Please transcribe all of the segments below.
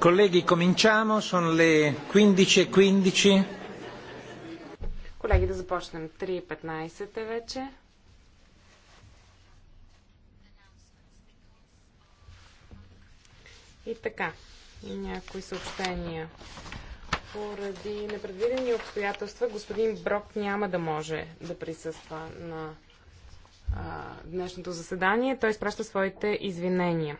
Colleghi, cominciamo, sono le 15.15. E Колеги, да започнем. 3.15 вече. И така, някои съобщения. Поради непредвидени обстоятелства, господин Брок няма да може да присъства на а, днешното заседание. Той изпраща своите извинения.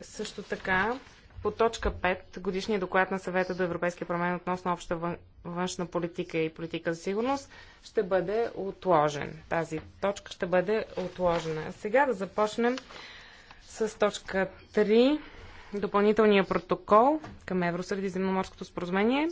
Също така, по точка 5, годишния доклад на съвета до Европейския парламент относно обща външна политика и политика за сигурност, ще бъде отложен. Тази точка ще бъде отложена. Сега да започнем с точка 3, допълнителния протокол към Евросредиземноморското споразумение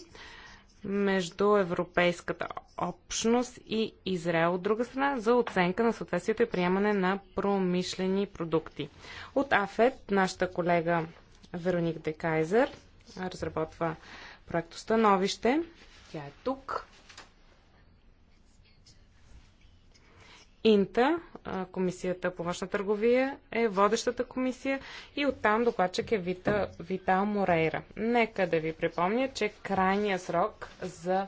между Европейската общност и Израел от друга страна за оценка на съответствието и приемане на промишлени продукти. От АФЕД нашата колега Вероник Декайзер разработва Становище. Тя е тук. Инта, комисията по външна търговия, е водещата комисия и оттам докладчик е Вита, Витал Морейра. Нека да ви припомня, че крайният срок за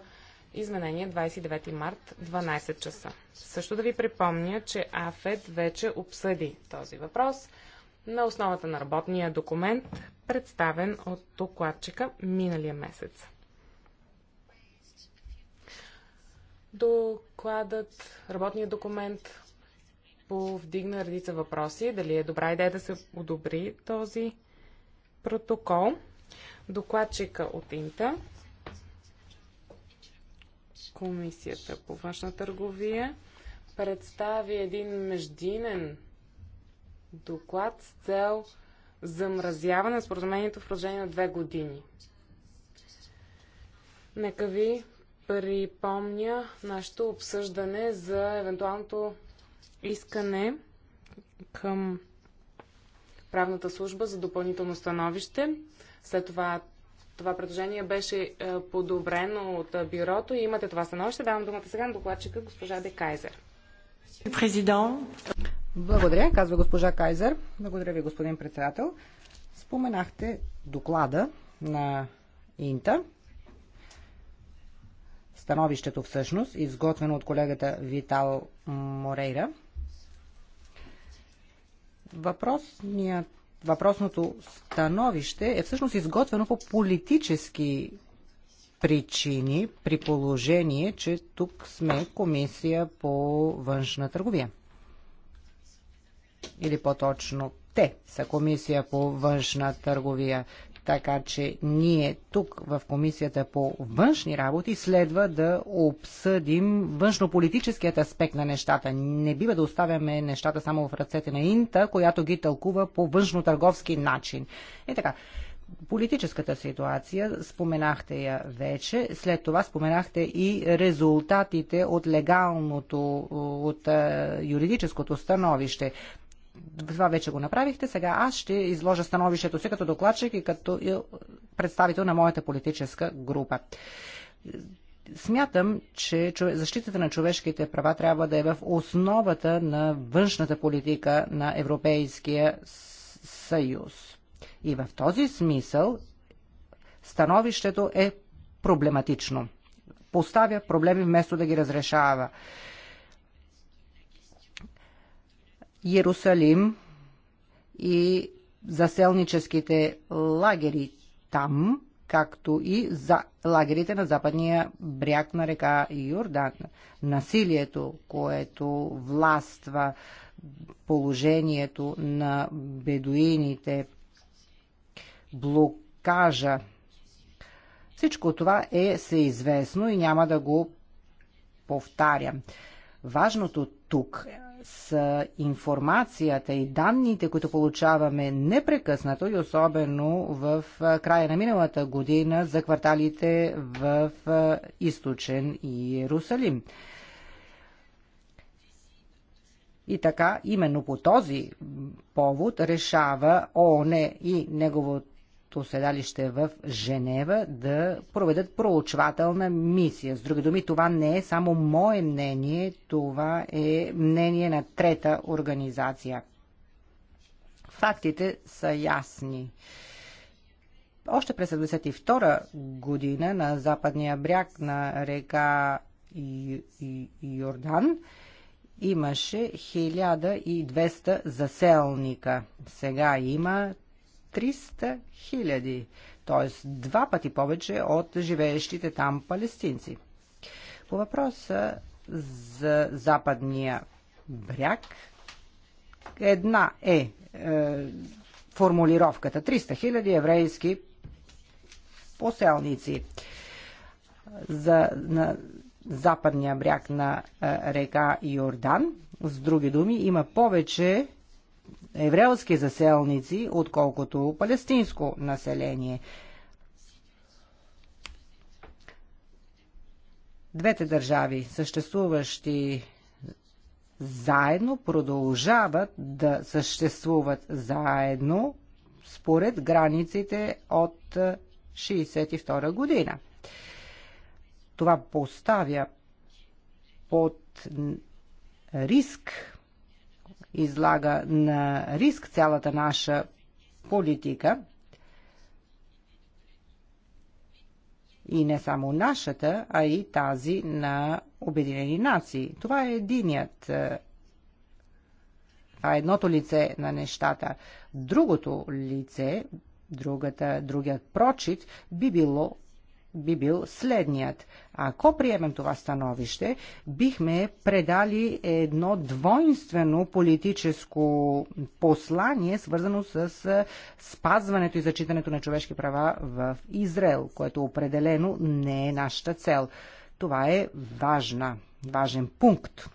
изменение 29 е март 12 часа. Също да ви припомня, че АФЕД вече обсъди този въпрос на основата на работния документ, представен от докладчика миналия месец. Докладът, работният документ повдигна редица въпроси. Дали е добра идея да се одобри този протокол? Докладчика от Инта, Комисията по външна търговия, представи един междинен доклад с цел замразяване на споразумението в продължение на две години. Нека ви припомня нашето обсъждане за евентуалното искане към правната служба за допълнително становище. След това това предложение беше е, подобрено от е, бюрото и имате това становище. Давам думата сега на докладчика госпожа Де Кайзер. Президент. Благодаря, казва госпожа Кайзер. Благодаря ви, господин председател. Споменахте доклада на Инта становището всъщност, изготвено от колегата Витал Морейра. Въпросният въпросното становище е всъщност изготвено по политически причини, при положение, че тук сме комисия по външна търговия. Или по-точно те са комисия по външна търговия. Така че ние тук в Комисията по външни работи следва да обсъдим външнополитическият аспект на нещата. Не бива да оставяме нещата само в ръцете на Инта, която ги тълкува по външно-търговски начин. И е така. Политическата ситуация, споменахте я вече, след това споменахте и резултатите от легалното, от е, юридическото становище това вече го направихте, сега аз ще изложа становището си като докладчик и като представител на моята политическа група. Смятам, че защитата на човешките права трябва да е в основата на външната политика на Европейския съюз. И в този смисъл становището е проблематично. Поставя проблеми вместо да ги разрешава. Иерусалим и заселническите лагери там, както и за лагерите на западния бряг на река Йордан. Насилието, което властва положението на бедуините, блокажа. Всичко това е всеизвестно и няма да го повтарям. Важното тук с информацията и данните, които получаваме непрекъснато и особено в края на миналата година за кварталите в източен Иерусалим. И така, именно по този повод решава ООН и неговото по седалище в Женева да проведат проучвателна мисия. С други думи, това не е само мое мнение, това е мнение на трета организация. Фактите са ясни. Още през 1972 година на западния бряг на река Йордан имаше 1200 заселника. Сега има 300 хиляди, т.е. два пъти повече от живеещите там палестинци. По въпроса за западния бряг, една е, е формулировката 300 хиляди еврейски поселници. За, на, западния бряг на е, река Йордан. С други думи, има повече еврейски заселници, отколкото палестинско население. Двете държави, съществуващи заедно, продължават да съществуват заедно според границите от 1962 година. Това поставя под риск излага на риск цялата наша политика и не само нашата, а и тази на Обединени нации. Това е единият е, това е едното лице на нещата. Другото лице, другата, другият прочит би било би бил следният. Ако приемем това становище, бихме предали едно двойствено политическо послание, свързано с спазването и зачитането на човешки права в Израел, което определено не е нашата цел. Това е важна, важен пункт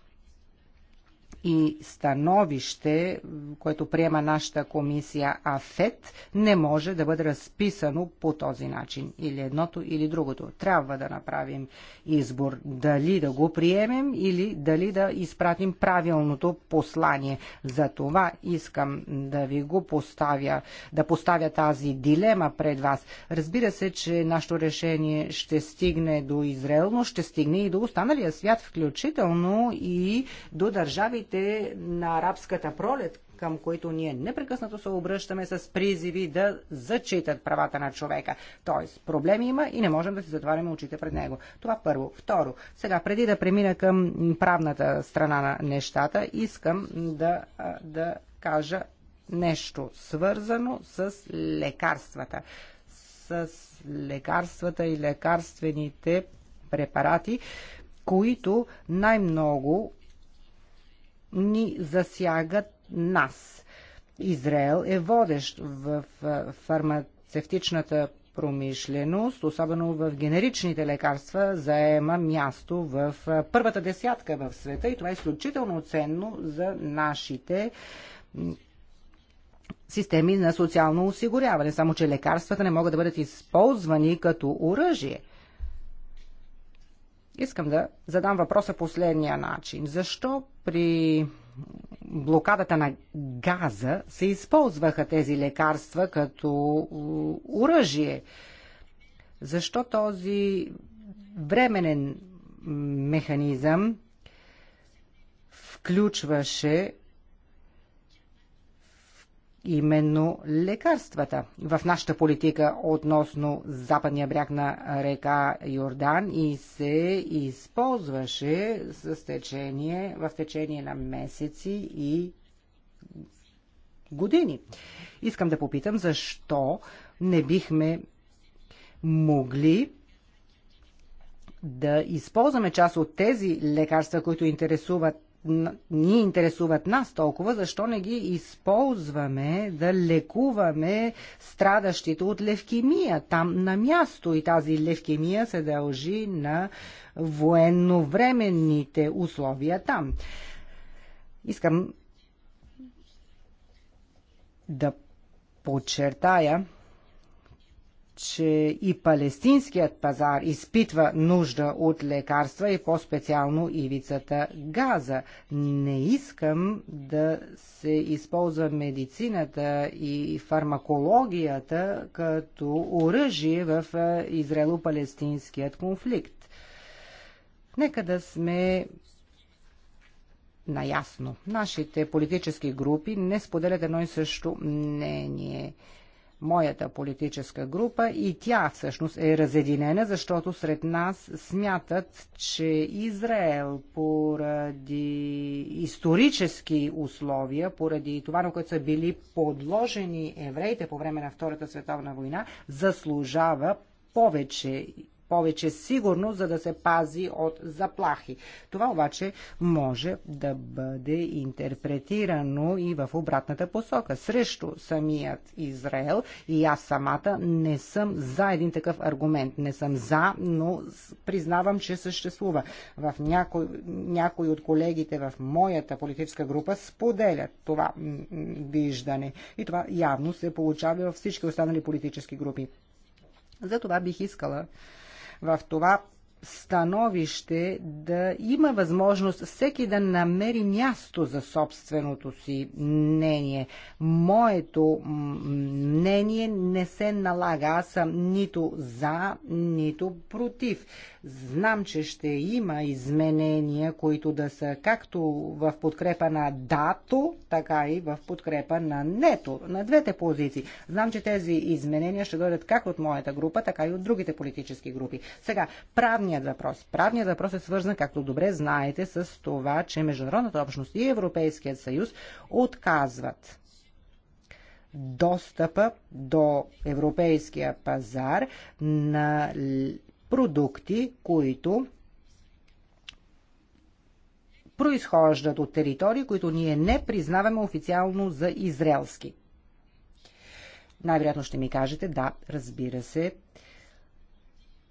и становище, което приема нашата комисия АФЕТ, не може да бъде разписано по този начин. Или едното, или другото. Трябва да направим избор. Дали да го приемем или дали да изпратим правилното послание. За това искам да ви го поставя, да поставя тази дилема пред вас. Разбира се, че нашето решение ще стигне до Израел, но ще стигне и до останалия свят, включително и до държавите езиците на арабската пролет, към които ние непрекъснато се обръщаме с призиви да зачитат правата на човека. Тоест, проблем има и не можем да си затваряме очите пред него. Това първо. Второ, сега, преди да премина към правната страна на нещата, искам да, да кажа нещо свързано с лекарствата. С лекарствата и лекарствените препарати, които най-много ни засягат нас. Израел е водещ в фармацевтичната промишленост, особено в генеричните лекарства, заема място в първата десятка в света и това е изключително ценно за нашите системи на социално осигуряване. Само, че лекарствата не могат да бъдат използвани като оръжие – Искам да задам въпроса последния начин. Защо при блокадата на газа се използваха тези лекарства като оръжие? Защо този временен механизъм включваше именно лекарствата. В нашата политика относно западния бряг на река Йордан и се използваше с течение, в течение на месеци и години. Искам да попитам защо не бихме могли да използваме част от тези лекарства, които интересуват ни интересуват нас толкова, защо не ги използваме да лекуваме страдащите от левкемия там на място. И тази левкемия се дължи на военновременните условия там. Искам да подчертая, че и палестинският пазар изпитва нужда от лекарства и по-специално ивицата газа. Не искам да се използва медицината и фармакологията като оръжие в израело-палестинският конфликт. Нека да сме наясно. Нашите политически групи не споделят едно и също мнение – моята политическа група и тя всъщност е разединена, защото сред нас смятат, че Израел поради исторически условия, поради това, на което са били подложени евреите по време на Втората световна война, заслужава повече повече сигурност, за да се пази от заплахи. Това обаче може да бъде интерпретирано и в обратната посока, срещу самият Израел и аз самата не съм за един такъв аргумент. Не съм за, но признавам, че съществува. В някои, някой от колегите в моята политическа група споделят това виждане. И това явно се получава във всички останали политически групи. Затова бих искала в това становище да има възможност всеки да намери място за собственото си мнение. Моето мнение не се налага. Аз съм нито за, нито против. Знам, че ще има изменения, които да са както в подкрепа на дато, така и в подкрепа на нето, на двете позиции. Знам, че тези изменения ще дойдат как от моята група, така и от другите политически групи. Сега, правни правният въпрос. Правният въпрос е свързан, както добре знаете, с това, че Международната общност и Европейският съюз отказват достъпа до европейския пазар на продукти, които произхождат от територии, които ние не признаваме официално за израелски. Най-вероятно ще ми кажете, да, разбира се,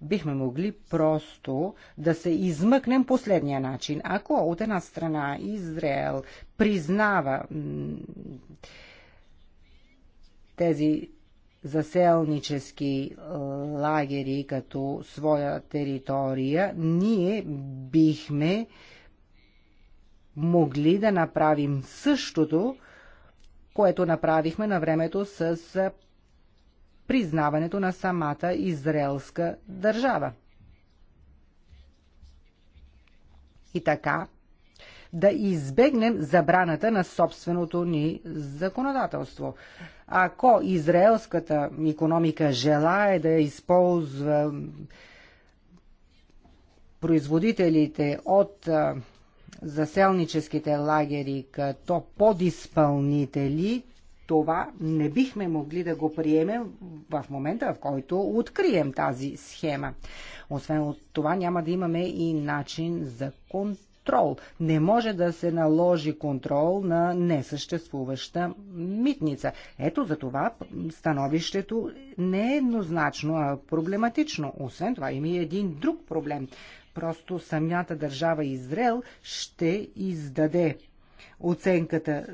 бихме могли просто да се измъкнем последния начин. Ако от една страна Израел признава тези заселнически лагери като своя територия, ние бихме могли да направим същото, което направихме на времето с признаването на самата израелска държава. И така, да избегнем забраната на собственото ни законодателство. Ако израелската економика желае да използва производителите от заселническите лагери като подизпълнители, това не бихме могли да го приемем в момента, в който открием тази схема. Освен от това няма да имаме и начин за контрол. Не може да се наложи контрол на несъществуваща митница. Ето за това становището не е еднозначно, а проблематично. Освен това има и един друг проблем. Просто самата държава Израел ще издаде оценката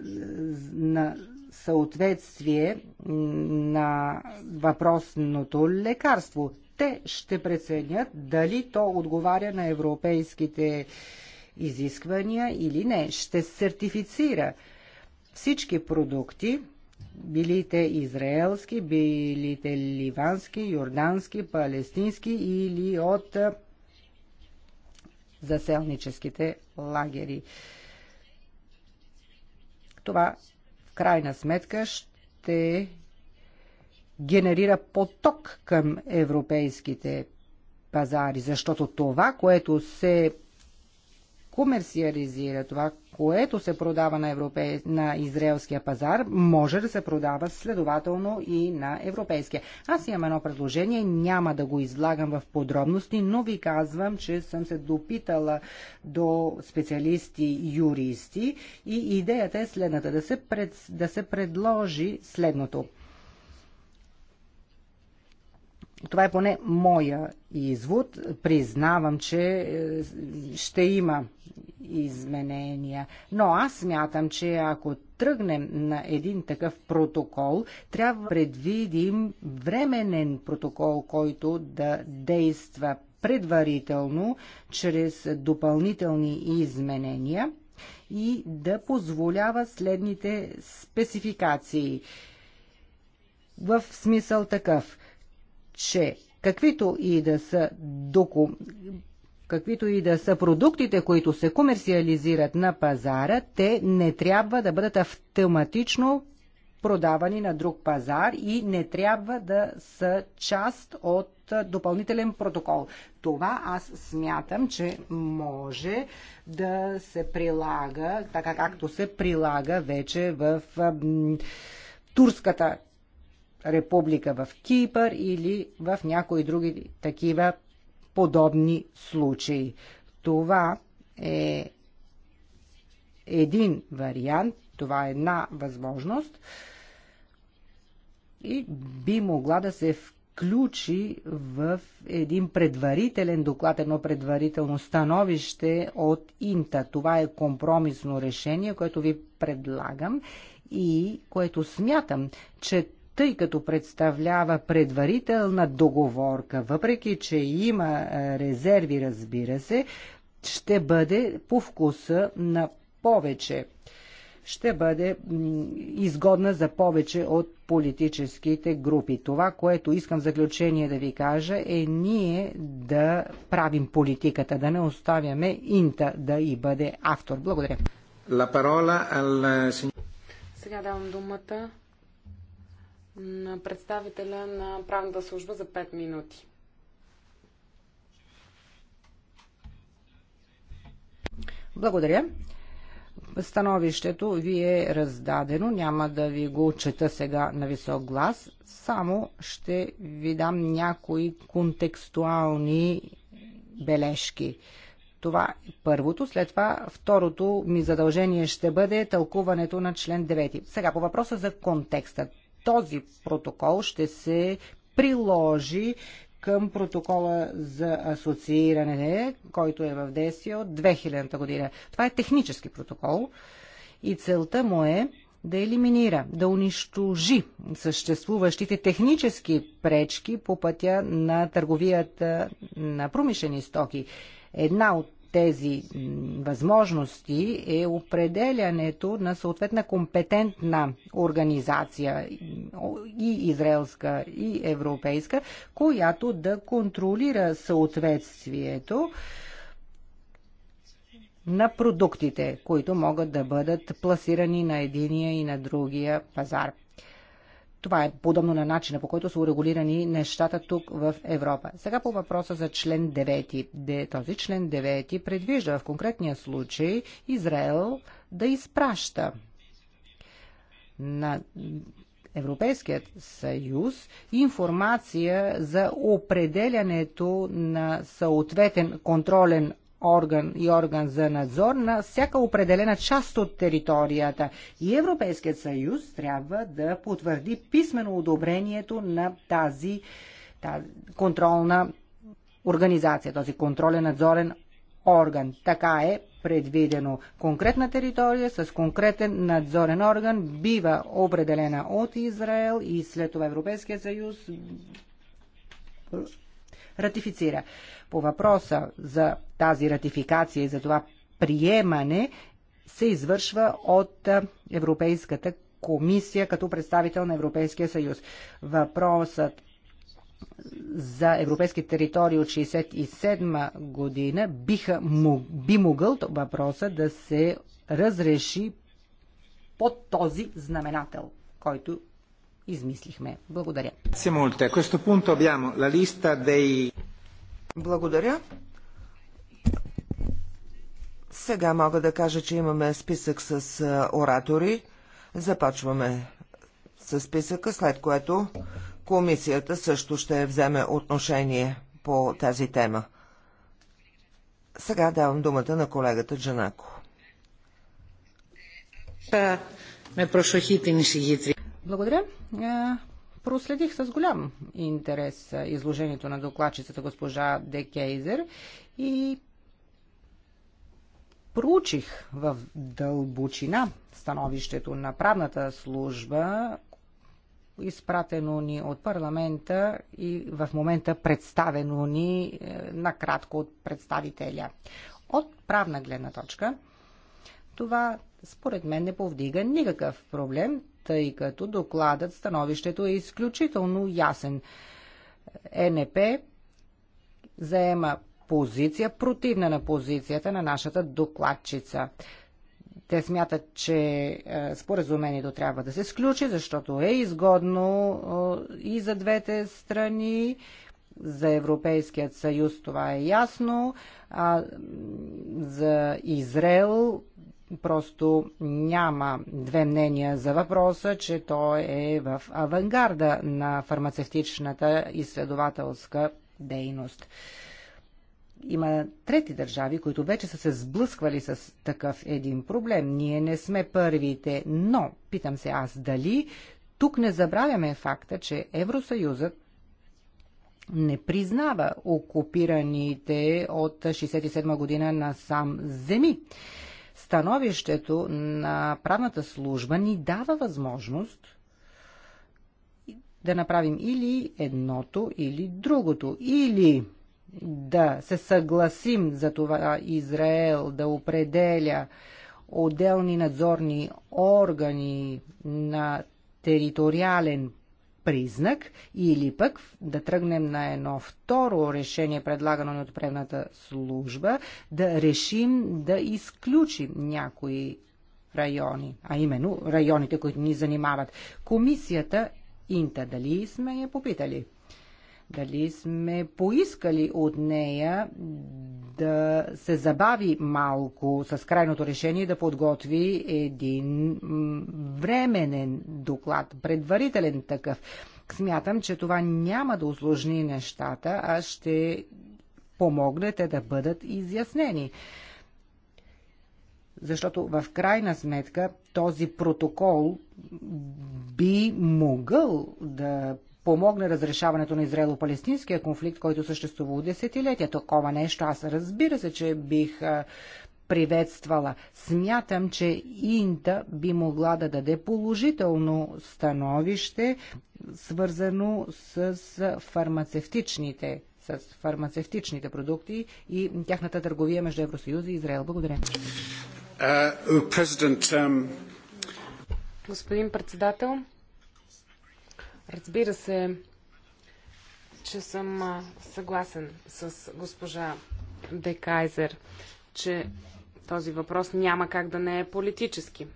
на съответствие на въпросното лекарство. Те ще преценят дали то отговаря на европейските изисквания или не. Ще сертифицира всички продукти, били те израелски, били те ливански, йордански, палестински или от заселническите лагери. Това крайна сметка ще генерира поток към европейските пазари, защото това, което се комерциализира, това, което се продава на, европе... на израелския пазар, може да се продава следователно и на европейския. Аз имам едно предложение, няма да го излагам в подробности, но ви казвам, че съм се допитала до специалисти юристи и идеята е следната, да се, пред... да се предложи следното – това е поне моя извод. Признавам, че е, ще има изменения. Но аз смятам, че ако тръгнем на един такъв протокол, трябва да предвидим временен протокол, който да действа предварително, чрез допълнителни изменения и да позволява следните спецификации. В смисъл такъв – че каквито и да са доку... каквито и да са продуктите, които се комерциализират на пазара, те не трябва да бъдат автоматично продавани на друг пазар и не трябва да са част от допълнителен протокол. Това аз смятам, че може да се прилага, така както се прилага вече в турската република в Кипър или в някои други такива подобни случаи. Това е един вариант, това е една възможност и би могла да се включи в един предварителен доклад, едно предварително становище от Инта. Това е компромисно решение, което ви предлагам и което смятам, че тъй като представлява предварителна договорка, въпреки че има резерви, разбира се, ще бъде по вкуса на повече. Ще бъде изгодна за повече от политическите групи. Това, което искам в заключение да ви кажа, е ние да правим политиката, да не оставяме Инта да и бъде автор. Благодаря. La parola al... Сега давам думата на представителя на правната служба за 5 минути. Благодаря. Становището ви е раздадено, няма да ви го чета сега на висок глас, само ще ви дам някои контекстуални бележки. Това е първото, след това второто ми задължение ще бъде тълкуването на член 9. Сега по въпроса за контекстът този протокол ще се приложи към протокола за асоцииране, който е в действие от 2000 година. Това е технически протокол и целта му е да елиминира, да унищожи съществуващите технически пречки по пътя на търговията на промишлени стоки. Една от тези възможности е определянето на съответна компетентна организация и израелска, и европейска, която да контролира съответствието на продуктите, които могат да бъдат пласирани на единия и на другия пазар. Това е подобно на начина, по който са урегулирани нещата тук в Европа. Сега по въпроса за член 9. Де, този член 9 предвижда в конкретния случай Израел да изпраща на Европейският съюз информация за определянето на съответен контролен орган и орган за надзор на всяка определена част от територията. И Европейският съюз трябва да потвърди писмено одобрението на тази, тази контролна организация, този контролен надзорен орган. Така е предвидено. Конкретна територия с конкретен надзорен орган бива определена от Израел и след това Европейския съюз ратифицира. По въпроса за тази ратификация и за това приемане се извършва от Европейската комисия като представител на Европейския съюз. Въпросът за европейски територии от 1967 година биха, би могъл въпроса да се разреши под този знаменател, който измислихме. Благодаря. Благодаря. Сега мога да кажа, че имаме списък с оратори. Започваме с списъка, след което комисията също ще вземе отношение по тази тема. Сега давам думата на колегата Джанако. Με προσοχή την благодаря. Е, проследих с голям интерес изложението на докладчицата госпожа Декейзер и проучих в дълбочина становището на правната служба, изпратено ни от парламента и в момента представено ни е, накратко от представителя. От правна гледна точка, това според мен не повдига никакъв проблем, тъй като докладът, становището е изключително ясен. Е НП заема позиция, противна на позицията на нашата докладчица. Те смятат, че е, споразумението трябва да се сключи, защото е изгодно е, и за двете страни. За Европейският съюз това е ясно. А за Израел просто няма две мнения за въпроса, че той е в авангарда на фармацевтичната изследователска дейност. Има трети държави, които вече са се сблъсквали с такъв един проблем. Ние не сме първите, но питам се аз дали тук не забравяме факта, че Евросъюзът не признава окупираните от 1967 година на сам земи становището на правната служба ни дава възможност да направим или едното, или другото. Или да се съгласим за това Израел да определя отделни надзорни органи на териториален признак или пък да тръгнем на едно второ решение, предлагано от правната служба, да решим да изключим някои райони, а именно районите, които ни занимават. Комисията Инта, дали сме я попитали? дали сме поискали от нея да се забави малко с крайното решение да подготви един временен доклад, предварителен такъв. Смятам, че това няма да усложни нещата, а ще помогнете да бъдат изяснени. Защото в крайна сметка този протокол би могъл да помогне разрешаването на израело-палестинския конфликт, който съществува от десетилетия. Такова нещо аз разбира се, че бих приветствала. Смятам, че Инта би могла да даде положително становище, свързано с фармацевтичните с фармацевтичните продукти и тяхната търговия между Евросъюз и Израел. Благодаря. Uh, um... Господин председател, Разбира се, че съм съгласен с госпожа Декайзер, че този въпрос няма как да не е политически.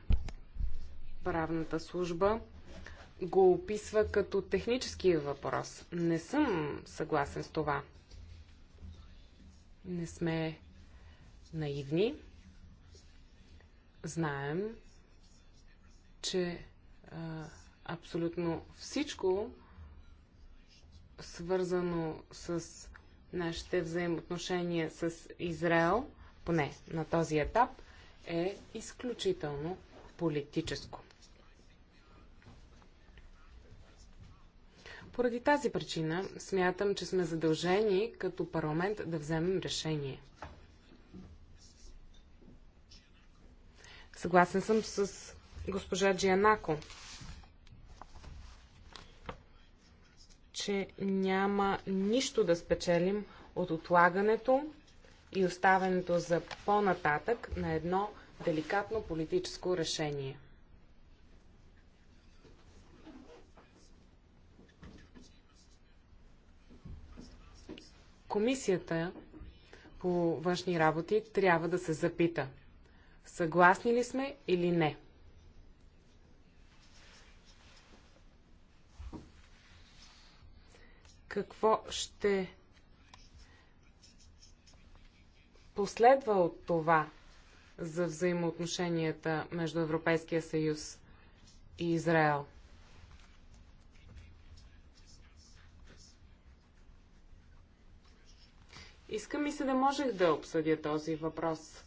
Правната служба го описва като технически въпрос. Не съм съгласен с това. Не сме наивни. Знаем, че а, абсолютно всичко, свързано с нашите взаимоотношения с Израел, поне на този етап, е изключително политическо. Поради тази причина смятам, че сме задължени като парламент да вземем решение. Съгласен съм с госпожа Джианако че няма нищо да спечелим от отлагането и оставянето за по-нататък на едно деликатно политическо решение. Комисията по външни работи трябва да се запита съгласни ли сме или не. какво ще последва от това за взаимоотношенията между Европейския съюз и Израел. Иска ми се да можех да обсъдя този въпрос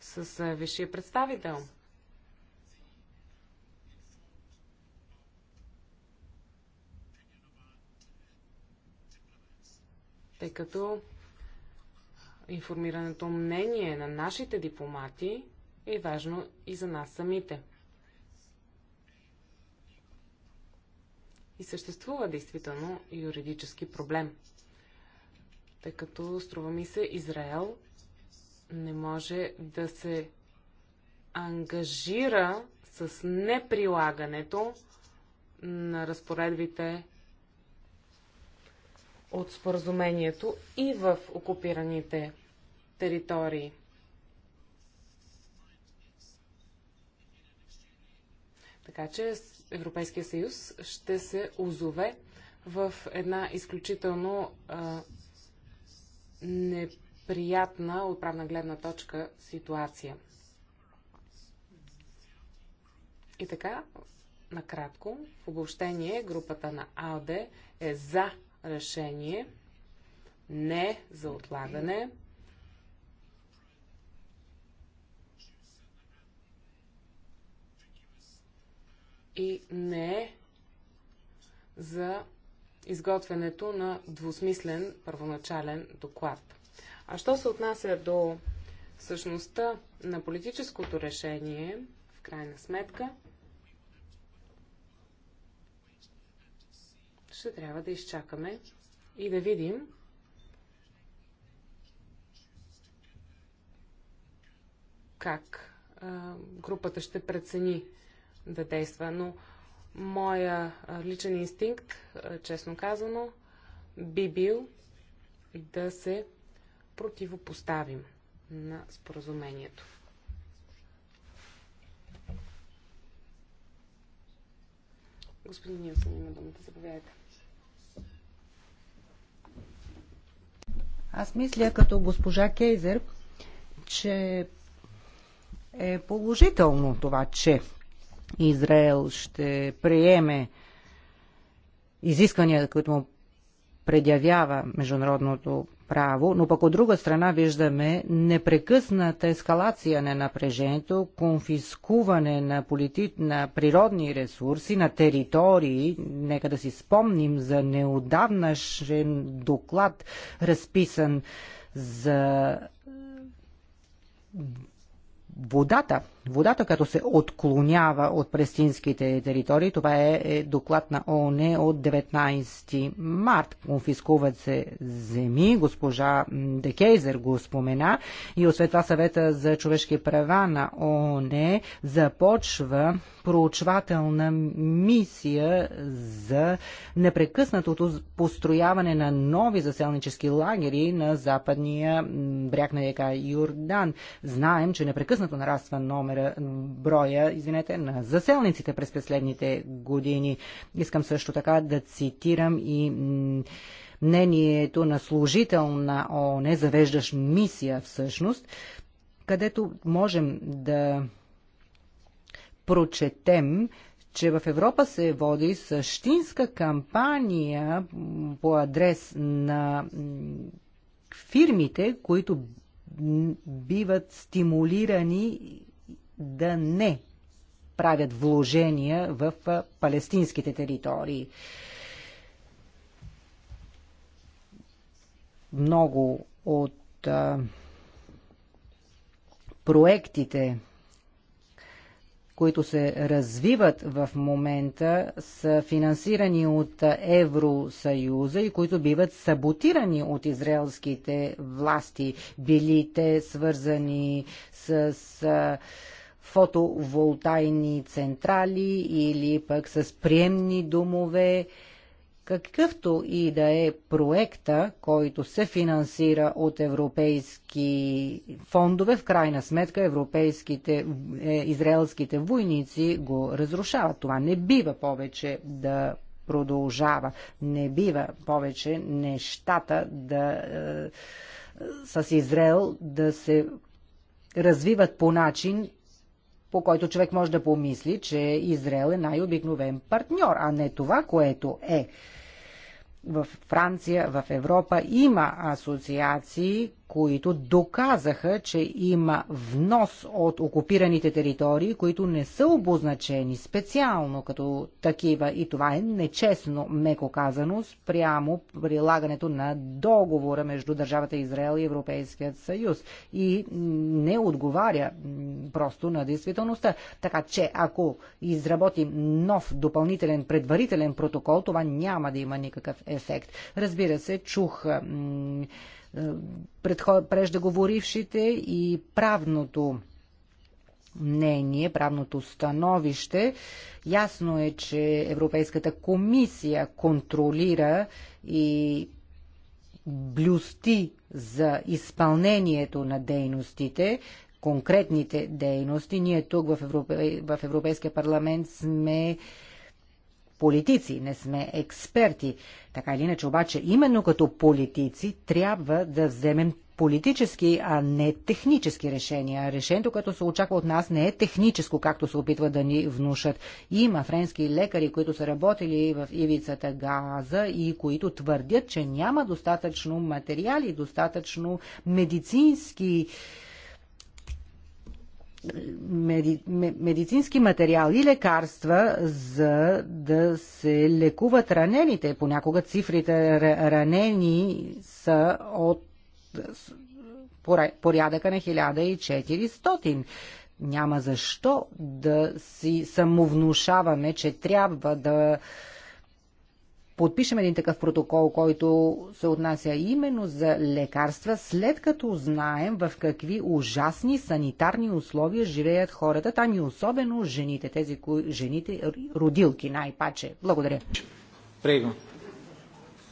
с висшия представител. тъй като информираното мнение на нашите дипломати е важно и за нас самите. И съществува действително юридически проблем, тъй като, струва ми се, Израел не може да се ангажира с неприлагането на разпоредбите от споразумението и в окупираните територии. Така че Европейския съюз ще се озове в една изключително а, неприятна от правна гледна точка ситуация. И така, накратко, в обобщение, групата на АОД е за решение, не за отлагане. И не за изготвянето на двусмислен първоначален доклад. А що се отнася до същността на политическото решение, в крайна сметка, ще трябва да изчакаме и да видим как а, групата ще прецени да действа. Но моя личен инстинкт, честно казано, би бил да се противопоставим на споразумението. Господин Нилсън има думата, заповядайте. Аз мисля като госпожа Кейзер, че е положително това, че Израел ще приеме изискванията, които му предявява международното право, но пък от друга страна виждаме непрекъсната ескалация на напрежението, конфискуване на, полити... на природни ресурси, на територии. Нека да си спомним за неодавнашен доклад, разписан за водата водата, като се отклонява от престинските територии. Това е, е доклад на ООН от 19 март. Конфискуват се земи, госпожа Декейзер го спомена и освен това съвета за човешки права на ООН започва проучвателна мисия за непрекъснатото построяване на нови заселнически лагери на западния бряг на река Йордан. Знаем, че непрекъснато нараства номер броя извинете, на заселниците през последните години. Искам също така да цитирам и мнението на служител на ООН, завеждаш мисия всъщност, където можем да прочетем, че в Европа се води същинска кампания по адрес на фирмите, които биват стимулирани да не правят вложения в палестинските територии. Много от а, проектите, които се развиват в момента, са финансирани от Евросъюза и които биват саботирани от израелските власти. Били те свързани с. А, фотоволтайни централи или пък с приемни домове. Какъвто и да е проекта, който се финансира от европейски фондове, в крайна сметка европейските, е, израелските войници го разрушават. Това не бива повече да продължава. Не бива повече нещата да, е, с Израел да се развиват по начин, по който човек може да помисли, че Израел е най-обикновен партньор, а не това, което е. В Франция, в Европа има асоциации, които доказаха, че има внос от окупираните територии, които не са обозначени специално като такива. И това е нечестно, меко казано, спрямо прилагането на договора между държавата Израел и Европейският съюз. И не отговаря просто на действителността. Така че, ако изработим нов допълнителен предварителен протокол, това няма да има никакъв ефект. Разбира се, чух е, предход, преждеговорившите и правното мнение, правното становище. Ясно е, че Европейската комисия контролира и блюсти за изпълнението на дейностите, конкретните дейности. Ние тук в, Европе... в Европейския парламент сме политици, не сме експерти. Така или иначе, обаче, именно като политици трябва да вземем политически, а не технически решения. Решението, което се очаква от нас, не е техническо, както се опитва да ни внушат. Има френски лекари, които са работили в ивицата газа и които твърдят, че няма достатъчно материали, достатъчно медицински меди, медицински материали и лекарства, за да се лекуват ранените. Понякога цифрите ранени са от порядъка на 1400. Няма защо да си самовнушаваме, че трябва да подпишем един такъв протокол, който се отнася именно за лекарства, след като знаем в какви ужасни санитарни условия живеят хората, там и особено жените, тези кои, жените родилки най-паче. Благодаря. Прегам.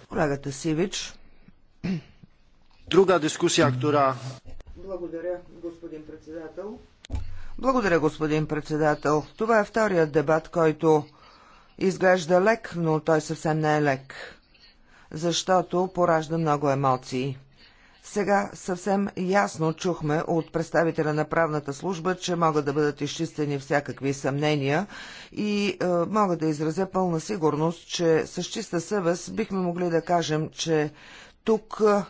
Колегата Сивич. Друга дискусия, актора. Благодаря, господин председател. Благодаря, господин председател. Това е вторият дебат, който изглежда лек, но той съвсем не е лек, защото поражда много емоции. Сега съвсем ясно чухме от представителя на правната служба, че могат да бъдат изчистени всякакви съмнения и е, мога да изразя пълна сигурност, че с чиста съвест бихме могли да кажем, че тук е,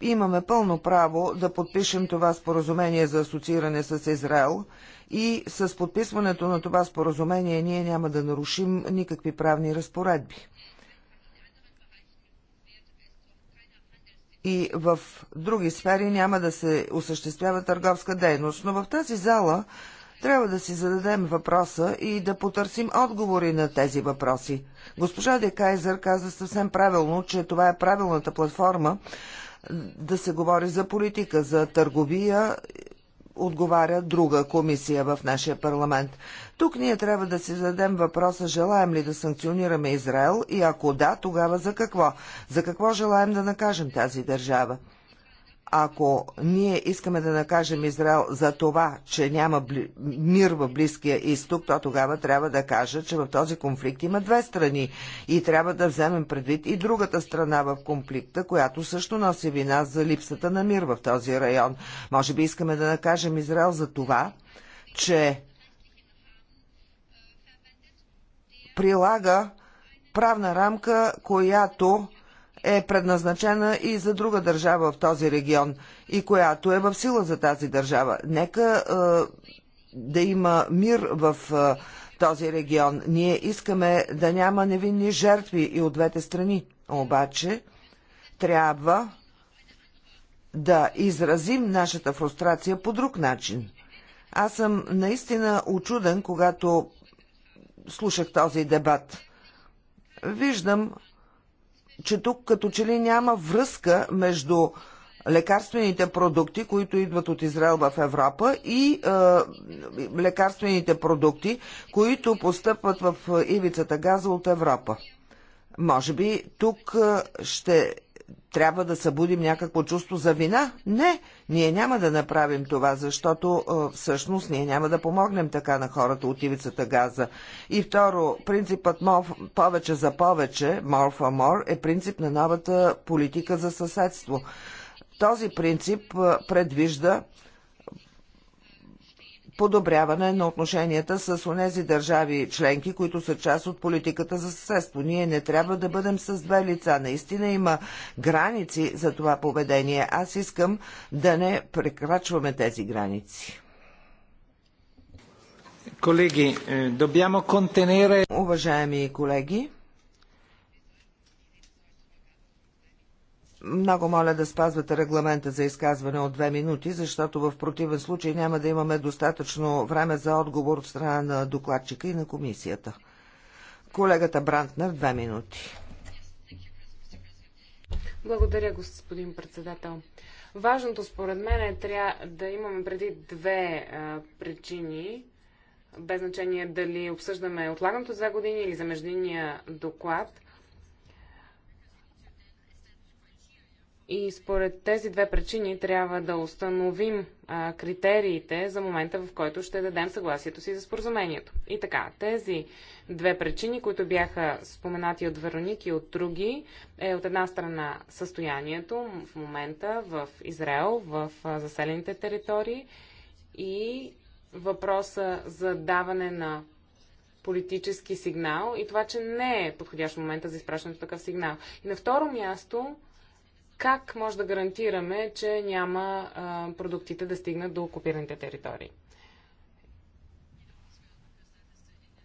имаме пълно право да подпишем това споразумение за асоцииране с Израел и с подписването на това споразумение ние няма да нарушим никакви правни разпоредби. И в други сфери няма да се осъществява търговска дейност. Но в тази зала трябва да си зададем въпроса и да потърсим отговори на тези въпроси. Госпожа Декайзер каза съвсем правилно, че това е правилната платформа, да се говори за политика, за търговия, отговаря друга комисия в нашия парламент. Тук ние трябва да си зададем въпроса, желаем ли да санкционираме Израел и ако да, тогава за какво? За какво желаем да накажем тази държава? ако ние искаме да накажем Израел за това, че няма мир в Близкия изток, то тогава трябва да кажа, че в този конфликт има две страни и трябва да вземем предвид и другата страна в конфликта, която също носи вина за липсата на мир в този район. Може би искаме да накажем Израел за това, че прилага правна рамка, която е предназначена и за друга държава в този регион и която е в сила за тази държава. Нека е, да има мир в е, този регион. Ние искаме да няма невинни жертви и от двете страни. Обаче трябва да изразим нашата фрустрация по друг начин. Аз съм наистина очуден, когато слушах този дебат. Виждам че тук като че ли няма връзка между лекарствените продукти, които идват от Израел в Европа и е, лекарствените продукти, които постъпват в е, ивицата газа от Европа. Може би тук е, ще трябва да събудим някакво чувство за вина. Не, ние няма да направим това, защото всъщност ние няма да помогнем така на хората от ивицата газа. И второ, принципът повече за повече, more for more, е принцип на новата политика за съседство. Този принцип предвижда подобряване на отношенията с онези държави членки, които са част от политиката за съседство. Ние не трябва да бъдем с две лица. Наистина има граници за това поведение. Аз искам да не прекрачваме тези граници. Колеги, dobbiamo е, контенере... Уважаеми колеги, Много моля да спазвате регламента за изказване от две минути, защото в противен случай няма да имаме достатъчно време за отговор от страна на докладчика и на комисията. Колегата Брантнер, две минути. Благодаря, господин председател. Важното според мен е трябва да имаме преди две а, причини, без значение дали обсъждаме отлагането за години или за междинния доклад – И според тези две причини трябва да установим а, критериите за момента, в който ще дадем съгласието си за споразумението. И така, тези две причини, които бяха споменати от Вероник и от други, е от една страна състоянието в момента в Израел, в а, заселените територии и въпроса за даване на политически сигнал и това, че не е подходящ момента за изпращането такъв сигнал. И на второ място как може да гарантираме, че няма а, продуктите да стигнат до окупираните територии?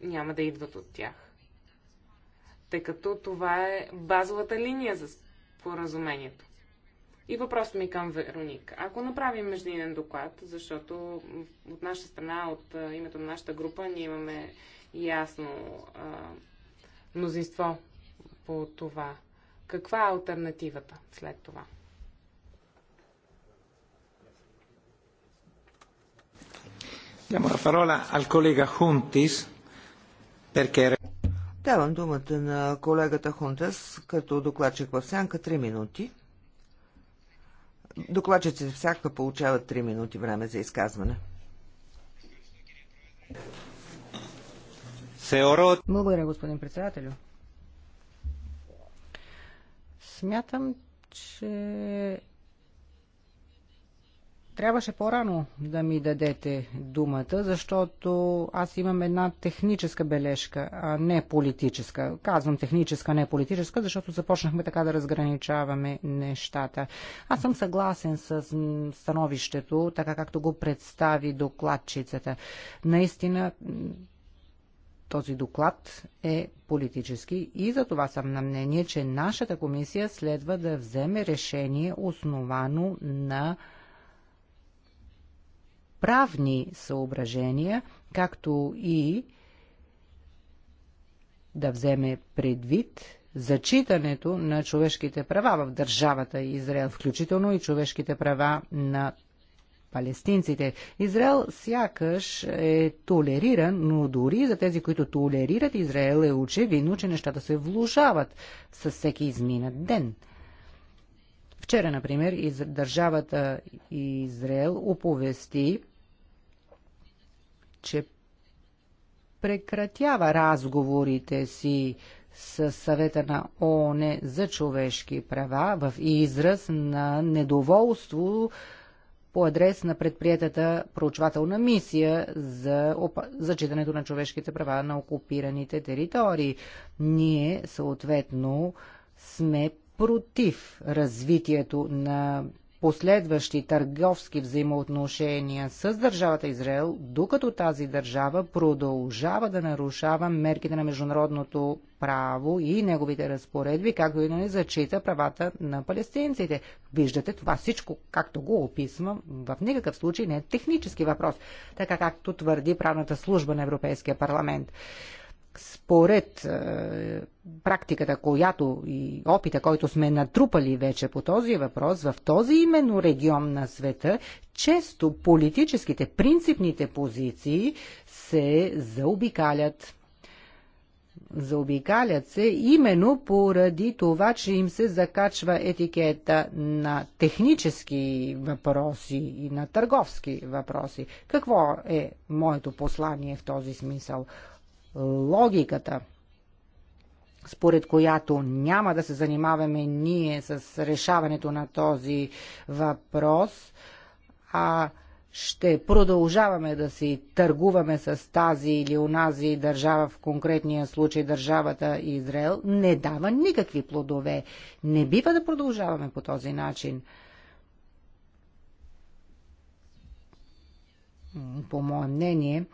Няма да идват от тях. Тъй като това е базовата линия за споразумението. И въпросът ми е към Вероник. Ако направим междинен доклад, защото от наша страна, от името на нашата група, ние имаме ясно а, мнозинство по това каква е альтернативата след това? Давам думата на колегата Хунтес като докладчик в сянка 3 минути. Докладчиците всяка получават 3 минути време за изказване. Благодаря, господин председателю. Смятам, че трябваше по-рано да ми дадете думата, защото аз имам една техническа бележка, а не политическа. Казвам техническа, не политическа, защото започнахме така да разграничаваме нещата. Аз съм съгласен с становището, така както го представи докладчицата. Наистина този доклад е политически и за това съм на мнение, че нашата комисия следва да вземе решение основано на правни съображения, както и да вземе предвид зачитането на човешките права в държавата Израел, включително и човешките права на палестинците. Израел сякаш е толериран, но дори за тези, които толерират Израел, е очевидно, че нещата се влушават с всеки изминат ден. Вчера, например, из държавата Израел оповести, че прекратява разговорите си с съвета на ООН за човешки права в израз на недоволство по адрес на предприятата проучвателна мисия за зачитането на човешките права на окупираните територии. Ние съответно сме против развитието на последващи търговски взаимоотношения с държавата Израел, докато тази държава продължава да нарушава мерките на международното право и неговите разпоредби, както и да не зачита правата на палестинците. Виждате това всичко, както го описвам, в никакъв случай не е технически въпрос, така както твърди правната служба на Европейския парламент. Според е, практиката, която и опита, който сме натрупали вече по този въпрос, в този именно регион на света, често политическите, принципните позиции се заобикалят. Заобикалят се именно поради това, че им се закачва етикета на технически въпроси и на търговски въпроси. Какво е моето послание в този смисъл? Логиката – според която няма да се занимаваме ние с решаването на този въпрос, а ще продължаваме да си търгуваме с тази или онази държава, в конкретния случай държавата Израел, не дава никакви плодове. Не бива да продължаваме по този начин. По мое мнение,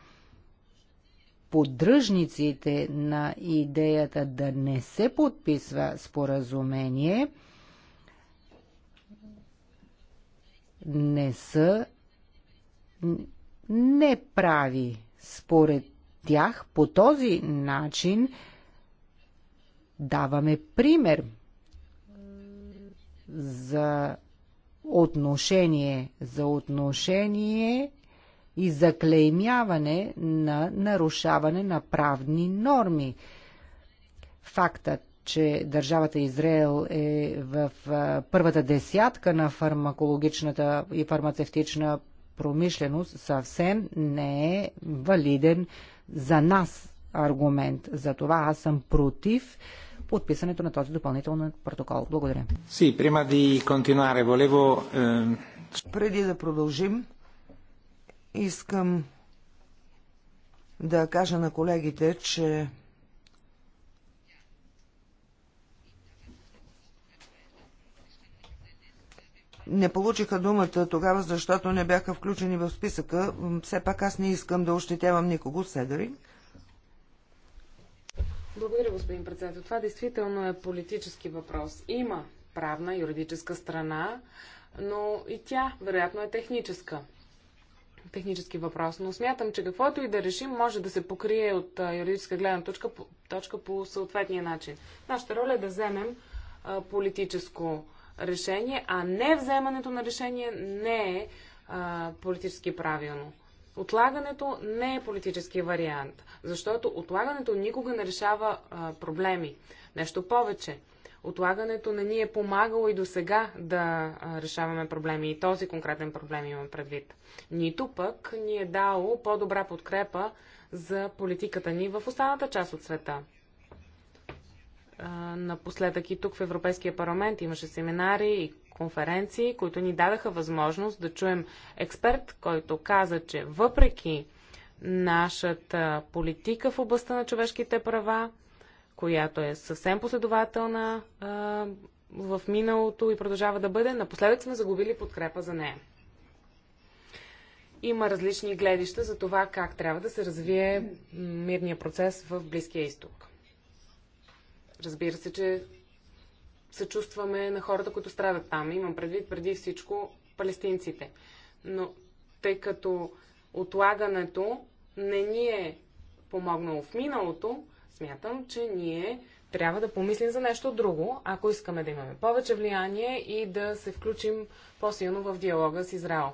поддръжниците на идеята да не се подписва споразумение не са неправи. Според тях по този начин даваме пример за отношение, за отношение и заклеймяване на нарушаване на правни норми. Фактът, че държавата Израел е в първата десятка на фармакологичната и фармацевтична промишленост съвсем не е валиден за нас аргумент. За това аз съм против подписането на този допълнителен протокол. Благодаря. Си, ehm, Преди да продължим, Искам да кажа на колегите, че не получиха думата тогава, защото не бяха включени в списъка. Все пак аз не искам да ощетявам никого, Седари. Благодаря, господин председател. Това действително е политически въпрос. Има правна, юридическа страна, но и тя, вероятно, е техническа технически въпрос, но смятам, че каквото и да решим, може да се покрие от юридическа гледна точка по, точка по съответния начин. Нашата роля е да вземем политическо решение, а не вземането на решение не е политически правилно. Отлагането не е политически вариант, защото отлагането никога не решава проблеми. Нещо повече. Отлагането не ни е помагало и до сега да решаваме проблеми. И този конкретен проблем имам предвид. Нито пък ни е дало по-добра подкрепа за политиката ни в останата част от света. Напоследък и тук в Европейския парламент имаше семинари и конференции, които ни дадаха възможност да чуем експерт, който каза, че въпреки нашата политика в областта на човешките права, която е съвсем последователна в миналото и продължава да бъде, напоследък сме загубили подкрепа за нея. Има различни гледища за това как трябва да се развие мирния процес в Близкия изток. Разбира се, че се чувстваме на хората, които страдат там. Имам предвид преди всичко палестинците. Но тъй като отлагането не ни е помогнало в миналото, Смятам, че ние трябва да помислим за нещо друго, ако искаме да имаме повече влияние и да се включим по-силно в диалога с Израел.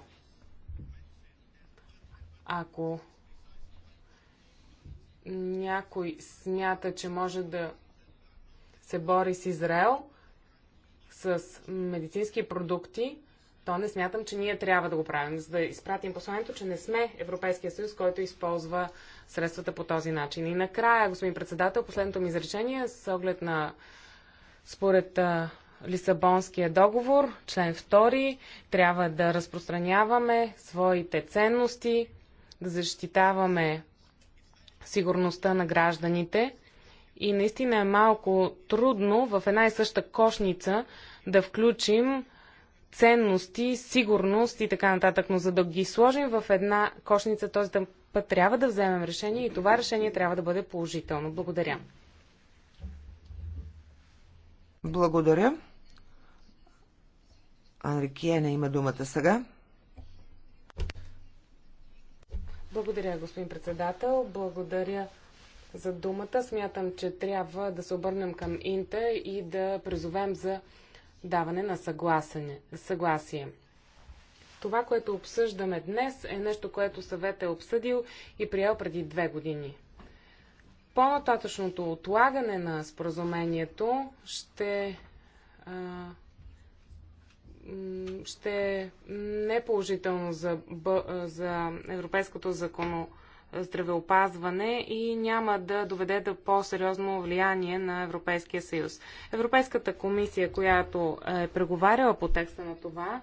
Ако някой смята, че може да се бори с Израел с медицински продукти, то не смятам, че ние трябва да го правим, за да изпратим посланието, че не сме Европейския съюз, който използва средствата по този начин. И накрая, господин председател, последното ми изречение с оглед на според а, Лисабонския договор, член 2, трябва да разпространяваме своите ценности, да защитаваме сигурността на гражданите и наистина е малко трудно в една и съща кошница да включим ценности, сигурност и така нататък. Но за да ги сложим в една кошница, т.е. да път трябва да вземем решение и това решение трябва да бъде положително. Благодаря. Благодаря. Анрикиена има думата сега. Благодаря, господин председател. Благодаря за думата. Смятам, че трябва да се обърнем към Инта и да призовем за даване на съгласие това, което обсъждаме днес, е нещо, което съвет е обсъдил и приел преди две години. По-нататъчното отлагане на споразумението ще, а, ще е неположително за, за европейското законо здравеопазване и няма да доведе до по-сериозно влияние на Европейския съюз. Европейската комисия, която е преговаряла по текста на това,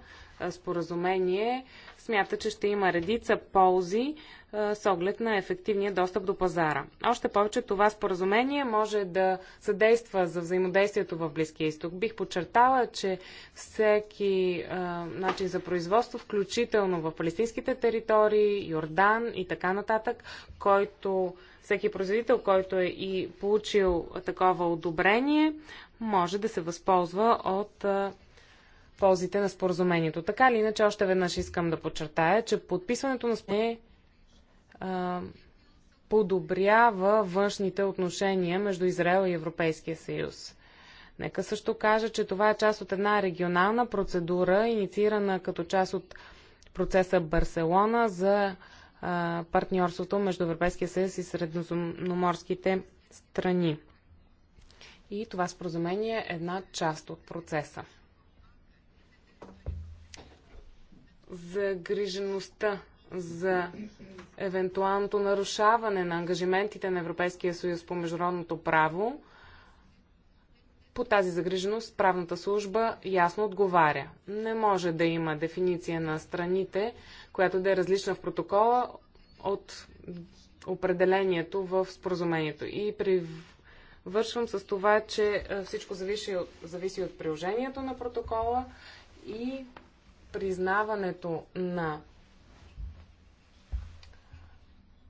споразумение смята, че ще има редица ползи с оглед на ефективния достъп до пазара. Още повече това споразумение може да съдейства за взаимодействието в Близкия изток. Бих подчертала, че всеки а, начин за производство, включително в палестинските територии, Йордан и така нататък, който всеки производител, който е и получил такова одобрение, може да се възползва от ползите на споразумението. Така или иначе, още веднъж искам да подчертая, че подписването на споразумение е, подобрява външните отношения между Израел и Европейския съюз. Нека също кажа, че това е част от една регионална процедура, инициирана като част от процеса Барселона за а, партньорството между Европейския съюз и средноморските страни. И това споразумение е една част от процеса. загрижеността за евентуалното нарушаване на ангажиментите на Европейския съюз по международното право, по тази загриженост правната служба ясно отговаря. Не може да има дефиниция на страните, която да е различна в протокола от определението в споразумението. И привършвам с това, че всичко зависи от, зависи от приложението на протокола и признаването на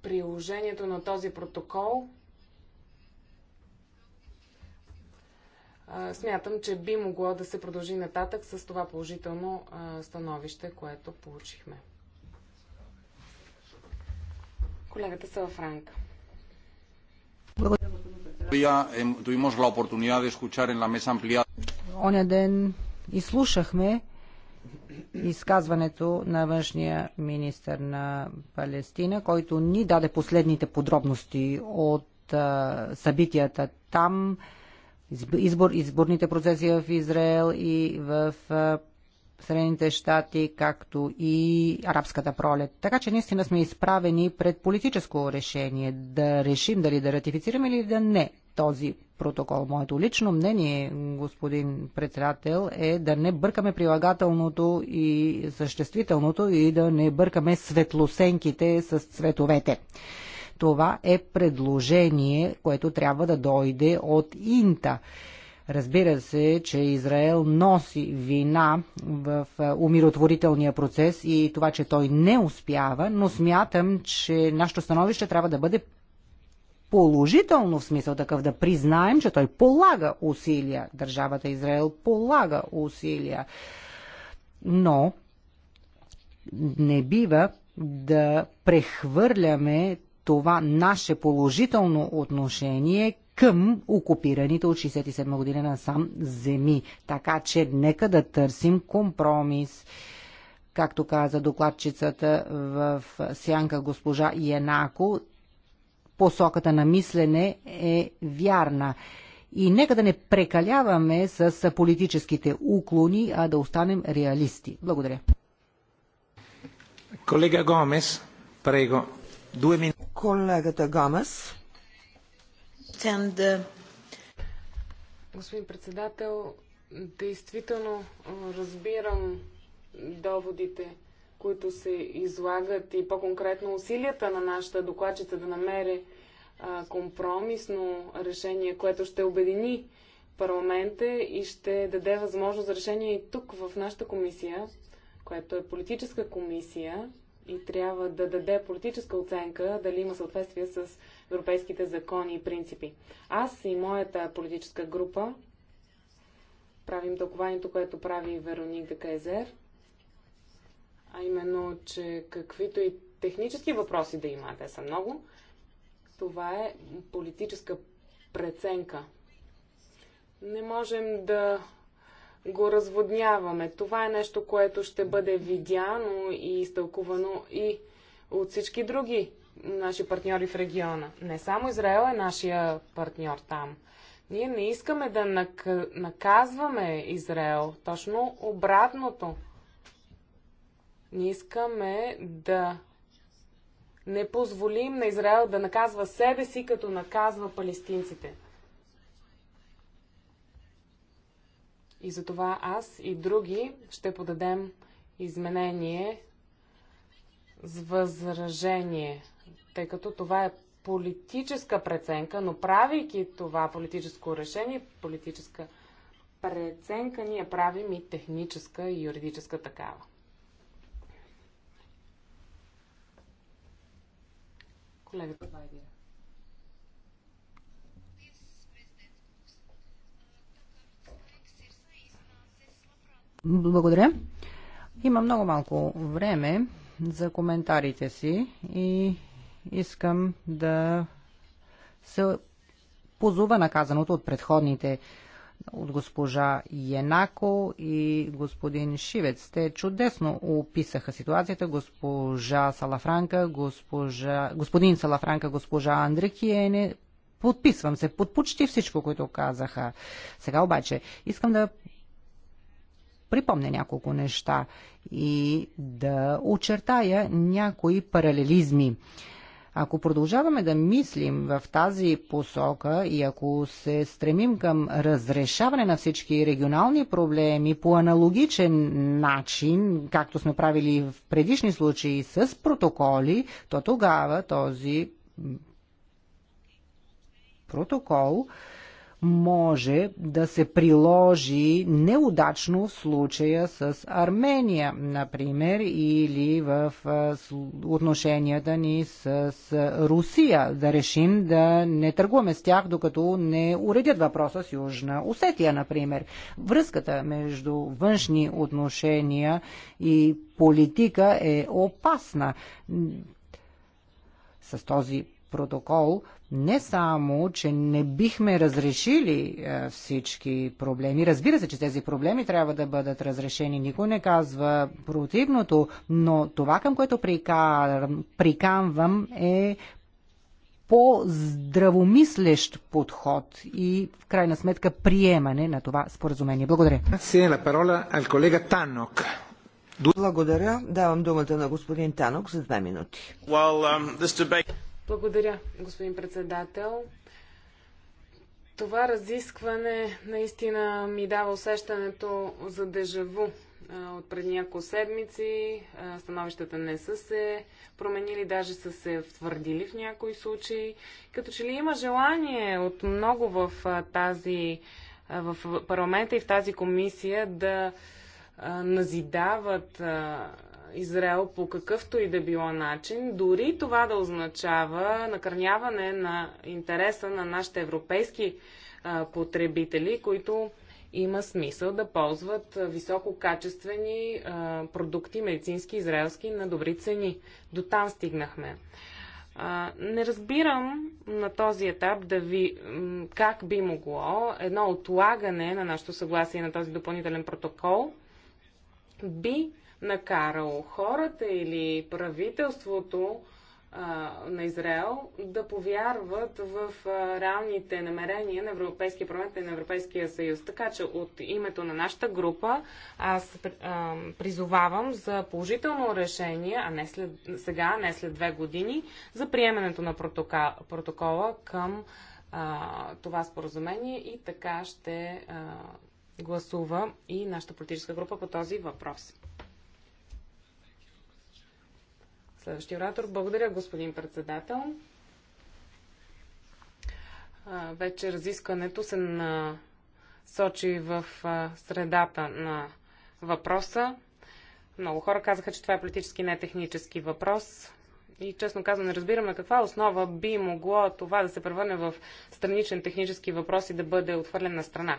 приложението на този протокол, смятам, че би могло да се продължи нататък с това положително становище, което получихме. Колегата Сава Франка. Оня ден изслушахме изказването на външния министр на Палестина, който ни даде последните подробности от събитията там, избор, изборните процеси в Израел и в Средните щати, както и арабската пролет. Така че наистина сме изправени пред политическо решение да решим дали да ратифицираме или да не този протокол. Моето лично мнение, господин председател, е да не бъркаме прилагателното и съществителното и да не бъркаме светлосенките с цветовете. Това е предложение, което трябва да дойде от Инта. Разбира се, че Израел носи вина в умиротворителния процес и това, че той не успява, но смятам, че нашето становище трябва да бъде положително в смисъл такъв да признаем, че той полага усилия. Държавата Израел полага усилия. Но не бива да прехвърляме това наше положително отношение към окупираните от 67 година на сам земи. Така че нека да търсим компромис. Както каза докладчицата в сянка госпожа Янако, посоката на мислене е вярна. И нека да не прекаляваме с политическите уклони, а да останем реалисти. Благодаря. Колега Гомес, прего. мин... Колегата Гомес. Господин председател, действително разбирам доводите които се излагат и по-конкретно усилията на нашата докладчица да намери а, компромисно решение, което ще обедини парламента и ще даде възможност за решение и тук в нашата комисия, която е политическа комисия и трябва да даде политическа оценка дали има съответствие с европейските закони и принципи. Аз и моята политическа група правим тълкованието, което прави Вероник Декайзер – а именно, че каквито и технически въпроси да има, те са много, това е политическа преценка. Не можем да го разводняваме. Това е нещо, което ще бъде видяно и изтълкувано и от всички други наши партньори в региона. Не само Израел е нашия партньор там. Ние не искаме да наказваме Израел. Точно обратното. Ние искаме да не позволим на Израел да наказва себе си, като наказва палестинците. И затова аз и други ще подадем изменение с възражение, тъй като това е политическа преценка, но правейки това политическо решение, политическа преценка, ние правим и техническа и юридическа такава. колегата Вайдира. Благодаря. Има много малко време за коментарите си и искам да се позова на казаното от предходните от госпожа Енако и господин Шивец. Те чудесно описаха ситуацията. Госпожа Салафранка, госпожа, господин Салафранка, госпожа Андрекиене. Подписвам се под почти всичко, което казаха. Сега обаче искам да припомня няколко неща и да очертая някои паралелизми. Ако продължаваме да мислим в тази посока и ако се стремим към разрешаване на всички регионални проблеми по аналогичен начин, както сме правили в предишни случаи с протоколи, то тогава този протокол може да се приложи неудачно в случая с Армения, например, или в отношенията ни с Русия. Да решим да не търгуваме с тях, докато не уредят въпроса с Южна Осетия, например. Връзката между външни отношения и политика е опасна. С този протокол не само, че не бихме разрешили е, всички проблеми. Разбира се, че тези проблеми трябва да бъдат разрешени. Никой не казва противното, но това, към което приканвам е по-здравомислещ подход и в крайна сметка приемане на това споразумение. Благодаря. Благодаря. Давам думата на господин Танок за две минути. um, debate... Благодаря, господин председател. Това разискване наистина ми дава усещането за дежаву. От преди няколко седмици становищата не са се променили, даже са се втвърдили в някои случаи. Като че ли има желание от много в тази в парламента и в тази комисия да назидават Израел по какъвто и да било начин, дори това да означава накърняване на интереса на нашите европейски а, потребители, които има смисъл да ползват висококачествени а, продукти, медицински, израелски, на добри цени. До там стигнахме. А, не разбирам на този етап да ви, как би могло едно отлагане на нашето съгласие на този допълнителен протокол би накарало хората или правителството на Израел да повярват в реалните намерения на Европейския парламент и на Европейския съюз. Така че от името на нашата група аз призовавам за положително решение, а не след, сега, не след две години, за приемането на протока, протокола към това споразумение и така ще гласува и нашата политическа група по този въпрос. Следващия оратор. Благодаря, господин председател. Вече разискването се насочи в средата на въпроса. Много хора казаха, че това е политически, не технически въпрос. И честно казвам, не разбирам на каква основа би могло това да се превърне в страничен технически въпрос и да бъде отхвърлен на страна.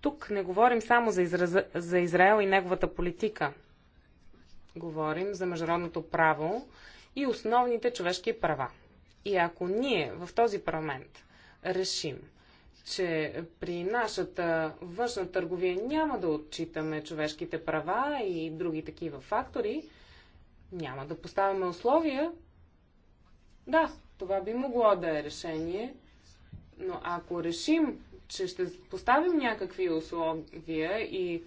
Тук не говорим само за, израз... за Израел и неговата политика. Говорим за международното право и основните човешки права. И ако ние в този парламент решим, че при нашата външна търговия няма да отчитаме човешките права и други такива фактори, няма да поставяме условия, да, това би могло да е решение, но ако решим, че ще поставим някакви условия и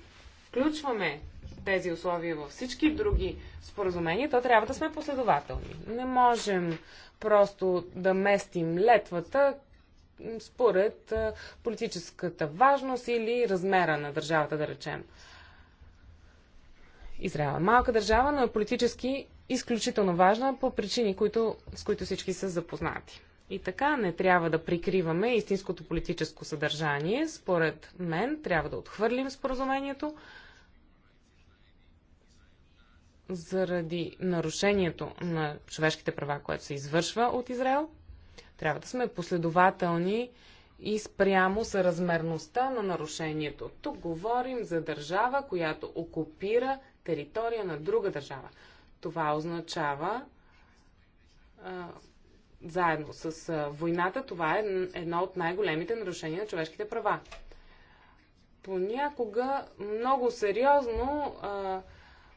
включваме тези условия във всички други споразумения, то трябва да сме последователни. Не можем просто да местим летвата според политическата важност или размера на държавата, да речем. Израел е малка държава, но е политически изключително важна по причини, които, с които всички са запознати. И така не трябва да прикриваме истинското политическо съдържание. Според мен трябва да отхвърлим споразумението, заради нарушението на човешките права, което се извършва от Израел. Трябва да сме последователни и спрямо съразмерността на нарушението. Тук говорим за държава, която окупира територия на друга държава. Това означава, а, заедно с а, войната, това е едно от най-големите нарушения на човешките права. Понякога много сериозно а,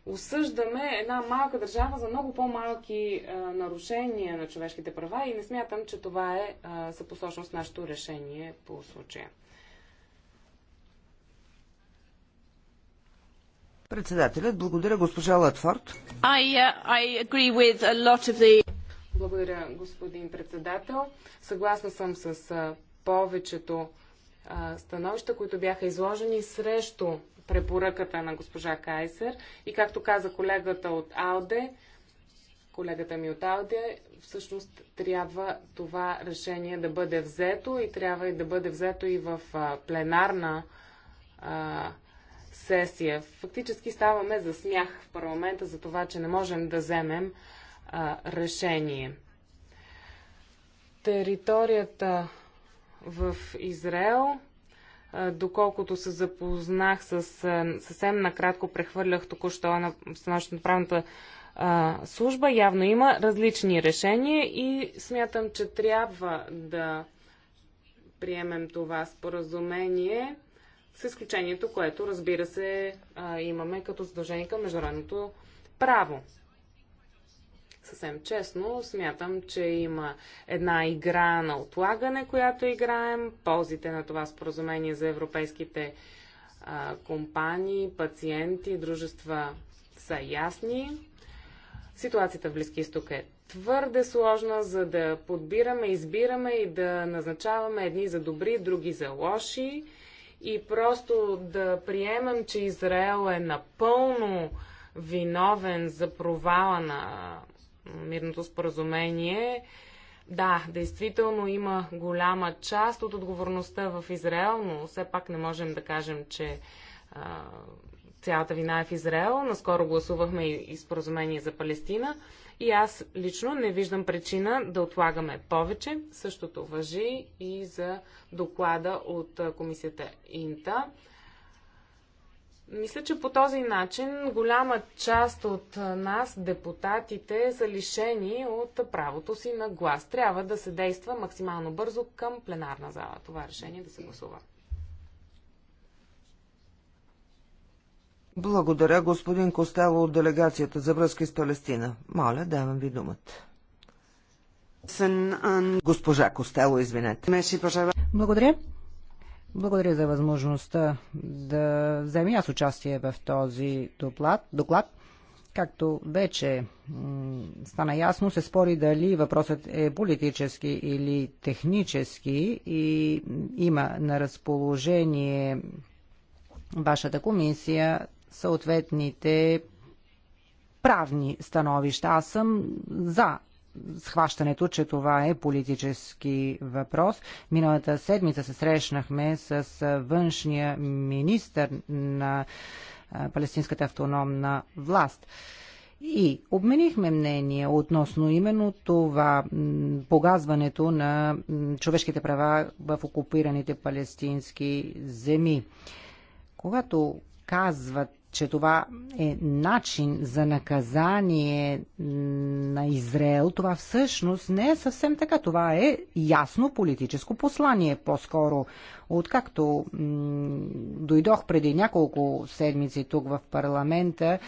осъждаме една малка държава за много по-малки нарушения на човешките права и не смятам, че това е съпосочно с нашето решение по случая. Председателят, благодаря госпожа Латфорд. I, uh, I agree with a lot of the... Благодаря, господин председател. Съгласна съм с повечето становища, които бяха изложени срещу препоръката на госпожа Кайсер. И както каза колегата от АЛДЕ, колегата ми от Ауде, всъщност трябва това решение да бъде взето и трябва и да бъде взето и в пленарна а, сесия. Фактически ставаме за смях в парламента за това, че не можем да вземем а, решение. Територията в Израел. Доколкото се запознах с съвсем накратко, прехвърлях току-що на становището на правната служба, явно има различни решения и смятам, че трябва да приемем това споразумение, с изключението, което, разбира се, имаме като задължение към международното право съвсем честно, смятам, че има една игра на отлагане, която играем, ползите на това споразумение за европейските а, компании, пациенти, дружества са ясни. Ситуацията в Близки изток е твърде сложна, за да подбираме, избираме и да назначаваме едни за добри, други за лоши и просто да приемем, че Израел е напълно виновен за провала на мирното споразумение. Да, действително има голяма част от отговорността в Израел, но все пак не можем да кажем, че а, цялата вина е в Израел. Наскоро гласувахме и, и споразумение за Палестина. И аз лично не виждам причина да отлагаме повече. Същото въжи и за доклада от комисията Инта. Мисля, че по този начин голяма част от нас, депутатите, са лишени от правото си на глас. Трябва да се действа максимално бързо към пленарна зала. Това е решение да се гласува. Благодаря, господин Костело от делегацията за връзки с Палестина. Моля, давам ви думата. Госпожа Костело, извинете. Благодаря. Благодаря за възможността да вземе аз участие в този доклад. доклад. Както вече стана ясно, се спори дали въпросът е политически или технически и има на разположение вашата комисия съответните правни становища. Аз съм за схващането, че това е политически въпрос. Миналата седмица се срещнахме с външния министр на палестинската автономна власт. И обменихме мнение относно именно това погазването на човешките права в окупираните палестински земи. Когато казват че това е начин за наказание на Израел, това всъщност не е съвсем така. Това е ясно политическо послание по-скоро. Откакто дойдох преди няколко седмици тук в парламента,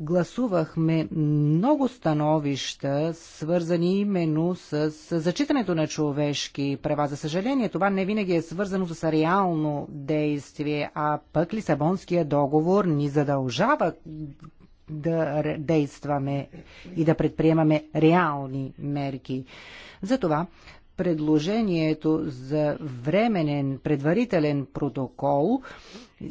гласувахме много становища, свързани именно с, с зачитането на човешки права. За съжаление, това не винаги е свързано с реално действие, а пък Лисабонския договор ни задължава да действаме и да предприемаме реални мерки. Затова предложението за временен предварителен протокол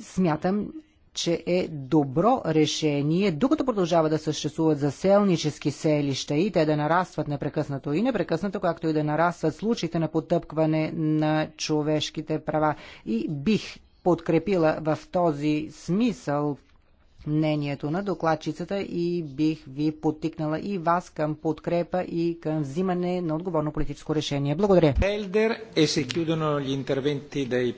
смятам, че е добро решение, докато продължава да съществуват заселнически селища и те да нарастват непрекъснато и непрекъснато, както и да нарастват случаите на потъпкване на човешките права. И бих подкрепила в този смисъл мнението на докладчицата и бих ви подтикнала и вас към подкрепа и към взимане на отговорно политическо решение. Благодаря. Е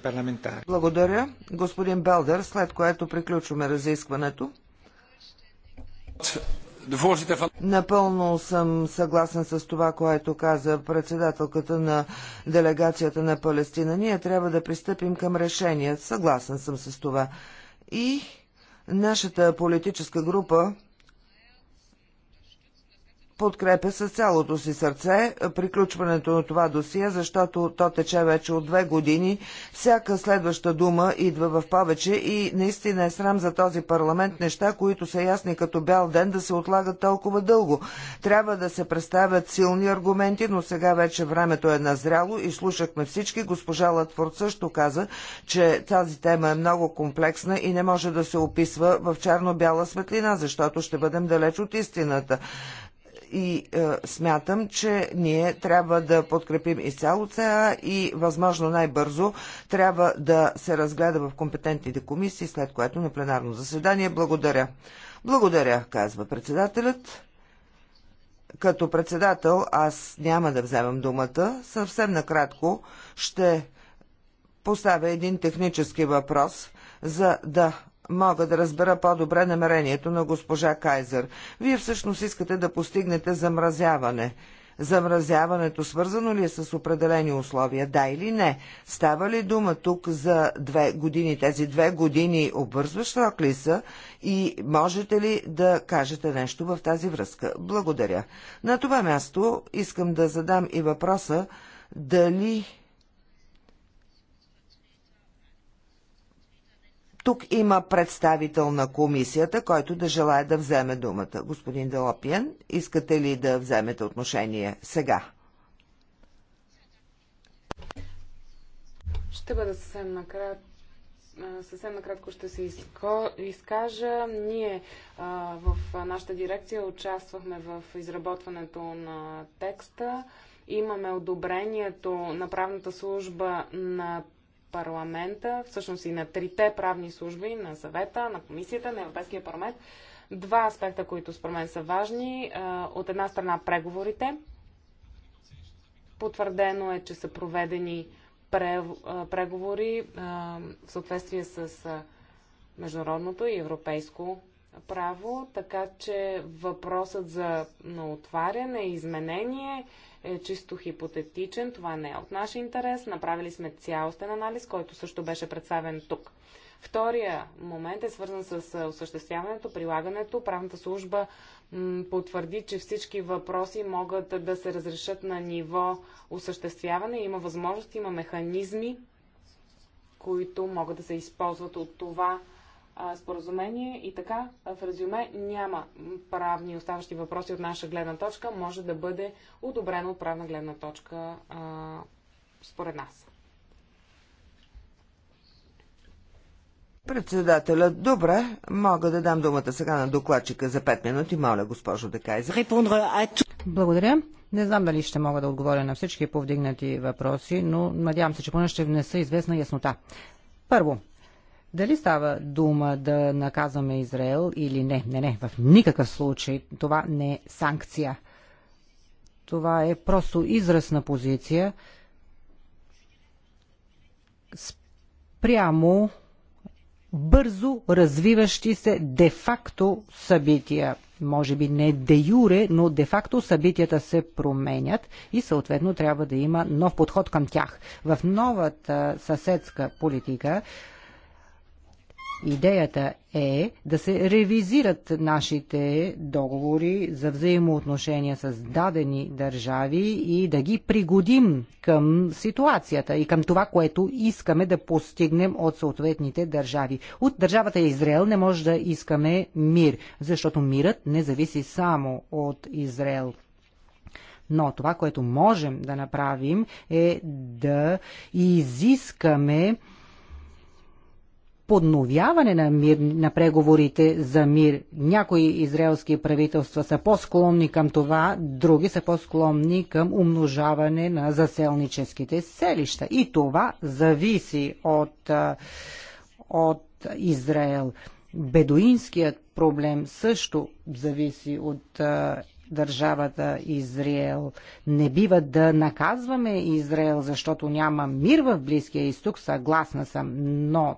Благодаря, господин Белдер, след което приключваме разискването. Напълно съм съгласен с това, което каза председателката на делегацията на Палестина. Ние трябва да пристъпим към решение. Съгласен съм с това. И Нашата политическа група подкрепя с цялото си сърце приключването на това досие, защото то тече вече от две години. Всяка следваща дума идва в повече и наистина е срам за този парламент неща, които са ясни като бял ден да се отлагат толкова дълго. Трябва да се представят силни аргументи, но сега вече времето е назряло и слушахме всички. Госпожа Латфорд също каза, че тази тема е много комплексна и не може да се описва в черно-бяла светлина, защото ще бъдем далеч от истината и е, смятам, че ние трябва да подкрепим изцяло ЦА и възможно най-бързо трябва да се разгледа в компетентните комисии, след което на пленарно заседание. Благодаря. Благодаря, казва председателят. Като председател аз няма да вземам думата. Съвсем накратко ще поставя един технически въпрос, за да мога да разбера по-добре намерението на госпожа Кайзер. Вие всъщност искате да постигнете замразяване. Замразяването свързано ли е с определени условия, да или не? Става ли дума тук за две години? Тези две години обвързваш срок ли са? И можете ли да кажете нещо в тази връзка? Благодаря. На това място искам да задам и въпроса дали Тук има представител на комисията, който да желая да вземе думата. Господин Делопиен, искате ли да вземете отношение сега? Ще бъда съвсем накратко съвсем накратко ще се изкажа. Ние в нашата дирекция участвахме в изработването на текста. Имаме одобрението на правната служба на парламента, всъщност и на трите правни служби, на съвета, на комисията, на Европейския парламент, два аспекта, които според мен са важни. От една страна преговорите. Потвърдено е, че са проведени преговори в съответствие с международното и европейско право, така че въпросът за на отваряне и изменение е чисто хипотетичен. Това не е от наш интерес. Направили сме цялостен анализ, който също беше представен тук. Втория момент е свързан с осъществяването, прилагането. Правната служба потвърди, че всички въпроси могат да се разрешат на ниво осъществяване. Има възможности, има механизми, които могат да се използват от това споразумение и така в резюме няма правни оставащи въпроси от наша гледна точка, може да бъде одобрено от правна гледна точка а, според нас. Председателя, добре, мога да дам думата сега на докладчика за 5 минути. Моля, госпожо Декайзер. Благодаря. Не знам дали ще мога да отговоря на всички повдигнати въпроси, но надявам се, че поне ще внеса известна яснота. Първо, дали става дума да наказваме Израел или не? Не, не, в никакъв случай. Това не е санкция. Това е просто изразна позиция спрямо бързо развиващи се де-факто събития. Може би не де-юре, но де-факто събитията се променят и съответно трябва да има нов подход към тях. В новата съседска политика Идеята е да се ревизират нашите договори за взаимоотношения с дадени държави и да ги пригодим към ситуацията и към това, което искаме да постигнем от съответните държави. От държавата Израел не може да искаме мир, защото мирът не зависи само от Израел. Но това, което можем да направим е да изискаме подновяване на, мир, на преговорите за мир. Някои израелски правителства са по-склонни към това, други са по-склонни към умножаване на заселническите селища. И това зависи от, от Израел. Бедуинският проблем също зависи от държавата Израел. Не бива да наказваме Израел, защото няма мир в Близкия изток, съгласна съм, но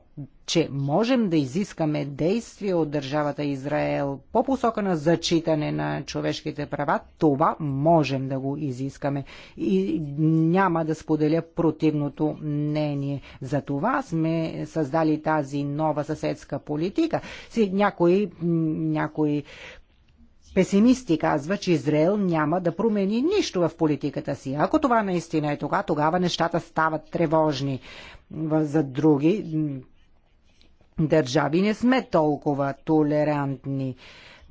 че можем да изискаме действия от държавата Израел по посока на зачитане на човешките права, това можем да го изискаме. И няма да споделя противното мнение. За това сме създали тази нова съседска политика. Си, някои, някои Песимисти казва, че Израел няма да промени нищо в политиката си. Ако това наистина е тогава, тогава нещата стават тревожни. За други държави не сме толкова толерантни.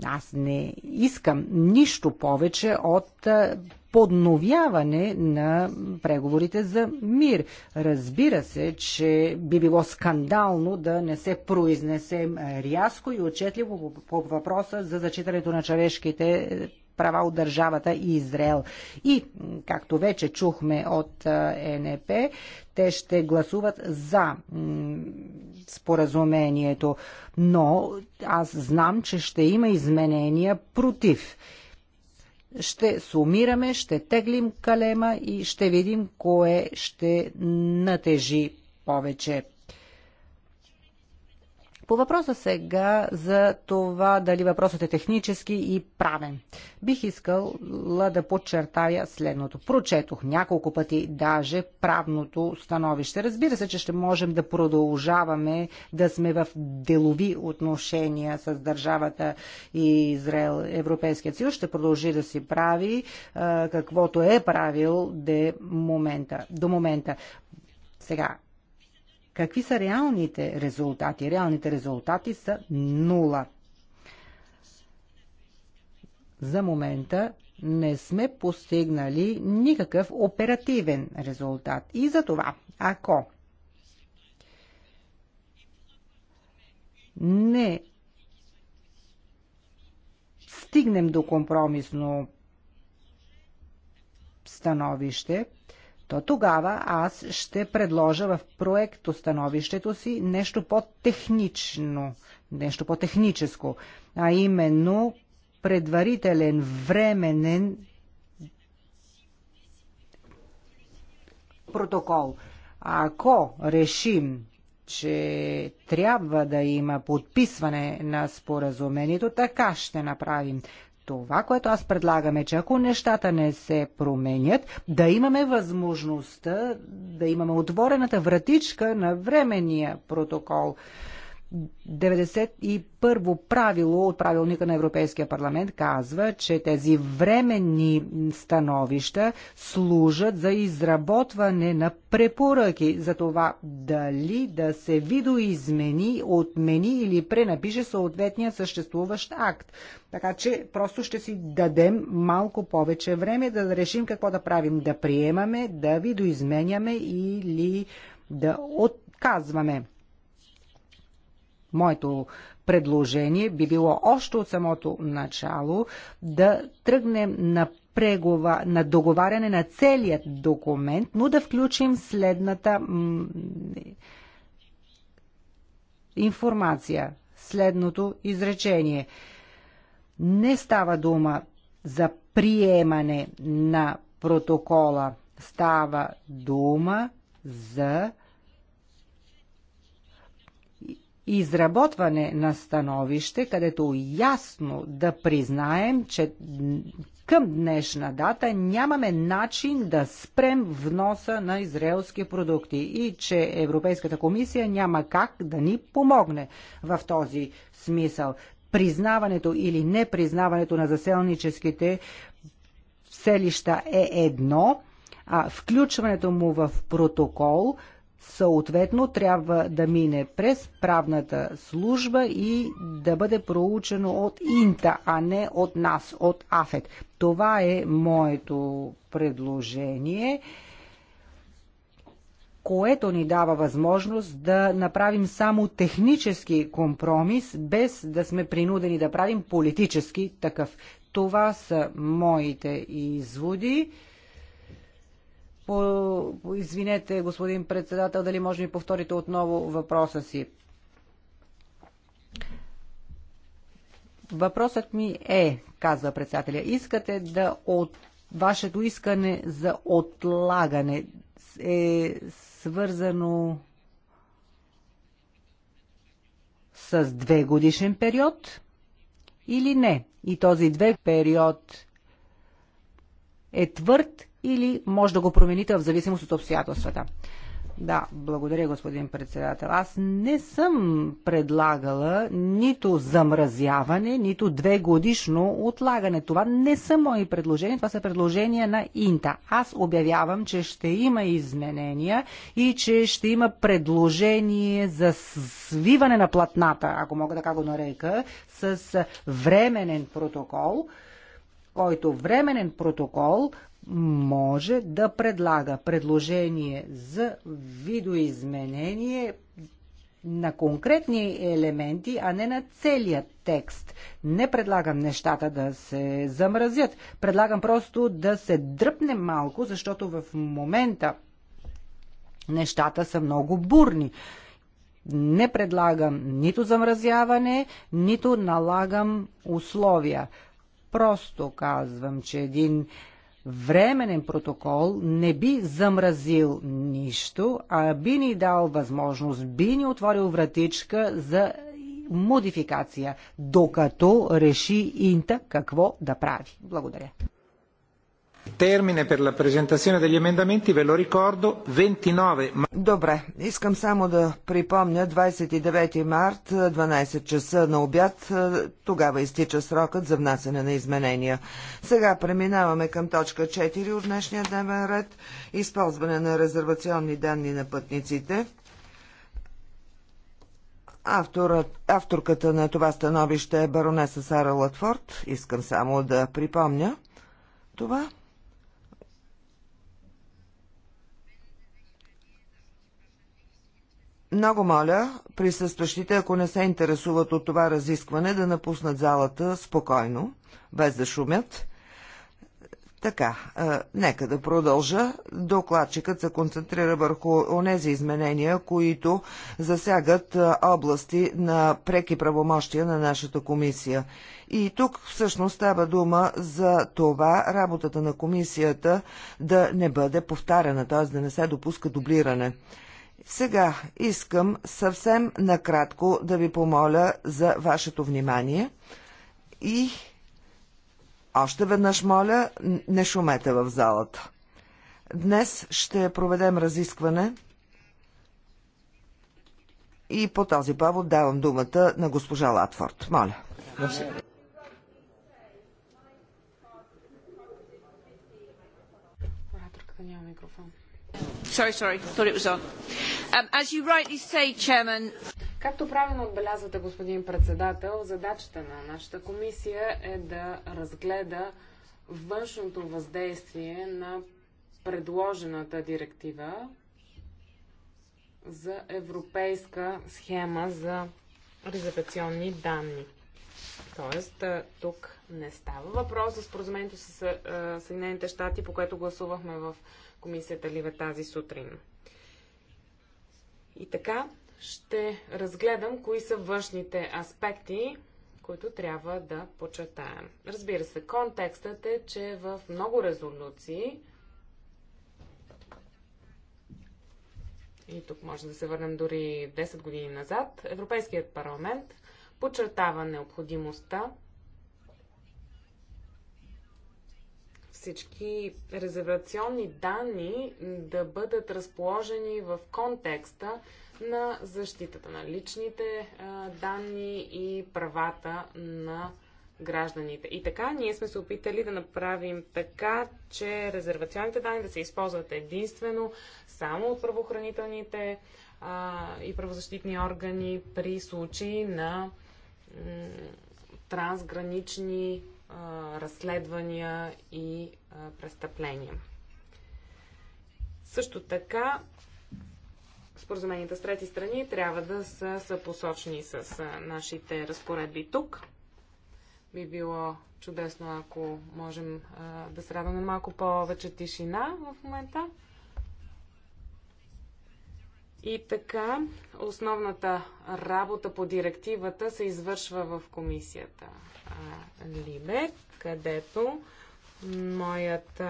Аз не искам нищо повече от подновяване на преговорите за мир. Разбира се, че би било скандално да не се произнесем рязко и отчетливо по въпроса за зачитането на човешките е, права от държавата и Израел. И, както вече чухме от НП, те ще гласуват за споразумението, но аз знам, че ще има изменения против. Ще сумираме, ще теглим калема и ще видим кое ще натежи повече. По въпроса сега за това дали въпросът е технически и правен. Бих искала да подчертая следното. Прочетох няколко пъти даже правното становище. Разбира се, че ще можем да продължаваме да сме в делови отношения с държавата и Израел. Европейският съюз ще продължи да си прави каквото е правил до момента. Сега, Какви са реалните резултати? Реалните резултати са нула. За момента не сме постигнали никакъв оперативен резултат. И за това, ако не стигнем до компромисно становище то тогава аз ще предложа в проекто становището си нещо по-технично, нещо по-техническо, а именно предварителен временен протокол. Ако решим, че трябва да има подписване на споразумението, така ще направим. Това, което аз предлагам е, че ако нещата не се променят, да имаме възможността, да имаме отворената вратичка на временния протокол. 91-во правило от правилника на Европейския парламент казва, че тези временни становища служат за изработване на препоръки за това дали да се видоизмени, отмени или пренапише съответния съществуващ акт. Така че просто ще си дадем малко повече време да решим какво да правим, да приемаме, да видоизменяме или да отказваме. Моето предложение би било още от самото начало да тръгнем на, прегова, на договаряне на целият документ, но да включим следната информация, следното изречение. Не става дума за приемане на протокола, става дума за изработване на становище, където ясно да признаем, че към днешна дата нямаме начин да спрем вноса на израелски продукти и че Европейската комисия няма как да ни помогне в този смисъл. Признаването или непризнаването на заселническите селища е едно, а включването му в протокол – съответно трябва да мине през правната служба и да бъде проучено от Инта, а не от нас, от АФЕТ. Това е моето предложение, което ни дава възможност да направим само технически компромис, без да сме принудени да правим политически такъв. Това са моите изводи. По, извинете, господин председател, дали може ми повторите отново въпроса си? Въпросът ми е, казва председателя, искате да от... Вашето искане за отлагане е свързано с две годишен период или не? И този две период е твърд или може да го промените в зависимост от обстоятелствата. Да, благодаря, господин председател. Аз не съм предлагала нито замразяване, нито две годишно отлагане. Това не са мои предложения, това са предложения на Инта. Аз обявявам, че ще има изменения и че ще има предложение за свиване на платната, ако мога така го нарека, с временен протокол който временен протокол може да предлага предложение за видоизменение на конкретни елементи, а не на целият текст. Не предлагам нещата да се замразят. Предлагам просто да се дръпне малко, защото в момента нещата са много бурни. Не предлагам нито замразяване, нито налагам условия. Просто казвам, че един временен протокол не би замразил нищо, а би ни дал възможност, би ни отворил вратичка за модификация, докато реши Инта какво да прави. Благодаря. Термине per la presentazione degli emendamenti, ve lo ricordo, 29... Добре, искам само да припомня 29 март, 12 часа на обяд, тогава изтича срокът за внасене на изменения. Сега преминаваме към точка 4 от днешния дневен ред, използване на резервационни данни на пътниците. Авторът, авторката на това становище е баронеса Сара Латфорд. Искам само да припомня това. Много моля присъстващите, ако не се интересуват от това разискване, да напуснат залата спокойно, без да шумят. Така, е, нека да продължа. Докладчикът се концентрира върху онези изменения, които засягат области на преки правомощия на нашата комисия. И тук всъщност става дума за това работата на комисията да не бъде повтарена, т.е. да не се допуска дублиране. Сега искам съвсем накратко да ви помоля за вашето внимание и още веднъж моля, не шумете в залата. Днес ще проведем разискване и по този повод давам думата на госпожа Латфорд. Моля. Sorry, sorry. Thought it was on. Um, say, chairman... Както правилно отбелязвате, господин председател, задачата на нашата комисия е да разгледа външното въздействие на предложената директива за европейска схема за резервационни данни. Тоест, тук не става въпрос за споразумението с Съединените щати, по което гласувахме в комисията Ливе тази сутрин. И така ще разгледам кои са външните аспекти, които трябва да почетаем. Разбира се, контекстът е, че в много резолюции и тук може да се върнем дори 10 години назад, Европейският парламент подчертава необходимостта всички резервационни данни да бъдат разположени в контекста на защитата на личните данни и правата на гражданите. И така, ние сме се опитали да направим така, че резервационните данни да се използват единствено само от правоохранителните а, и правозащитни органи при случаи на трансгранични разследвания и престъпления. Също така, споразуменията с трети страни трябва да са, са посочени с нашите разпоредби тук. Би било чудесно, ако можем да се радваме малко повече тишина в момента. И така, основната работа по директивата се извършва в комисията Либе, където моят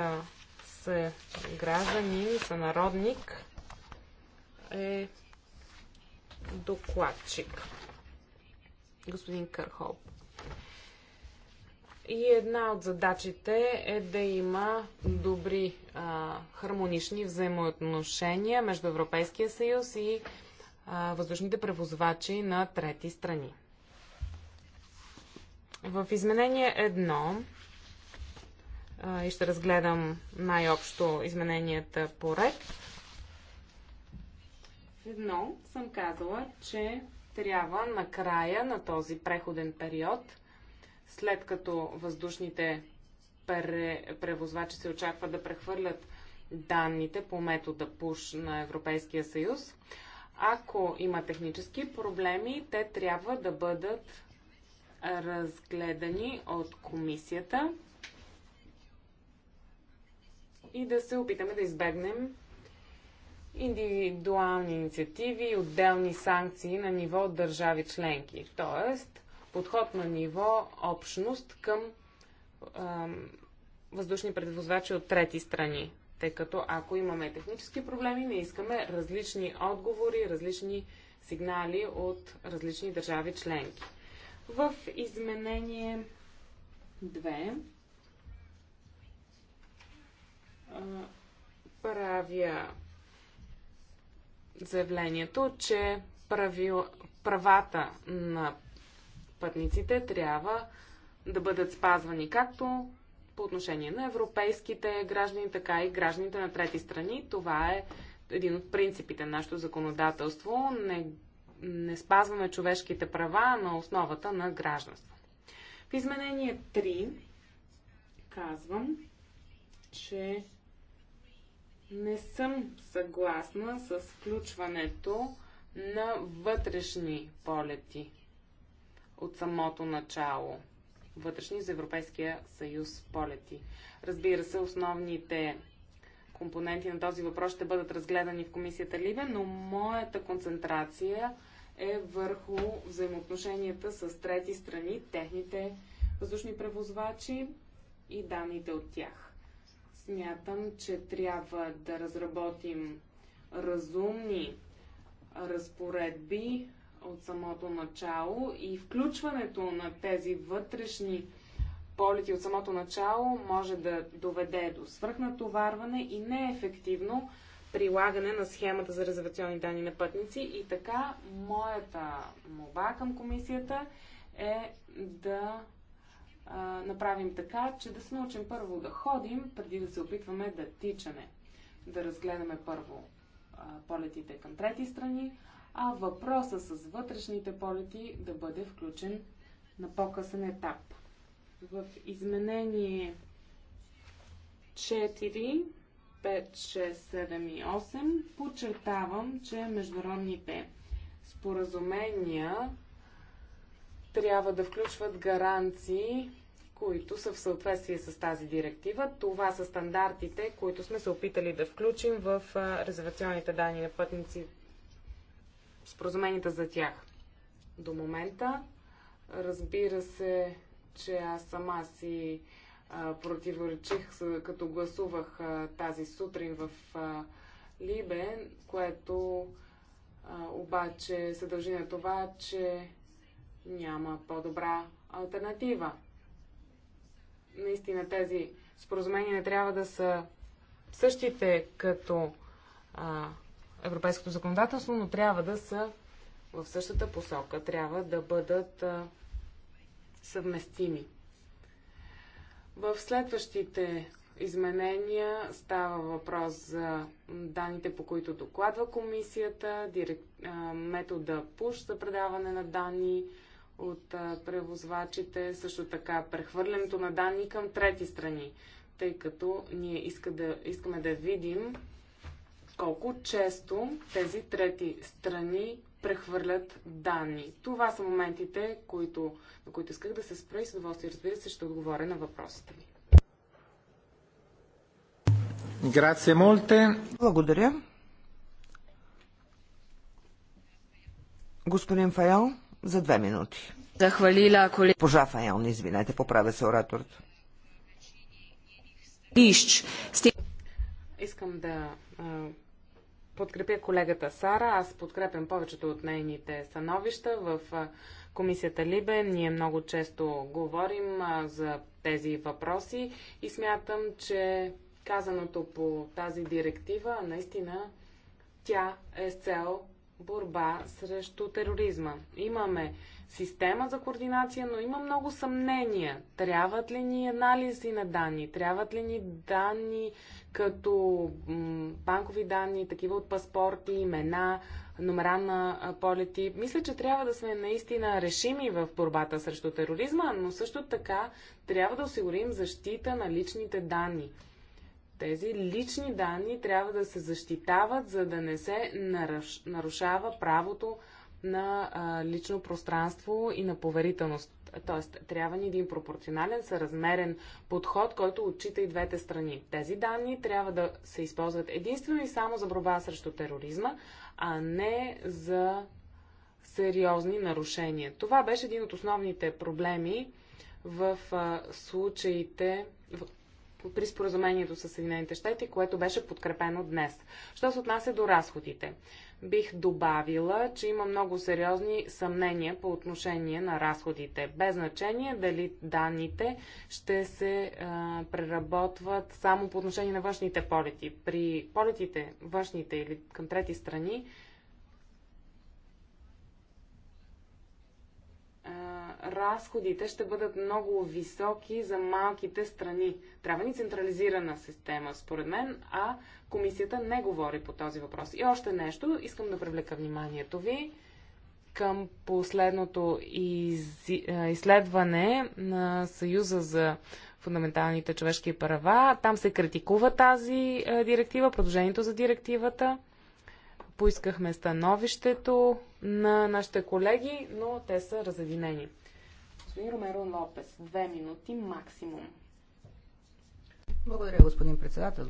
гражданин, сънародник е докладчик. Господин Кърхоп. И една от задачите е да има добри а, хармонични взаимоотношения между Европейския съюз и а, въздушните превозвачи на трети страни. В изменение едно и ще разгледам най-общо измененията по ред. Едно съм казала, че трябва накрая на този преходен период – след като въздушните превозвачи се очаква да прехвърлят данните по метода PUSH на Европейския съюз. Ако има технически проблеми, те трябва да бъдат разгледани от комисията и да се опитаме да избегнем индивидуални инициативи и отделни санкции на ниво държави членки. Тоест, подход на ниво общност към а, въздушни предвозвачи от трети страни. Тъй като ако имаме технически проблеми, не искаме различни отговори, различни сигнали от различни държави членки. В изменение 2 правя заявлението, че правил, правата на пътниците трябва да бъдат спазвани както по отношение на европейските граждани, така и гражданите на трети страни. Това е един от принципите на нашето законодателство. Не, не спазваме човешките права на основата на гражданство. В изменение 3 казвам, че не съм съгласна с включването на вътрешни полети от самото начало. Вътрешни за Европейския съюз полети. Разбира се, основните компоненти на този въпрос ще бъдат разгледани в комисията Либе, но моята концентрация е върху взаимоотношенията с трети страни, техните въздушни превозвачи и данните от тях. Смятам, че трябва да разработим разумни разпоредби, от самото начало и включването на тези вътрешни полети от самото начало може да доведе до свръхнатоварване и неефективно прилагане на схемата за резервационни данни на пътници. И така, моята мова към комисията е да а, направим така, че да се научим първо да ходим, преди да се опитваме да тичаме. Да разгледаме първо а, полетите към трети страни, а въпроса с вътрешните полети да бъде включен на по-късен етап. В изменение 4, 5, 6, 7 и 8 подчертавам, че международните споразумения трябва да включват гаранции, които са в съответствие с тази директива. Това са стандартите, които сме се опитали да включим в резервационните данни на пътници, споразуменията за тях. До момента, разбира се, че аз сама си а, противоречих, като гласувах а, тази сутрин в а, Либе, което а, обаче се дължи на това, че няма по-добра альтернатива. Наистина тези споразумения не трябва да са същите като а, европейското законодателство, но трябва да са в същата посока. Трябва да бъдат а, съвместими. В следващите изменения става въпрос за данните, по които докладва комисията, директ, а, метода PUSH за предаване на данни от а, превозвачите, също така прехвърлянето на данни към трети страни, тъй като ние иска да, искаме да видим колко често тези трети страни прехвърлят данни. Това са моментите, които, на които исках да се спра и с удоволствие, разбира се, ще отговоря на въпросите ви. Благодаря. Господин Фаял, за две минути. Захвалила колега. Пожа Фаял, не извинете, поправя се ораторът. Искам да подкрепя колегата Сара. Аз подкрепям повечето от нейните становища в комисията Либе. Ние много често говорим за тези въпроси и смятам, че казаното по тази директива, наистина тя е с цел борба срещу тероризма. Имаме система за координация, но има много съмнения. Трябват ли ни анализи на данни? Трябват ли ни данни като банкови данни, такива от паспорти, имена, номера на полети? Мисля, че трябва да сме наистина решими в борбата срещу тероризма, но също така трябва да осигурим защита на личните данни тези лични данни трябва да се защитават, за да не се нарушава правото на лично пространство и на поверителност. Тоест, трябва ни един пропорционален, съразмерен подход, който отчита и двете страни. Тези данни трябва да се използват единствено и само за борба срещу тероризма, а не за сериозни нарушения. Това беше един от основните проблеми в случаите, при споразумението с Съединените щати, което беше подкрепено днес. Що се отнася до разходите? Бих добавила, че има много сериозни съмнения по отношение на разходите. Без значение дали данните ще се а, преработват само по отношение на външните полети. При полетите, външните или към трети страни, разходите ще бъдат много високи за малките страни. Трябва ни централизирана система, според мен, а комисията не говори по този въпрос. И още нещо, искам да привлека вниманието ви към последното из... изследване на Съюза за фундаменталните човешки права. Там се критикува тази директива, продължението за директивата поискахме становището на нашите колеги, но те са разединени господин Ромеро Лопес. Две минути максимум. Благодаря, господин председател.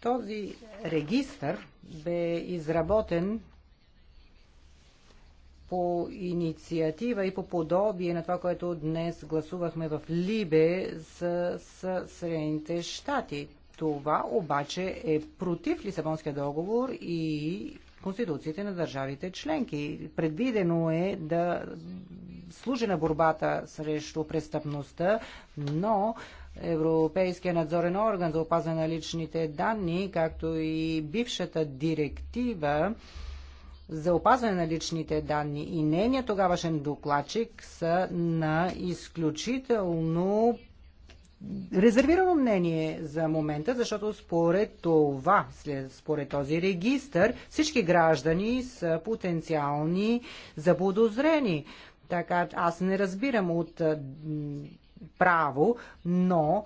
Този регистър бе изработен по инициатива и по подобие на това, което днес гласувахме в Либе с, с Средните щати. Това обаче е против Лисабонския договор и конституциите на държавите членки. Предвидено е да служи на борбата срещу престъпността, но Европейския надзорен орган за опазване на личните данни, както и бившата директива за опазване на личните данни и нейният тогавашен докладчик са на изключително резервирано мнение за момента, защото според това, според този регистр, всички граждани са потенциални заподозрени. Така, аз не разбирам от право, но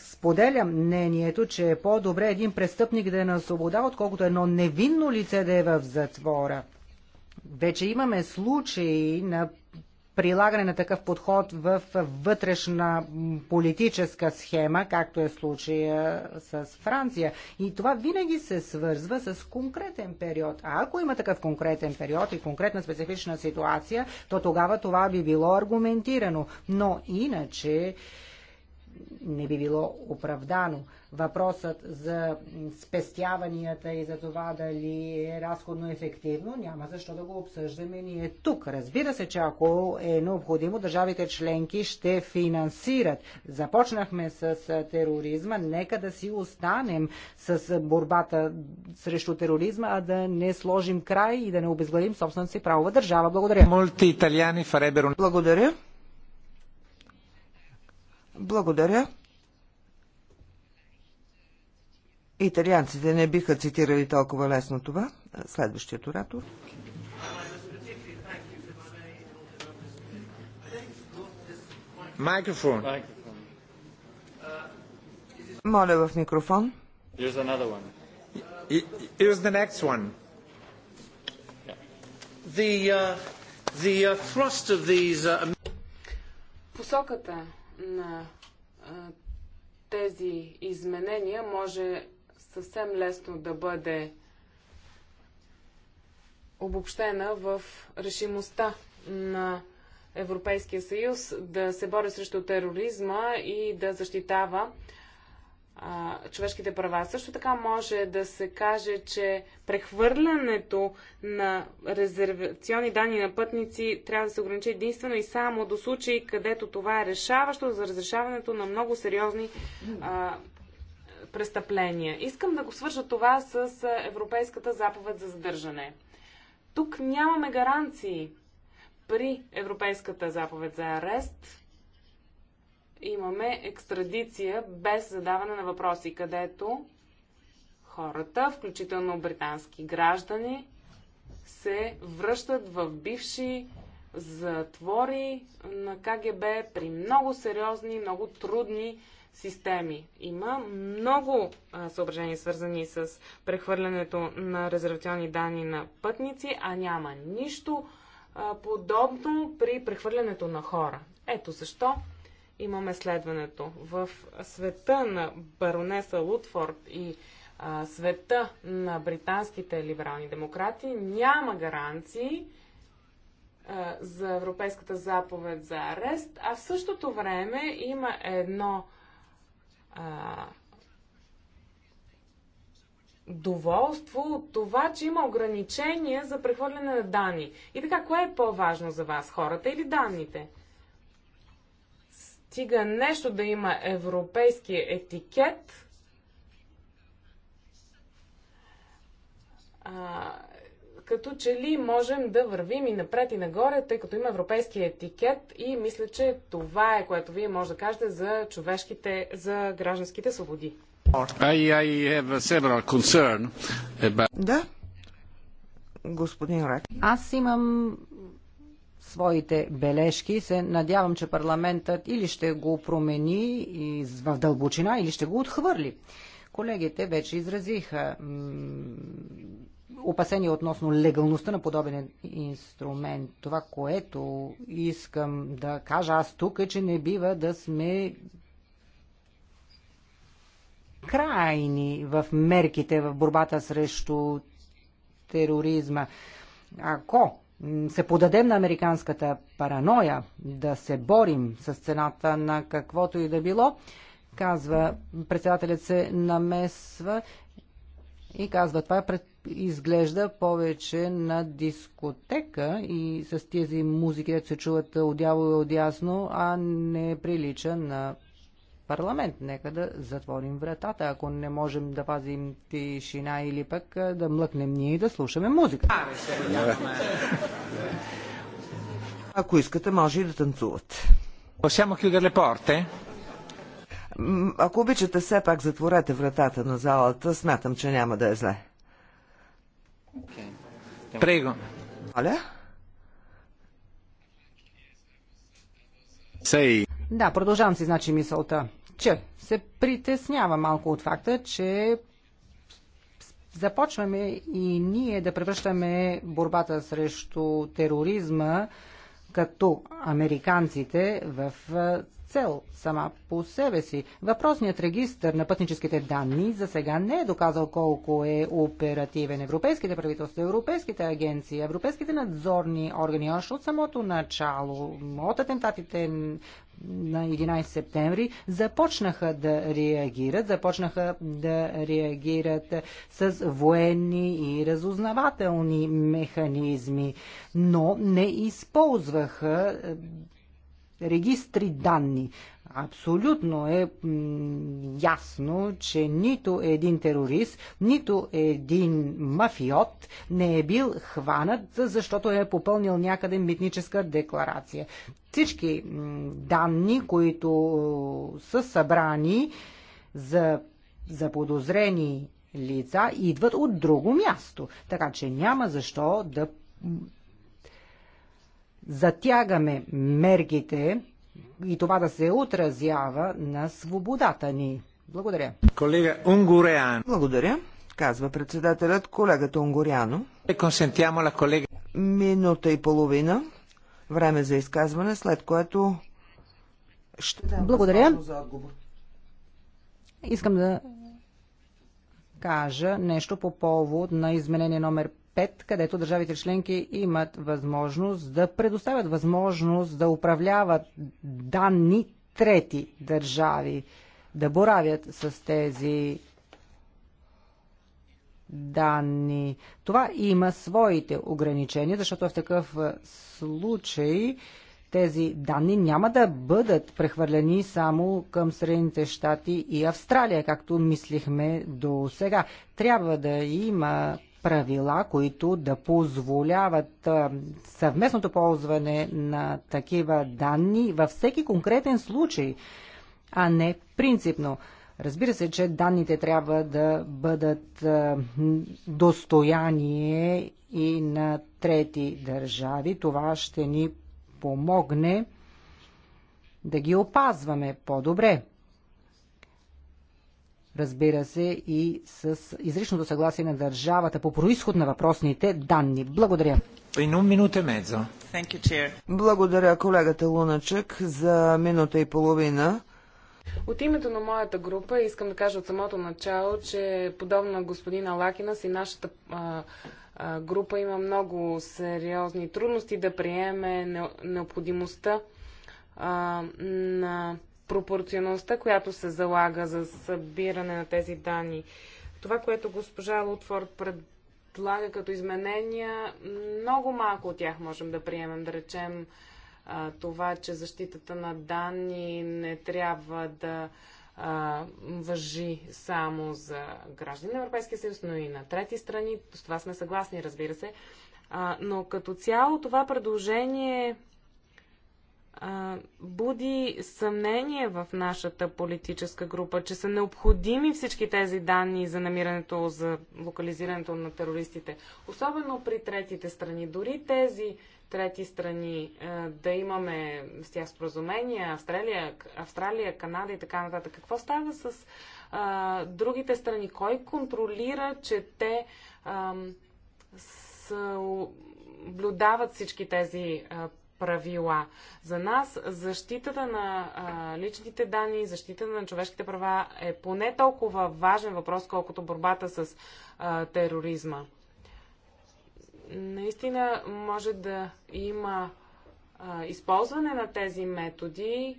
споделям мнението, че е по-добре един престъпник да е на свобода, отколкото едно невинно лице да е в затвора. Вече имаме случаи на прилагане на такъв подход в вътрешна политическа схема, както е случая с Франция. И това винаги се свързва с конкретен период. А ако има такъв конкретен период и конкретна специфична ситуация, то тогава това би било аргументирано. Но иначе не би било оправдано. Въпросът за спестяванията и за това дали е разходно ефективно, няма защо да го обсъждаме ние тук. Разбира се, че ако е необходимо, държавите членки ще финансират. Започнахме с тероризма, нека да си останем с борбата срещу тероризма, а да не сложим край и да не обезглавим собствената си правова държава. Благодаря. Благодаря. Благодаря. Италианците не биха цитирали толкова лесно това. Следващият оратор. Микрофон. Моля в микрофон. Here's another one. Here's the next one. The, uh, the uh, thrust of these... Uh... Посоката на тези изменения може съвсем лесно да бъде обобщена в решимостта на Европейския съюз да се бори срещу тероризма и да защитава човешките права. Също така може да се каже, че прехвърлянето на резервационни данни на пътници трябва да се ограничи единствено и само до случаи, където това е решаващо за разрешаването на много сериозни а, престъпления. Искам да го свържа това с Европейската заповед за задържане. Тук нямаме гаранции при Европейската заповед за арест, имаме екстрадиция без задаване на въпроси, където хората, включително британски граждани, се връщат в бивши затвори на КГБ при много сериозни, много трудни системи. Има много а, съображения, свързани с прехвърлянето на резервационни данни на пътници, а няма нищо а, подобно при прехвърлянето на хора. Ето защо имаме следването. В света на баронеса Лутфорд и а, света на британските либерални демократи няма гаранции а, за Европейската заповед за арест, а в същото време има едно а, доволство от това, че има ограничения за прехвърляне на данни. И така, кое е по-важно за вас, хората или данните? Стига нещо да има европейски етикет, а, като че ли можем да вървим и напред и нагоре, тъй като има европейски етикет и мисля, че това е което вие може да кажете за човешките, за гражданските свободи. About... Да, господин Рак. Аз имам своите бележки. Се надявам, че парламентът или ще го промени в дълбочина, или ще го отхвърли. Колегите вече изразиха опасения относно легалността на подобен инструмент. Това, което искам да кажа аз тук е, че не бива да сме крайни в мерките в борбата срещу тероризма. Ако се подадем на американската параноя, да се борим с цената на каквото и да било, казва, председателят се намесва и казва, това пред, изглежда повече на дискотека и с тези музики, където се чуват отдяло и отясно, а не прилича на парламент. Нека да затворим вратата, ако не можем да пазим тишина или пък да млъкнем ние и да слушаме музика. Ако искате, може и да танцуват. Ако обичате, все пак затворете вратата на залата. Смятам, че няма да е зле. Прего. Оля? Да, продължавам си, значи, мисълта че се притеснява малко от факта, че започваме и ние да превръщаме борбата срещу тероризма като американците в цел сама по себе си. Въпросният регистр на пътническите данни за сега не е доказал колко е оперативен. Европейските правителства, европейските агенции, европейските надзорни органи още от самото начало, от атентатите на 11 септември започнаха да реагират, започнаха да реагират с военни и разузнавателни механизми, но не използваха е, регистри данни. Абсолютно е ясно, че нито един терорист, нито един мафиот не е бил хванат, защото е попълнил някъде митническа декларация. Всички данни, които са събрани за, за подозрени лица, идват от друго място. Така че няма защо да затягаме мерките и това да се отразява на свободата ни. Благодаря. Колега Унгуреан. Благодаря, казва председателят колегата Унгуряно. Колега... Минута и половина. Време за изказване, след което ще дам Благодаря. за отговор. Искам да кажа нещо по повод на изменение номер 5. 5, където държавите членки имат възможност да предоставят възможност да управляват данни трети държави, да боравят с тези данни. Това има своите ограничения, защото в такъв случай тези данни няма да бъдат прехвърлени само към Средните щати и Австралия, както мислихме до сега. Трябва да има правила, които да позволяват съвместното ползване на такива данни във всеки конкретен случай, а не принципно. Разбира се, че данните трябва да бъдат достояние и на трети държави. Това ще ни помогне да ги опазваме по-добре разбира се, и с изричното съгласие на държавата по происход на въпросните данни. Благодаря. E Благодаря колегата Луначък за минута и половина. От името на моята група искам да кажа от самото начало, че подобно на господина Лакинас и нашата а, а, група има много сериозни трудности да приеме необходимостта а, на пропорционалността, която се залага за събиране на тези данни. Това, което госпожа Лутфорд предлага като изменения, много малко от тях можем да приемем. Да речем това, че защитата на данни не трябва да въжи само за граждани на Европейския съюз, но и на трети страни. С това сме съгласни, разбира се. но като цяло това предложение буди съмнение в нашата политическа група, че са необходими всички тези данни за намирането, за локализирането на терористите. Особено при третите страни. Дори тези трети страни да имаме с тях споразумения, Австралия, Австралия, Канада и така нататък. Какво става с а, другите страни? Кой контролира, че те а, с, наблюдават всички тези а, правила. За нас защитата на а, личните данни, защитата на човешките права е поне толкова важен въпрос, колкото борбата с а, тероризма. Наистина може да има а, използване на тези методи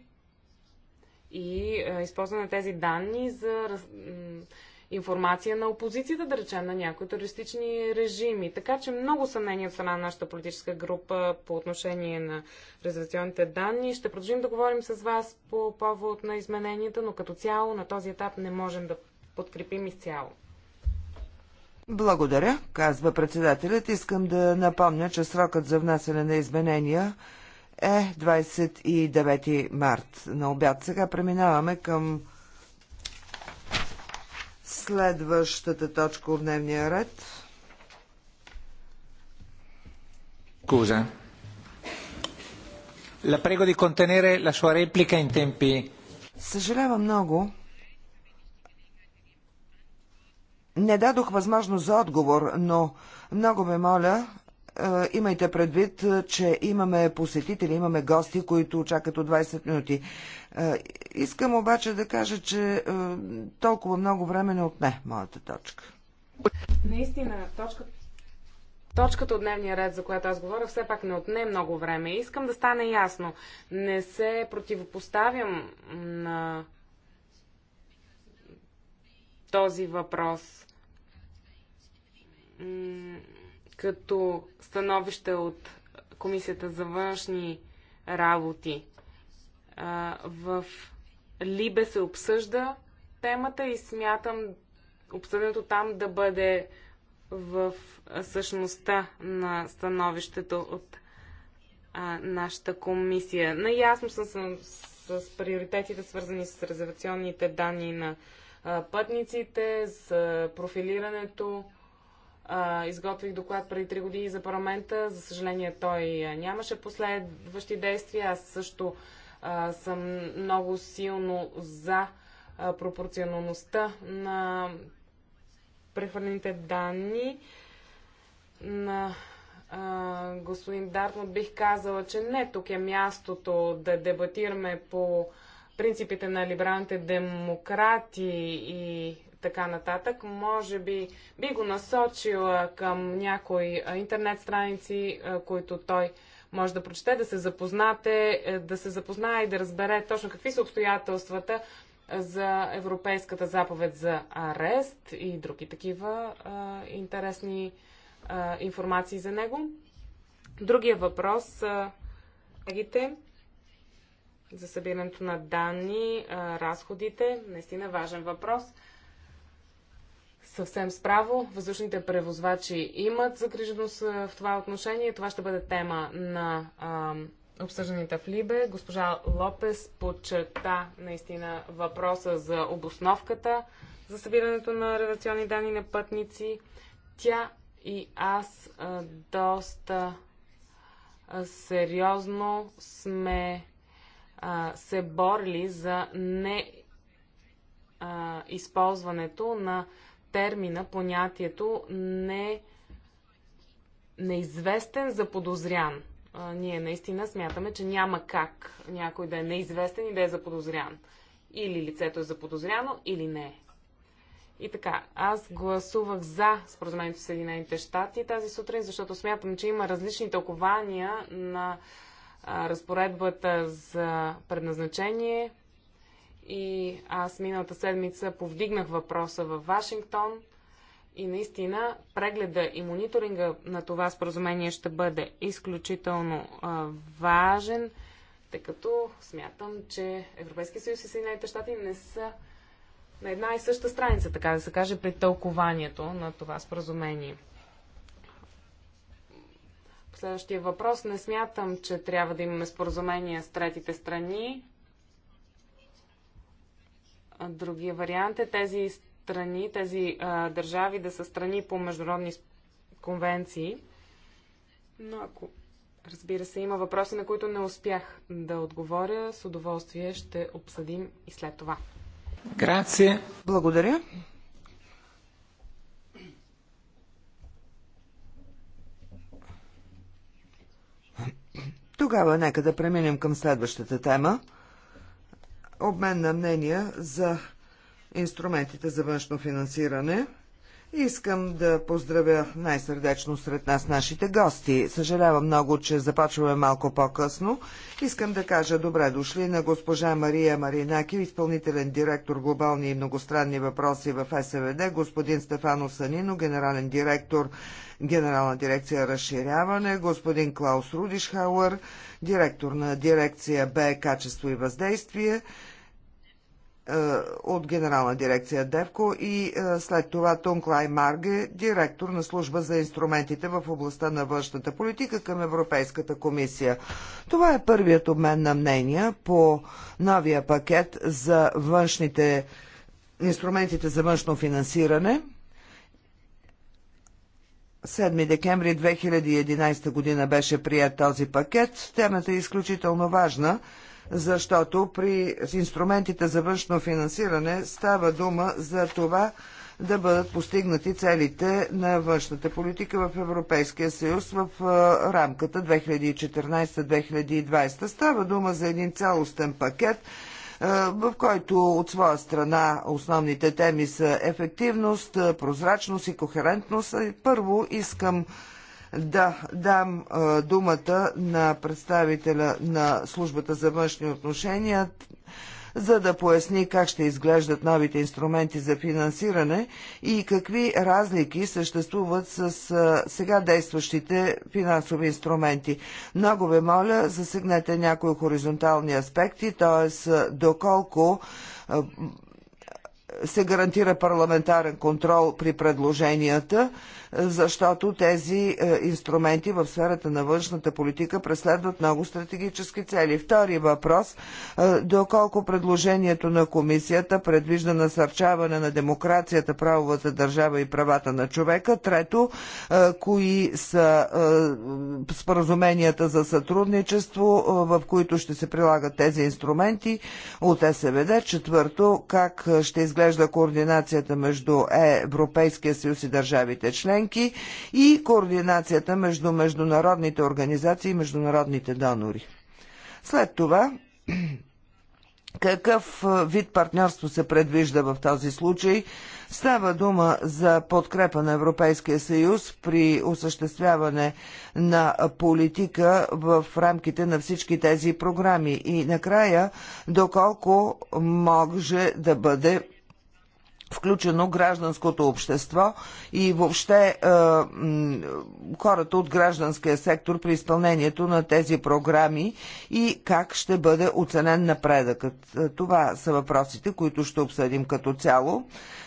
и а, използване на тези данни за раз, информация на опозицията, да речем, на някои туристични режими. Така че много съмнения от страна на нашата политическа група по отношение на резервационните данни. Ще продължим да говорим с вас по повод на измененията, но като цяло на този етап не можем да подкрепим изцяло. Благодаря, казва председателят. Искам да напомня, че срокът за внасяне на изменения е 29 март на обяд. Сега преминаваме към Следващата точка от дневния ред. Scusa. La prego di contenere la sua replica in tempi. Съжалявам много. Не дадох възможност за отговор, но много ме моля, е, имайте предвид, че имаме посетители, имаме гости, които чакат от 20 минути. Е, искам обаче да кажа, че е, толкова много време не отне моята точка. Наистина, точката Точката от дневния ред, за която аз говоря, все пак не отне много време. Искам да стане ясно. Не се противопоставям на този въпрос като становище от Комисията за външни работи в Либе се обсъжда темата и смятам обсъденото там да бъде в същността на становището от а, нашата комисия. Наясно съм с, с, с приоритетите, свързани с резервационните данни на а, пътниците, с а, профилирането. А, изготвих доклад преди 3 години за парламента. За съжаление, той нямаше последващи действия. Аз също а, съм много силно за а, пропорционалността на прехвърлените данни. На а, господин Дартмут бих казала, че не тук е мястото да дебатираме по принципите на либералните демократи и така нататък. Може би би го насочила към някои интернет страници, които той може да прочете, да се запознате, е, да се запознае и да разбере точно какви са обстоятелствата е, за Европейската заповед за арест и други такива а, е, интересни а, информации за него. Другия въпрос а, за събирането на данни, а, разходите, наистина важен въпрос – съвсем справо. Въздушните превозвачи имат загриженост в това отношение. Това ще бъде тема на а, обсъжданията в Либе. Госпожа Лопес подчерта наистина въпроса за обосновката за събирането на редакционни данни на пътници. Тя и аз а, доста а, сериозно сме а, се борили за не а, използването на термина, понятието не неизвестен за подозрян. А, ние наистина смятаме, че няма как някой да е неизвестен и да е заподозрян. Или лицето е заподозряно, или не И така, аз гласувах за споразумението с Съединените щати тази сутрин, защото смятам, че има различни тълкования на а, разпоредбата за предназначение, и аз миналата седмица повдигнах въпроса в Вашингтон и наистина прегледа и мониторинга на това споразумение ще бъде изключително а, важен, тъй като смятам, че Европейския съюз и Съединените щати не са на една и съща страница, така да се каже, при тълкованието на това споразумение. Следващия въпрос. Не смятам, че трябва да имаме споразумение с третите страни. Другия вариант е тези страни, тези а, държави да са страни по международни конвенции. Но ако, разбира се, има въпроси, на които не успях да отговоря, с удоволствие ще обсъдим и след това. Грация. Благодаря. Тогава нека да преминем към следващата тема обмен на мнения за инструментите за външно финансиране. Искам да поздравя най-сърдечно сред нас нашите гости. Съжалявам много, че започваме малко по-късно. Искам да кажа добре дошли на госпожа Мария Маринаки, изпълнителен директор глобални и многостранни въпроси в СВД, господин Стефано Санино, генерален директор Генерална дирекция Разширяване, господин Клаус Рудишхауер, директор на дирекция Б Качество и въздействие, е, от генерална дирекция Девко и е, след това Тунклай Марге, директор на служба за инструментите в областта на външната политика към Европейската комисия. Това е първият обмен на мнения по новия пакет за външните инструментите за външно финансиране. 7 декември 2011 година беше прият този пакет. Темата е изключително важна – защото при инструментите за външно финансиране става дума за това да бъдат постигнати целите на външната политика в Европейския съюз в рамката 2014-2020. Става дума за един цялостен пакет, в който от своя страна основните теми са ефективност, прозрачност и кохерентност. Първо искам да дам думата на представителя на службата за външни отношения, за да поясни как ще изглеждат новите инструменти за финансиране и какви разлики съществуват с сега действащите финансови инструменти. Много ви моля, засегнете някои хоризонтални аспекти, т.е. доколко се гарантира парламентарен контрол при предложенията защото тези е, инструменти в сферата на външната политика преследват много стратегически цели. Втори въпрос е, – доколко предложението на комисията предвижда насърчаване на демокрацията, правовата държава и правата на човека. Трето, е, кои са споразуменията за сътрудничество, в които ще се прилагат тези инструменти от СВД. Четвърто, как ще изглежда координацията между Европейския съюз и държавите членки членки и координацията между международните организации и международните донори. След това какъв вид партньорство се предвижда в този случай? Става дума за подкрепа на Европейския съюз при осъществяване на политика в рамките на всички тези програми и накрая доколко може да бъде включено гражданското общество и въобще е, хората от гражданския сектор при изпълнението на тези програми и как ще бъде оценен напредъкът. Е, това са въпросите, които ще обсъдим като цяло.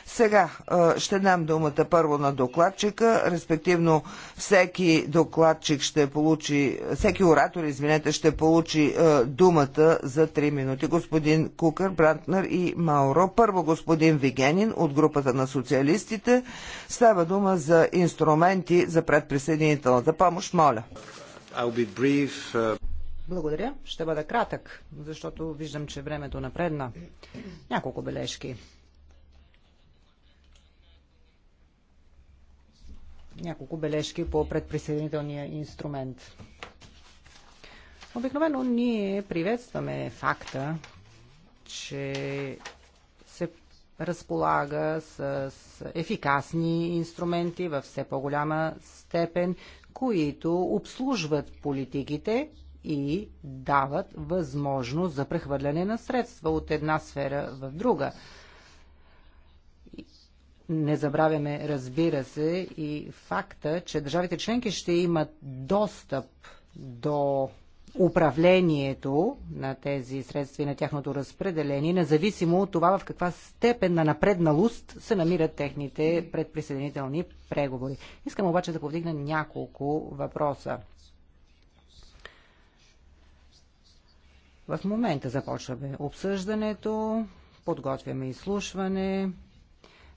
Сега ще дам думата първо на докладчика, респективно всеки докладчик ще получи, всеки оратор, извинете, ще получи думата за 3 минути. Господин Кукър, Брантнер и Мауро. Първо господин Вигенин от групата на социалистите. Става дума за инструменти за предприсъединителната помощ. Моля. Uh, Благодаря. Ще бъда кратък, защото виждам, че времето напредна. Няколко бележки. няколко бележки по предприсъединителния инструмент. Обикновено ние приветстваме факта, че се разполага с ефикасни инструменти във все по-голяма степен, които обслужват политиките и дават възможност за прехвърляне на средства от една сфера в друга – не забравяме, разбира се, и факта, че държавите членки ще имат достъп до управлението на тези средства и на тяхното разпределение, независимо от това в каква степен на напредналост се намират техните предприсъединителни преговори. Искам обаче да повдигна няколко въпроса. В момента започваме обсъждането, подготвяме изслушване,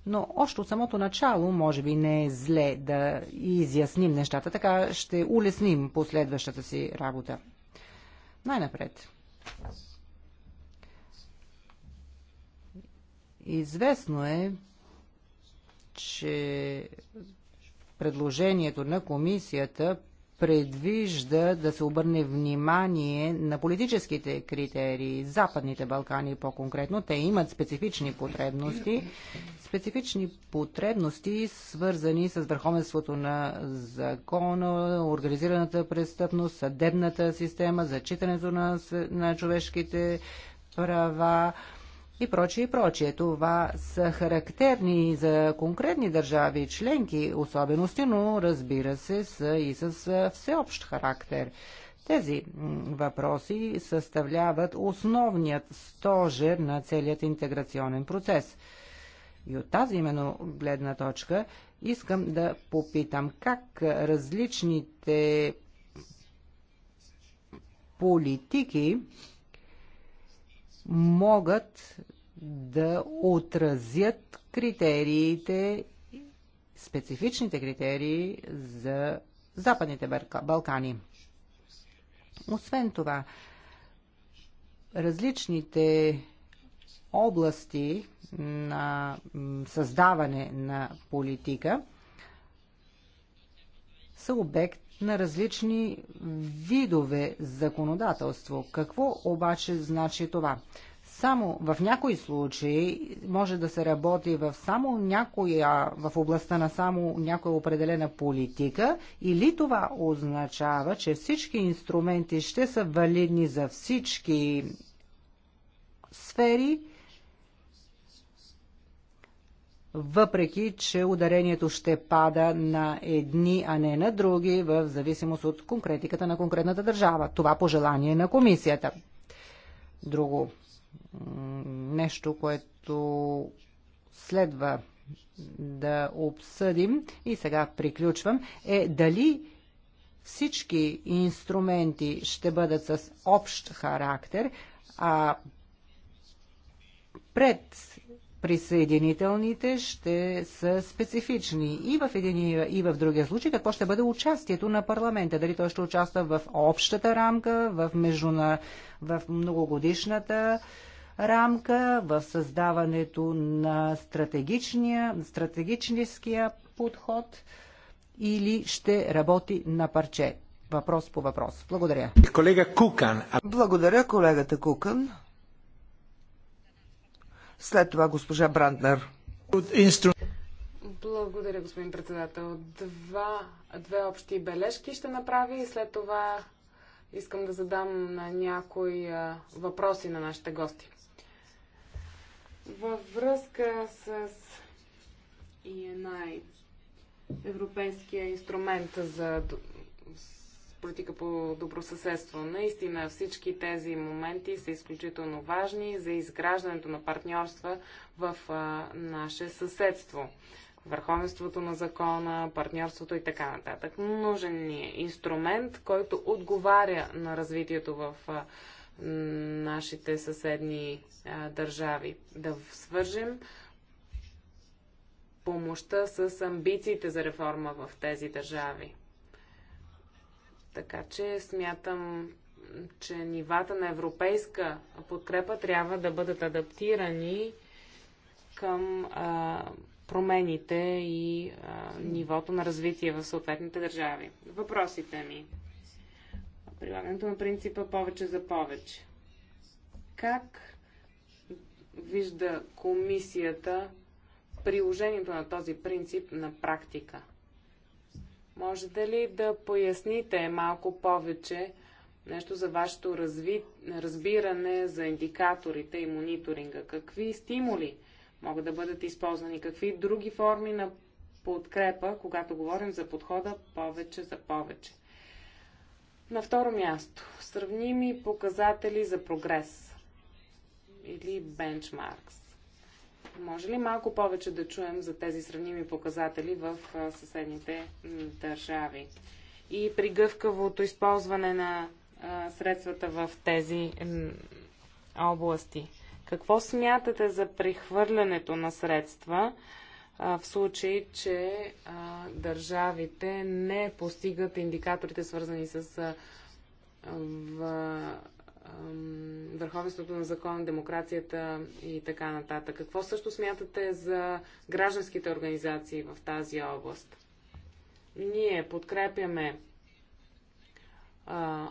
но още от самото начало може би не е зле да изясним нещата, така ще улесним последващата си работа. Най-напред. Известно е, че предложението на комисията предвижда да се обърне внимание на политическите критерии. Западните Балкани по-конкретно, те имат специфични потребности специфични потребности, свързани с върховенството на закона, организираната престъпност, съдебната система, зачитането на, на човешките права и прочие и прочие. Това са характерни за конкретни държави членки особености, но разбира се са и с всеобщ характер. Тези въпроси съставляват основният стожер на целият интеграционен процес – и от тази именно гледна точка искам да попитам как различните политики могат да отразят критериите, специфичните критерии за Западните Балкани. Освен това, различните области на създаване на политика са обект на различни видове законодателство. Какво обаче значи това? Само в някои случаи може да се работи в само някоя, в областта на само някоя определена политика или това означава, че всички инструменти ще са валидни за всички сфери въпреки че ударението ще пада на едни, а не на други, в зависимост от конкретиката на конкретната държава. Това пожелание на комисията. Друго нещо, което следва да обсъдим и сега приключвам, е дали всички инструменти ще бъдат с общ характер, а пред присъединителните ще са специфични и в един и в другия случай. Какво ще бъде участието на парламента? Дали той ще участва в общата рамка, в, междуна, в многогодишната рамка, в създаването на стратегичния, стратегическия подход или ще работи на парче? Въпрос по въпрос. Благодаря. Колега Кукан. Благодаря, колегата Кукан. След това госпожа Бранднер. Благодаря, господин председател. Два, две общи бележки ще направя и след това искам да задам на някои въпроси на нашите гости. Във връзка с ИНАИ, Европейския инструмент за политика по добросъседство. Наистина всички тези моменти са изключително важни за изграждането на партньорства в а, наше съседство. Върховенството на закона, партньорството и така нататък. Нужен ни е инструмент, който отговаря на развитието в а, нашите съседни а, държави. Да свържем помощта с амбициите за реформа в тези държави. Така че смятам, че нивата на европейска подкрепа трябва да бъдат адаптирани към а, промените и а, нивото на развитие в съответните държави. Въпросите ми. Прилагането на принципа повече за повече. Как вижда комисията приложението на този принцип на практика? Можете ли да поясните малко повече нещо за вашето разви... разбиране за индикаторите и мониторинга? Какви стимули могат да бъдат използвани? Какви други форми на подкрепа, когато говорим за подхода повече за повече? На второ място, сравними показатели за прогрес или бенчмаркс. Може ли малко повече да чуем за тези сравними показатели в съседните държави? И при гъвкавото използване на средствата в тези области. Какво смятате за прехвърлянето на средства в случай, че държавите не постигат индикаторите, свързани с върховенството на закон, демокрацията и така нататък. Какво също смятате за гражданските организации в тази област? Ние подкрепяме а,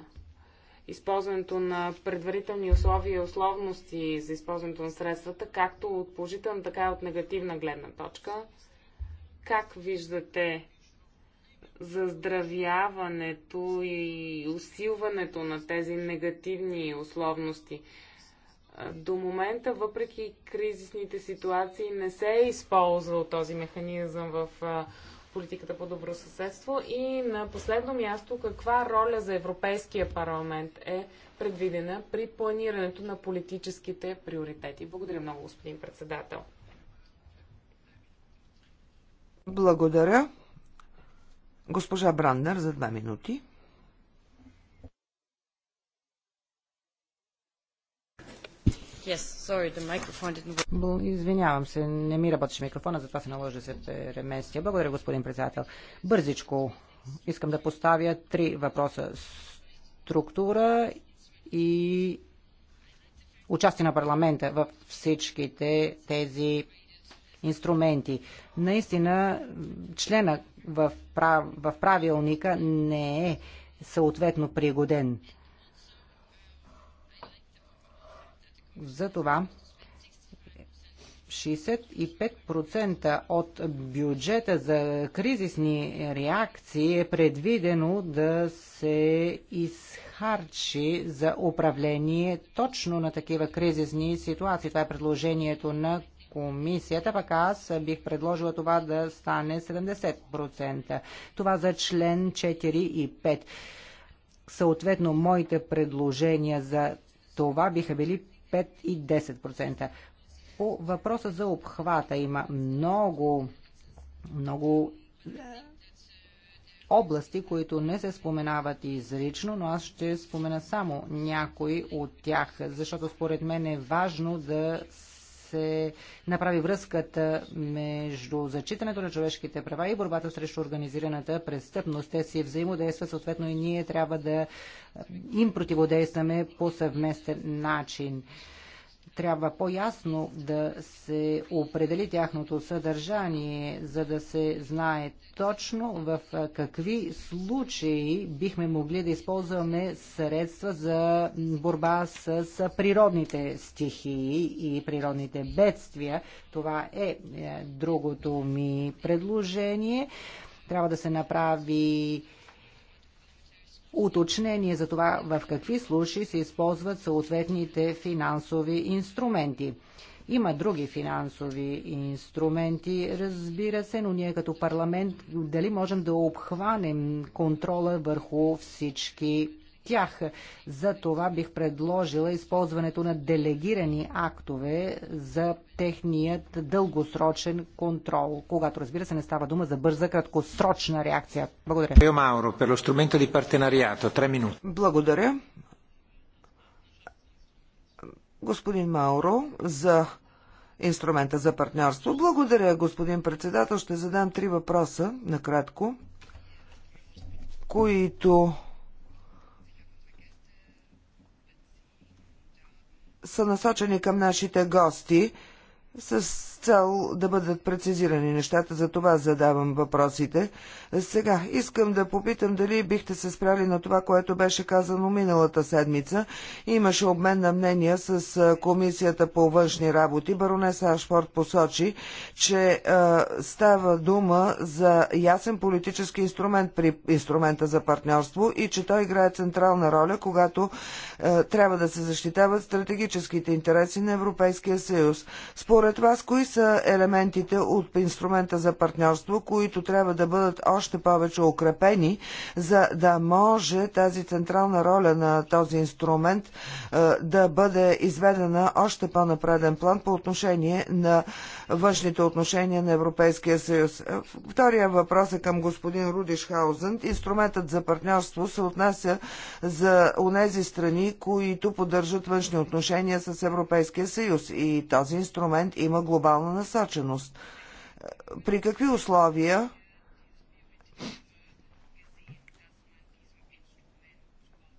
използването на предварителни условия и условности за използването на средствата, както от положителна, така и от негативна гледна точка. Как виждате заздравяването и усилването на тези негативни условности. До момента, въпреки кризисните ситуации, не се е използвал този механизъм в политиката по добро съседство. И на последно място, каква роля за Европейския парламент е предвидена при планирането на политическите приоритети? Благодаря много, господин председател. Благодаря. Госпожа Бранднер за две минути. Yes, sorry, Извинявам се, не ми работеше микрофона, затова се наложи да се реместия. Благодаря, господин председател. Бързичко искам да поставя три въпроса. Структура и участие на парламента във всичките тези инструменти. Наистина, члена в, прав... в правилника не е съответно пригоден. Затова 65% от бюджета за кризисни реакции е предвидено да се изхарчи за управление точно на такива кризисни ситуации. Това е предложението на комисията, пък аз бих предложила това да стане 70%. Това за член 4 и 5. Съответно, моите предложения за това биха били 5 и 10%. По въпроса за обхвата има много, много е, области, които не се споменават изрично, но аз ще спомена само някои от тях, защото според мен е важно да се направи връзката между зачитането на човешките права и борбата срещу организираната престъпност. Те си взаимодействат, съответно и ние трябва да им противодействаме по съвместен начин трябва по-ясно да се определи тяхното съдържание, за да се знае точно в какви случаи бихме могли да използваме средства за борба с природните стихии и природните бедствия. Това е, е другото ми предложение. Трябва да се направи уточнение за това в какви случаи се използват съответните финансови инструменти. Има други финансови инструменти, разбира се, но ние като парламент дали можем да обхванем контрола върху всички тях. За това бих предложила използването на делегирани актове за техният дългосрочен контрол, когато разбира се не става дума за бърза краткосрочна реакция. Благодаря. Мауро, per инструмента ли партенариято, три минути. Благодаря. Господин Мауро, за инструмента за партньорство. Благодаря, господин председател. Ще задам три въпроса, накратко, които са насочени към нашите гости с цел да бъдат прецизирани нещата, за това задавам въпросите. Сега искам да попитам дали бихте се спряли на това, което беше казано миналата седмица. Имаше обмен на мнения с Комисията по външни работи. Баронеса Ашфорд посочи, че е, става дума за ясен политически инструмент при инструмента за партньорство и че той играе централна роля, когато е, трябва да се защитават стратегическите интереси на Европейския съюз. Според вас, кои са елементите от инструмента за партньорство, които трябва да бъдат още повече укрепени, за да може тази централна роля на този инструмент е, да бъде изведена още по-напреден план по отношение на външните отношения на Европейския съюз. Е, втория въпрос е към господин Рудиш Хаузен. Инструментът за партньорство се отнася за онези страни, които поддържат външни отношения с Европейския съюз и този инструмент има глобална сексуална насоченост. При какви условия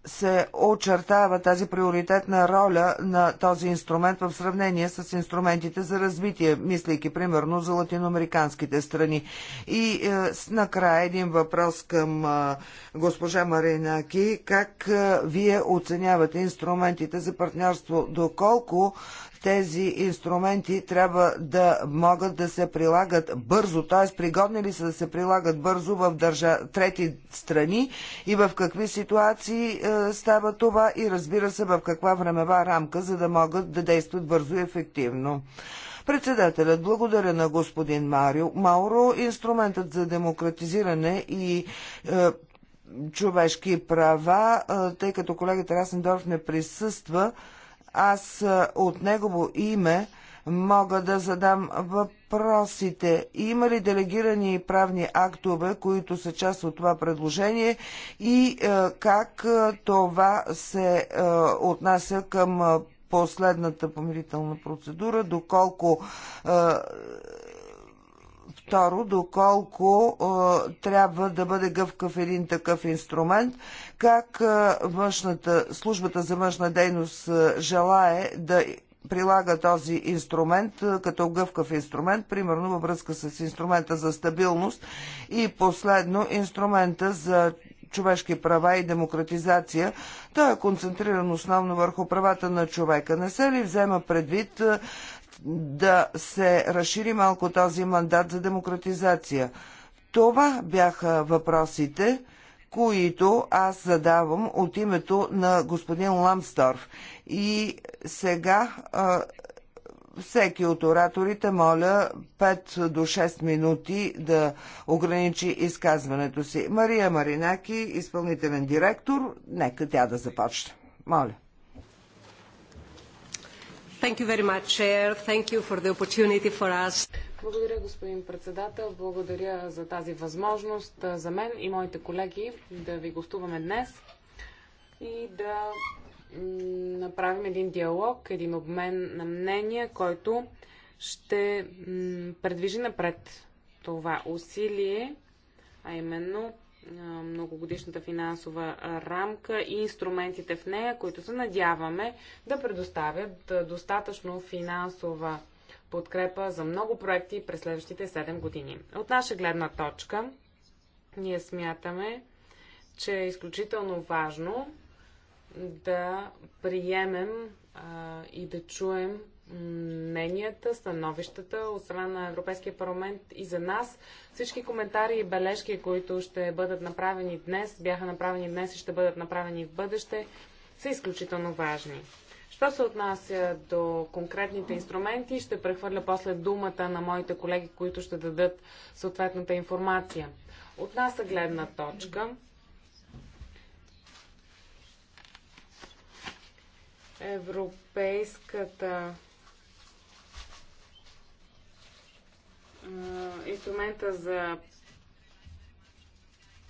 се очертава тази приоритетна роля на този инструмент в сравнение с инструментите за развитие, мислейки примерно за латиноамериканските страни. И е, накрая един въпрос към е, госпожа Маринаки. Как е, вие оценявате инструментите за партньорство? Доколко тези инструменти трябва да могат да се прилагат бързо, т.е. пригодни ли са да се прилагат бързо в държа... трети страни и в какви ситуации е, става това и разбира се в каква времева рамка, за да могат да действат бързо и ефективно. Председателят благодаря на господин Марио Мауро. Инструментът за демократизиране и е, човешки права, е, тъй като колегата Расендорф не присъства, аз от негово име мога да задам въпросите. Има ли делегирани правни актове, които са част от това предложение и как това се отнася към последната помирителна процедура, доколко второ, доколко трябва да бъде гъвкав един такъв инструмент как външната, службата за външна дейност желае да прилага този инструмент като гъвкав инструмент, примерно във връзка с инструмента за стабилност и последно инструмента за човешки права и демократизация. Той е концентриран основно върху правата на човека. Не се ли взема предвид да се разшири малко този мандат за демократизация? Това бяха въпросите които аз задавам от името на господин Ламсторф. И сега всеки от ораторите моля 5 до 6 минути да ограничи изказването си. Мария Маринаки, изпълнителен директор, нека тя да започне. Моля. Much, Благодаря, господин председател. Благодаря за тази възможност за мен и моите колеги да ви гостуваме днес и да направим един диалог, един обмен на мнения, който ще предвижи напред това усилие, а именно многогодишната финансова рамка и инструментите в нея, които се надяваме да предоставят достатъчно финансова подкрепа за много проекти през следващите 7 години. От наша гледна точка, ние смятаме, че е изключително важно да приемем и да чуем мненията, становищата от страна на Европейския парламент и за нас. Всички коментари и бележки, които ще бъдат направени днес, бяха направени днес и ще бъдат направени в бъдеще, са изключително важни. Що се отнася до конкретните инструменти, ще прехвърля после думата на моите колеги, които ще дадат съответната информация. От нас е гледна точка. Европейската Е, инструмента за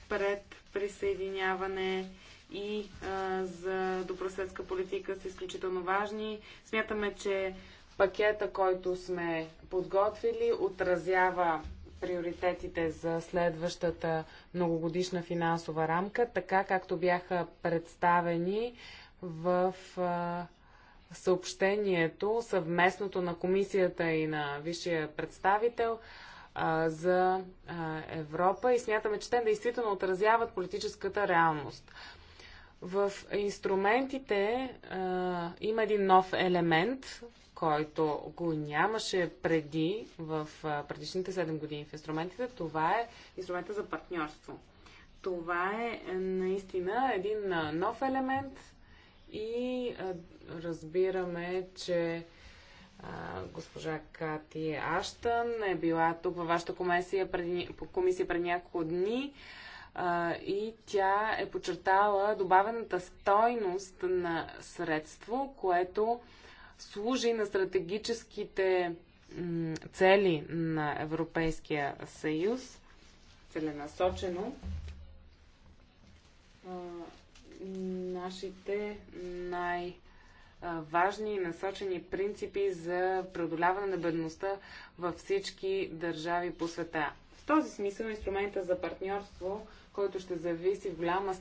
предприсъединяване и а, е, за добросъдска политика са изключително важни. Смятаме, че пакета, който сме подготвили, отразява приоритетите за следващата многогодишна финансова рамка, така както бяха представени в а, е, съобщението, съвместното на комисията и на висшия представител а, за а, Европа и смятаме, че те действително отразяват политическата реалност. В инструментите а, има един нов елемент, който го нямаше преди в а, предишните 7 години в инструментите. Това е инструмента за партньорство. Това е наистина един нов елемент и разбираме, че а, госпожа Кати Аштън е била тук във вашата комисия преди, комисия преди няколко дни а, и тя е подчертала добавената стойност на средство, което служи на стратегическите цели на Европейския съюз целенасочено нашите най- важни и насочени принципи за преодоляване на бедността във всички държави по света. В този смисъл инструмента за партньорство, който ще зависи в голяма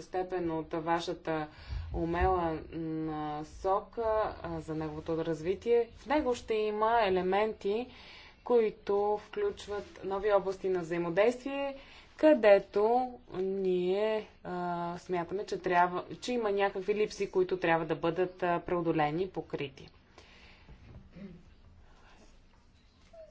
степен от вашата умела насока за неговото развитие, в него ще има елементи, които включват нови области на взаимодействие, където ние а, смятаме, че, трябва, че има някакви липси, които трябва да бъдат преодолени и покрити.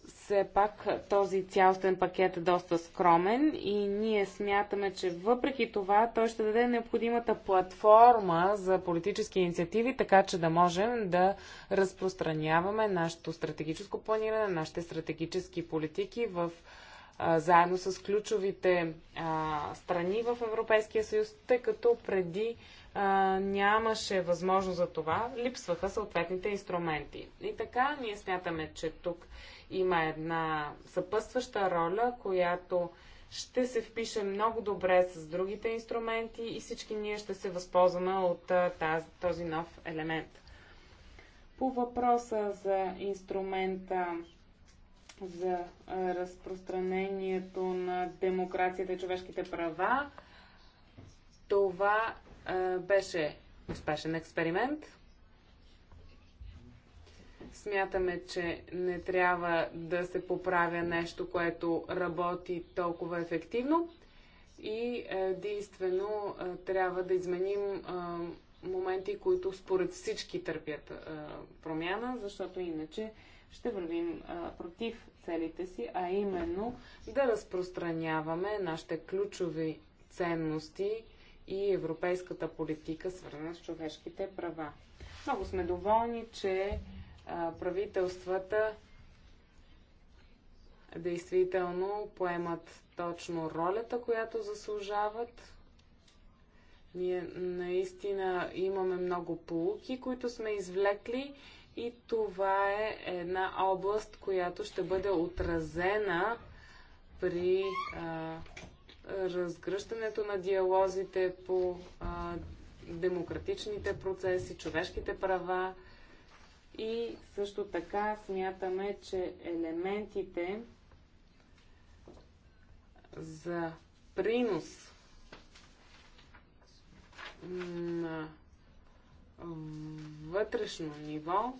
все пак този цялостен пакет е доста скромен и ние смятаме, че въпреки това той ще даде необходимата платформа за политически инициативи, така че да можем да разпространяваме нашето стратегическо планиране, нашите стратегически политики в заедно с ключовите а, страни в Европейския съюз, тъй като преди а, нямаше възможност за това, липсваха съответните инструменти. И така ние смятаме, че тук има една съпътстваща роля, която ще се впише много добре с другите инструменти и всички ние ще се възползваме от а, тази, този нов елемент. По въпроса за инструмента за разпространението на демокрацията и човешките права. Това е, беше успешен експеримент. Смятаме, че не трябва да се поправя нещо, което работи толкова ефективно и единствено трябва да изменим моменти, които според всички търпят промяна, защото иначе ще вървим а, против целите си, а именно да разпространяваме нашите ключови ценности и европейската политика, свързана с човешките права. Много сме доволни, че а, правителствата действително поемат точно ролята, която заслужават. Ние наистина имаме много полуки, които сме извлекли и това е една област, която ще бъде отразена при а, разгръщането на диалозите по а, демократичните процеси, човешките права. И също така смятаме, че елементите за принос на вътрешно ниво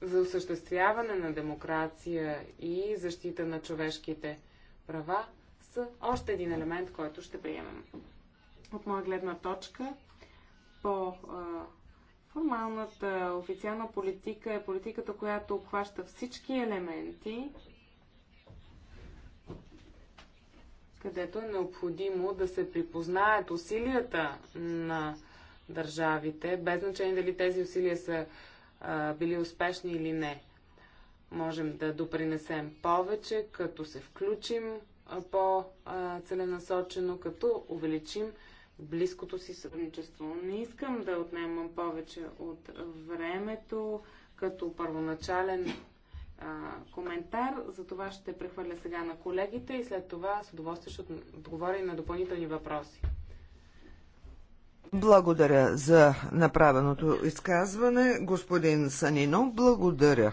за осъществяване на демокрация и защита на човешките права са още един елемент, който ще приемем. От моя гледна точка, по формалната официална политика е политиката, която обхваща всички елементи където е необходимо да се припознаят усилията на държавите, без значение дали тези усилия са а, били успешни или не. Можем да допринесем повече, като се включим по-целенасочено, като увеличим близкото си сътрудничество. Не искам да отнемам повече от времето. Като първоначален коментар. За това ще прехвърля сега на колегите и след това с удоволствие ще отговоря и на допълнителни въпроси. Благодаря за направеното изказване, господин Санино. Благодаря.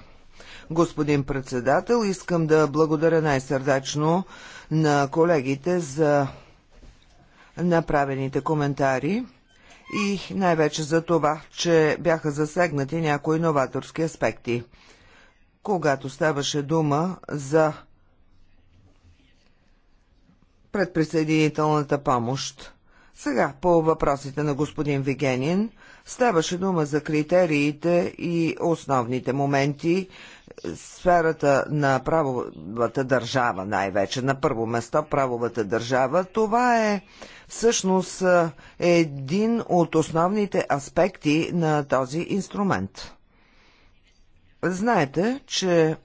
Господин председател, искам да благодаря най-сърдачно на колегите за направените коментари и най-вече за това, че бяха засегнати някои новаторски аспекти когато ставаше дума за предприсъединителната помощ. Сега по въпросите на господин Вигенин ставаше дума за критериите и основните моменти, сферата на правовата държава най-вече, на първо место правовата държава, това е всъщност е един от основните аспекти на този инструмент. Знаете, че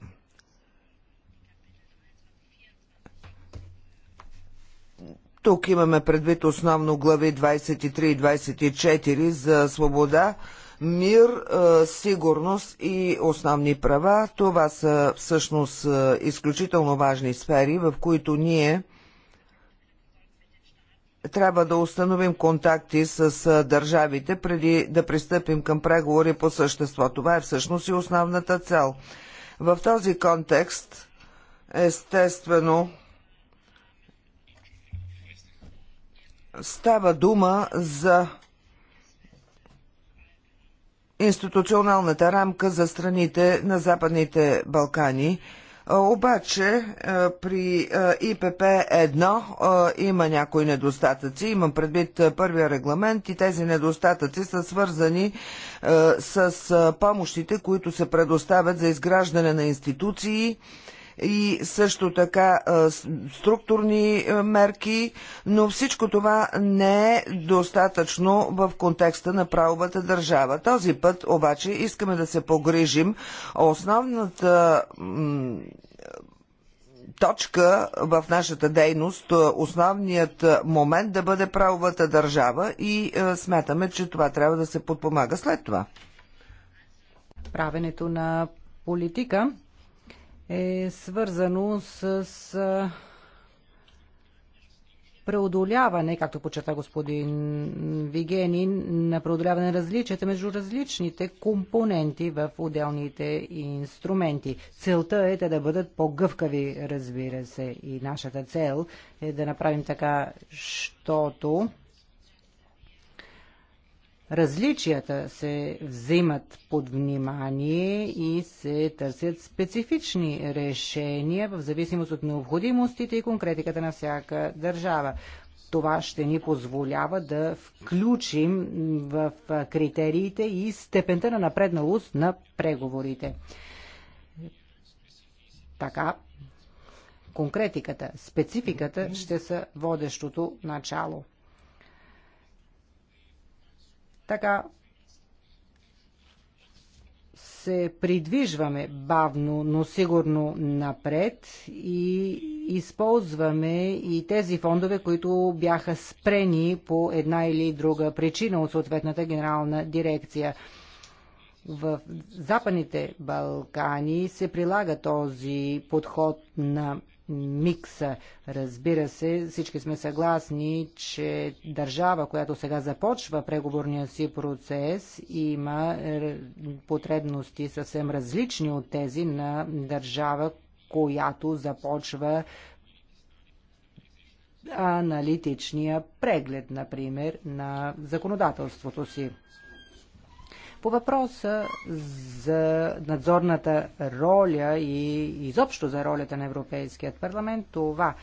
тук имаме предвид основно глави 23 и 24 за свобода, мир, е, сигурност и основни права. Това са всъщност е, изключително важни сфери, в които ние трябва да установим контакти с държавите преди да пристъпим към преговори по същество. Това е всъщност и основната цел. В този контекст, естествено, става дума за институционалната рамка за страните на Западните Балкани – обаче при ИПП-1 има някои недостатъци. Имам предвид първия регламент и тези недостатъци са свързани с помощите, които се предоставят за изграждане на институции, и също така структурни мерки, но всичко това не е достатъчно в контекста на правовата държава. Този път обаче искаме да се погрижим. Основната точка в нашата дейност, основният момент да бъде правовата държава и смятаме, че това трябва да се подпомага след това. Правенето на политика е свързано с преодоляване, както почета господин Вигенин, на преодоляване на различията между различните компоненти в отделните инструменти. Целта е те да бъдат по-гъвкави, разбира се, и нашата цел е да направим така, щото Различията се взимат под внимание и се търсят специфични решения в зависимост от необходимостите и конкретиката на всяка държава. Това ще ни позволява да включим в критериите и степента на напредналост на преговорите. Така, конкретиката, спецификата ще са водещото начало. Така се придвижваме бавно, но сигурно напред и използваме и тези фондове, които бяха спрени по една или друга причина от съответната генерална дирекция. В Западните Балкани се прилага този подход на микса. Разбира се, всички сме съгласни, че държава, която сега започва преговорния си процес, има е, потребности съвсем различни от тези на държава, която започва аналитичния преглед, например, на законодателството си. По въпроса за надзорната роля и изобщо за ролята на Европейският парламент, това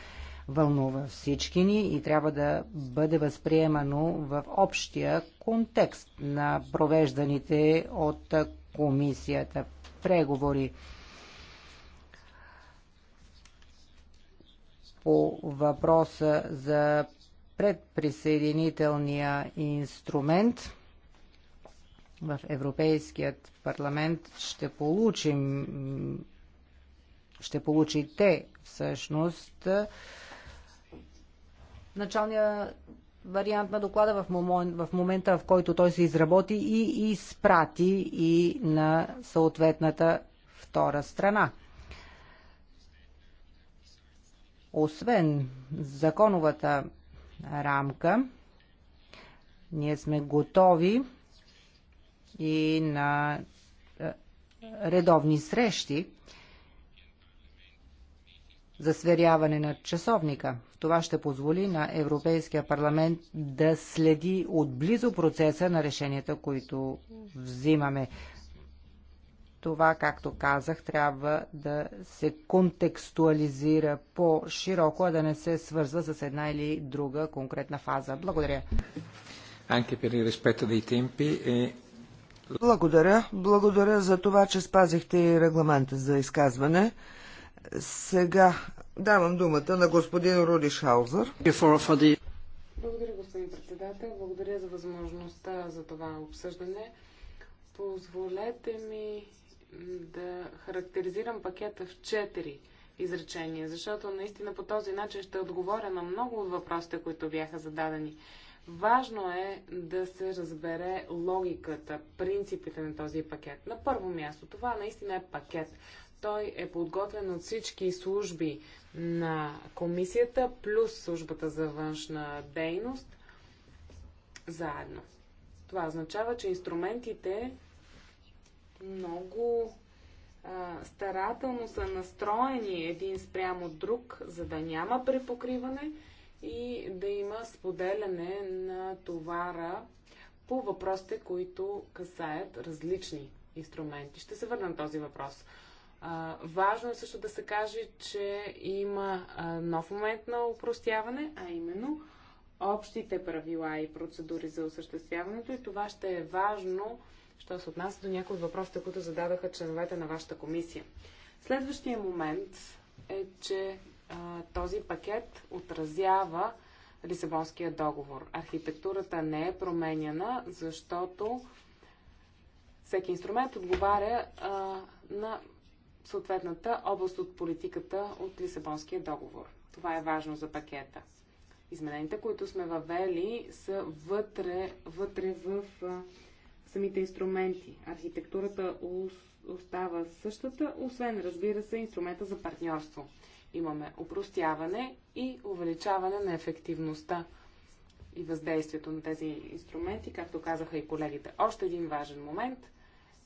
вълнува всички ни и трябва да бъде възприемано в общия контекст на провежданите от комисията преговори. По въпроса за предприсъединителния инструмент – в Европейският парламент ще получим ще получите всъщност началния вариант на доклада в, момент, в момента, в който той се изработи и изпрати и на съответната втора страна. Освен законовата рамка, ние сме готови и на е, редовни срещи за сверяване на часовника. Това ще позволи на Европейския парламент да следи отблизо процеса на решенията, които взимаме. Това, както казах, трябва да се контекстуализира по-широко, а да не се свързва с една или друга конкретна фаза. Благодаря. Anche per il rispetto dei tempi e благодаря. Благодаря за това, че спазихте и регламента за изказване. Сега давам думата на господин Руди Хаузър. Благодаря, господин председател. Благодаря за възможността за това обсъждане. Позволете ми да характеризирам пакета в четири изречения, защото наистина по този начин ще отговоря на много от въпросите, които бяха зададени. Важно е да се разбере логиката, принципите на този пакет. На първо място, това наистина е пакет. Той е подготвен от всички служби на комисията, плюс службата за външна дейност, заедно. Това означава, че инструментите много а, старателно са настроени един спрямо друг, за да няма препокриване и да има споделяне на товара по въпросите, които касаят различни инструменти. Ще се върна на този въпрос. А, важно е също да се каже, че има а, нов момент на упростяване, а именно общите правила и процедури за осъществяването и това ще е важно, що се отнася до някои от въпросите, които зададаха членовете на вашата комисия. Следващия момент е, че този пакет отразява Лисабонския договор. Архитектурата не е променена, защото всеки инструмент отговаря а, на съответната област от политиката от Лисабонския договор. Това е важно за пакета. Измененията, които сме въвели, са вътре, вътре в а, самите инструменти. Архитектурата остава същата, освен, разбира се, инструмента за партньорство. Имаме упростяване и увеличаване на ефективността и въздействието на тези инструменти, както казаха и колегите. Още един важен момент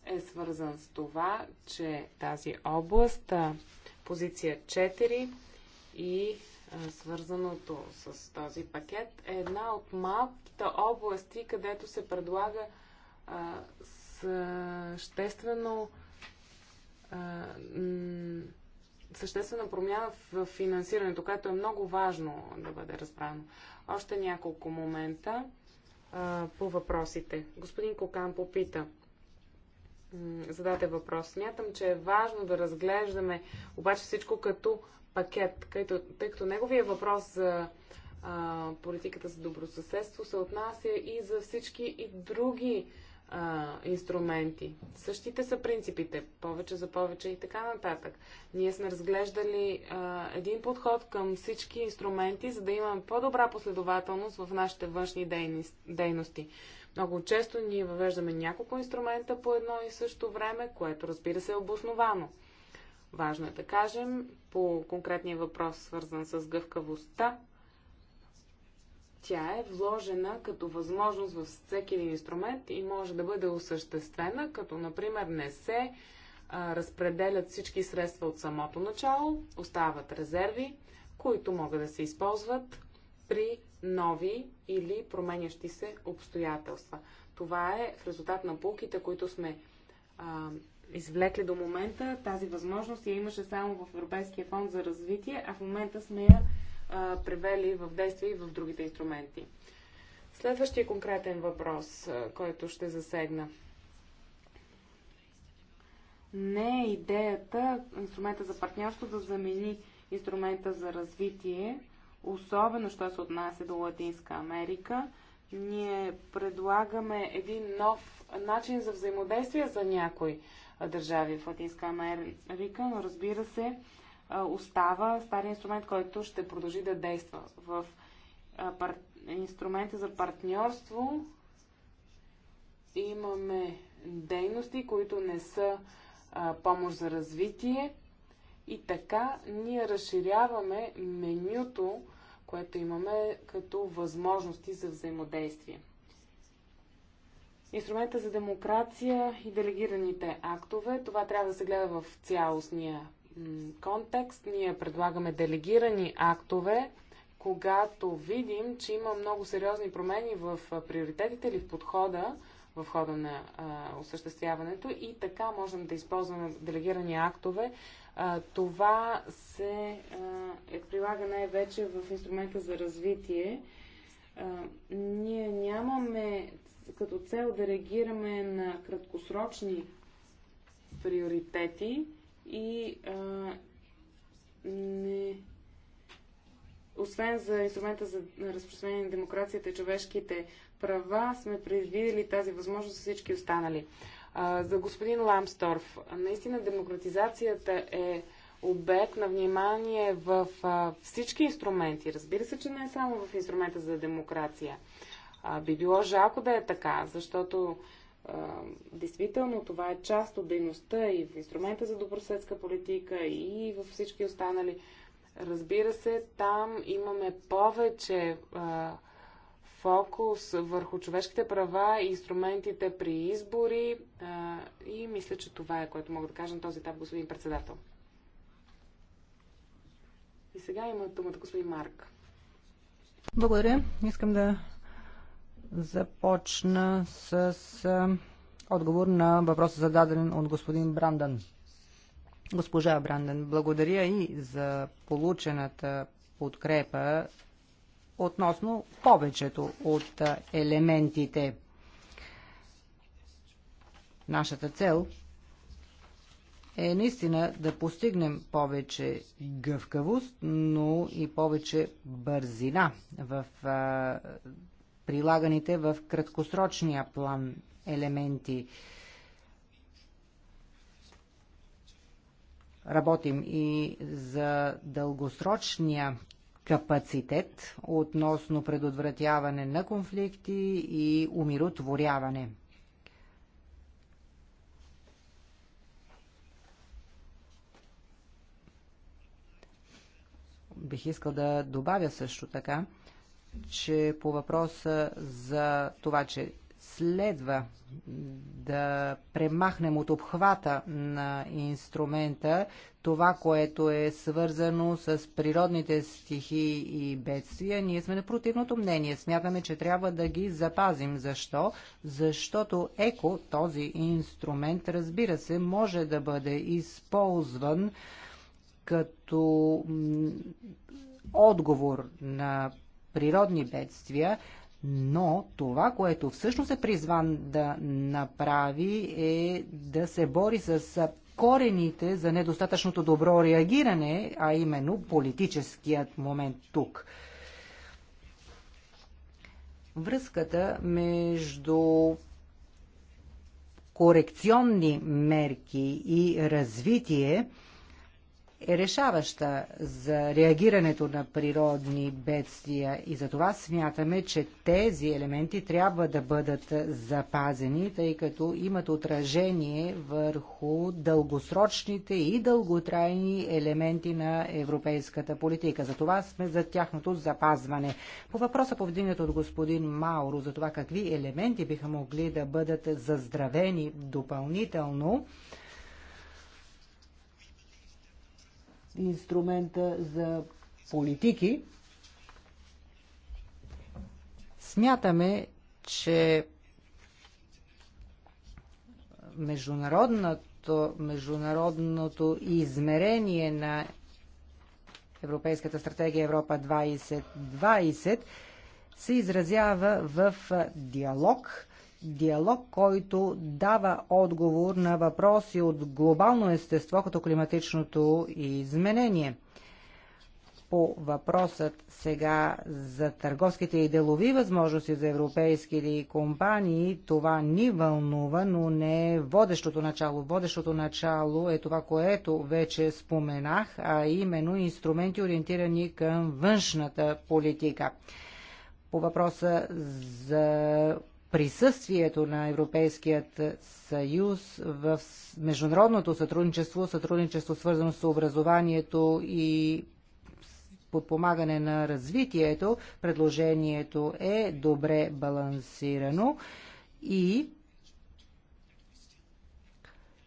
е свързан с това, че тази област, позиция 4 и свързаното с този пакет е една от малките области, където се предлага съществено а, съществена промяна в финансирането, което е много важно да бъде разбрано. Още няколко момента а, по въпросите. Господин Кокан попита, зададе въпрос. Смятам, че е важно да разглеждаме обаче всичко като пакет, като, тъй като неговия въпрос за а, политиката за добросъседство се отнася и за всички и други а, инструменти. Същите са принципите, повече за повече и така нататък. Ние сме разглеждали а, един подход към всички инструменти, за да имаме по-добра последователност в нашите външни дейни, дейности. Много често ние въвеждаме няколко инструмента по едно и също време, което разбира се е обосновано. Важно е да кажем по конкретния въпрос, свързан с гъвкавостта, тя е вложена като възможност във всеки един инструмент и може да бъде осъществена, като например не се а, разпределят всички средства от самото начало, остават резерви, които могат да се използват при нови или променящи се обстоятелства. Това е в резултат на полките, които сме а, извлекли до момента. Тази възможност я имаше само в Европейския фонд за развитие, а в момента сме я превели в действие и в другите инструменти. Следващия конкретен въпрос, който ще засегна. Не е идеята инструмента за партньорство да замени инструмента за развитие, особено що се отнася до Латинска Америка. Ние предлагаме един нов начин за взаимодействие за някои държави в Латинска Америка, но разбира се, остава стария инструмент, който ще продължи да действа. В пар... инструмента за партньорство имаме дейности, които не са а, помощ за развитие. И така ние разширяваме менюто, което имаме като възможности за взаимодействие. Инструмента за демокрация и делегираните актове, това трябва да се гледа в цялостния контекст ние предлагаме делегирани актове, когато видим, че има много сериозни промени в приоритетите или в подхода, в хода на а, осъществяването и така можем да използваме делегирани актове. А, това се а, е прилага най-вече в инструмента за развитие. А, ние нямаме като цел да реагираме на краткосрочни приоритети, и а, не, освен за инструмента за разпространение на демокрацията и човешките права, сме предвидели тази възможност за всички останали. А, за господин Ламсторф, наистина демократизацията е обект на внимание в а, всички инструменти. Разбира се, че не е само в инструмента за демокрация. А, би било жалко да е така, защото действително това е част от дейността и в инструмента за добросъдска политика и във всички останали. Разбира се, там имаме повече фокус върху човешките права и инструментите при избори и мисля, че това е, което мога да кажа на този етап, господин председател. И сега има думата господин Марк. Благодаря. Искам да започна с отговор на въпроса зададен от господин Брандън. Госпожа Брандън, благодаря и за получената подкрепа относно повечето от елементите. Нашата цел е наистина да постигнем повече гъвкавост, но и повече бързина в прилаганите в краткосрочния план елементи. Работим и за дългосрочния капацитет относно предотвратяване на конфликти и умиротворяване. Бих искал да добавя също така, че по въпроса за това, че следва да премахнем от обхвата на инструмента това, което е свързано с природните стихи и бедствия, ние сме на противното мнение. Смятаме, че трябва да ги запазим. Защо? Защото еко, този инструмент, разбира се, може да бъде използван като отговор на природни бедствия, но това, което всъщност е призван да направи е да се бори с корените за недостатъчното добро реагиране, а именно политическият момент тук. Връзката между корекционни мерки и развитие – е решаваща за реагирането на природни бедствия и за това смятаме, че тези елементи трябва да бъдат запазени, тъй като имат отражение върху дългосрочните и дълготрайни елементи на европейската политика. За това сме за тяхното запазване. По въпроса повдигнат от господин Мауро за това какви елементи биха могли да бъдат заздравени допълнително, инструмента за политики, смятаме, че международното, международното измерение на Европейската стратегия Европа 2020 се изразява в диалог диалог, който дава отговор на въпроси от глобално естество, като климатичното изменение. По въпросът сега за търговските и делови възможности за европейски компании, това ни вълнува, но не е водещото начало. Водещото начало е това, което вече споменах, а именно инструменти ориентирани към външната политика. По въпроса за присъствието на Европейският съюз в международното сътрудничество, сътрудничество свързано с образованието и подпомагане на развитието, предложението е добре балансирано и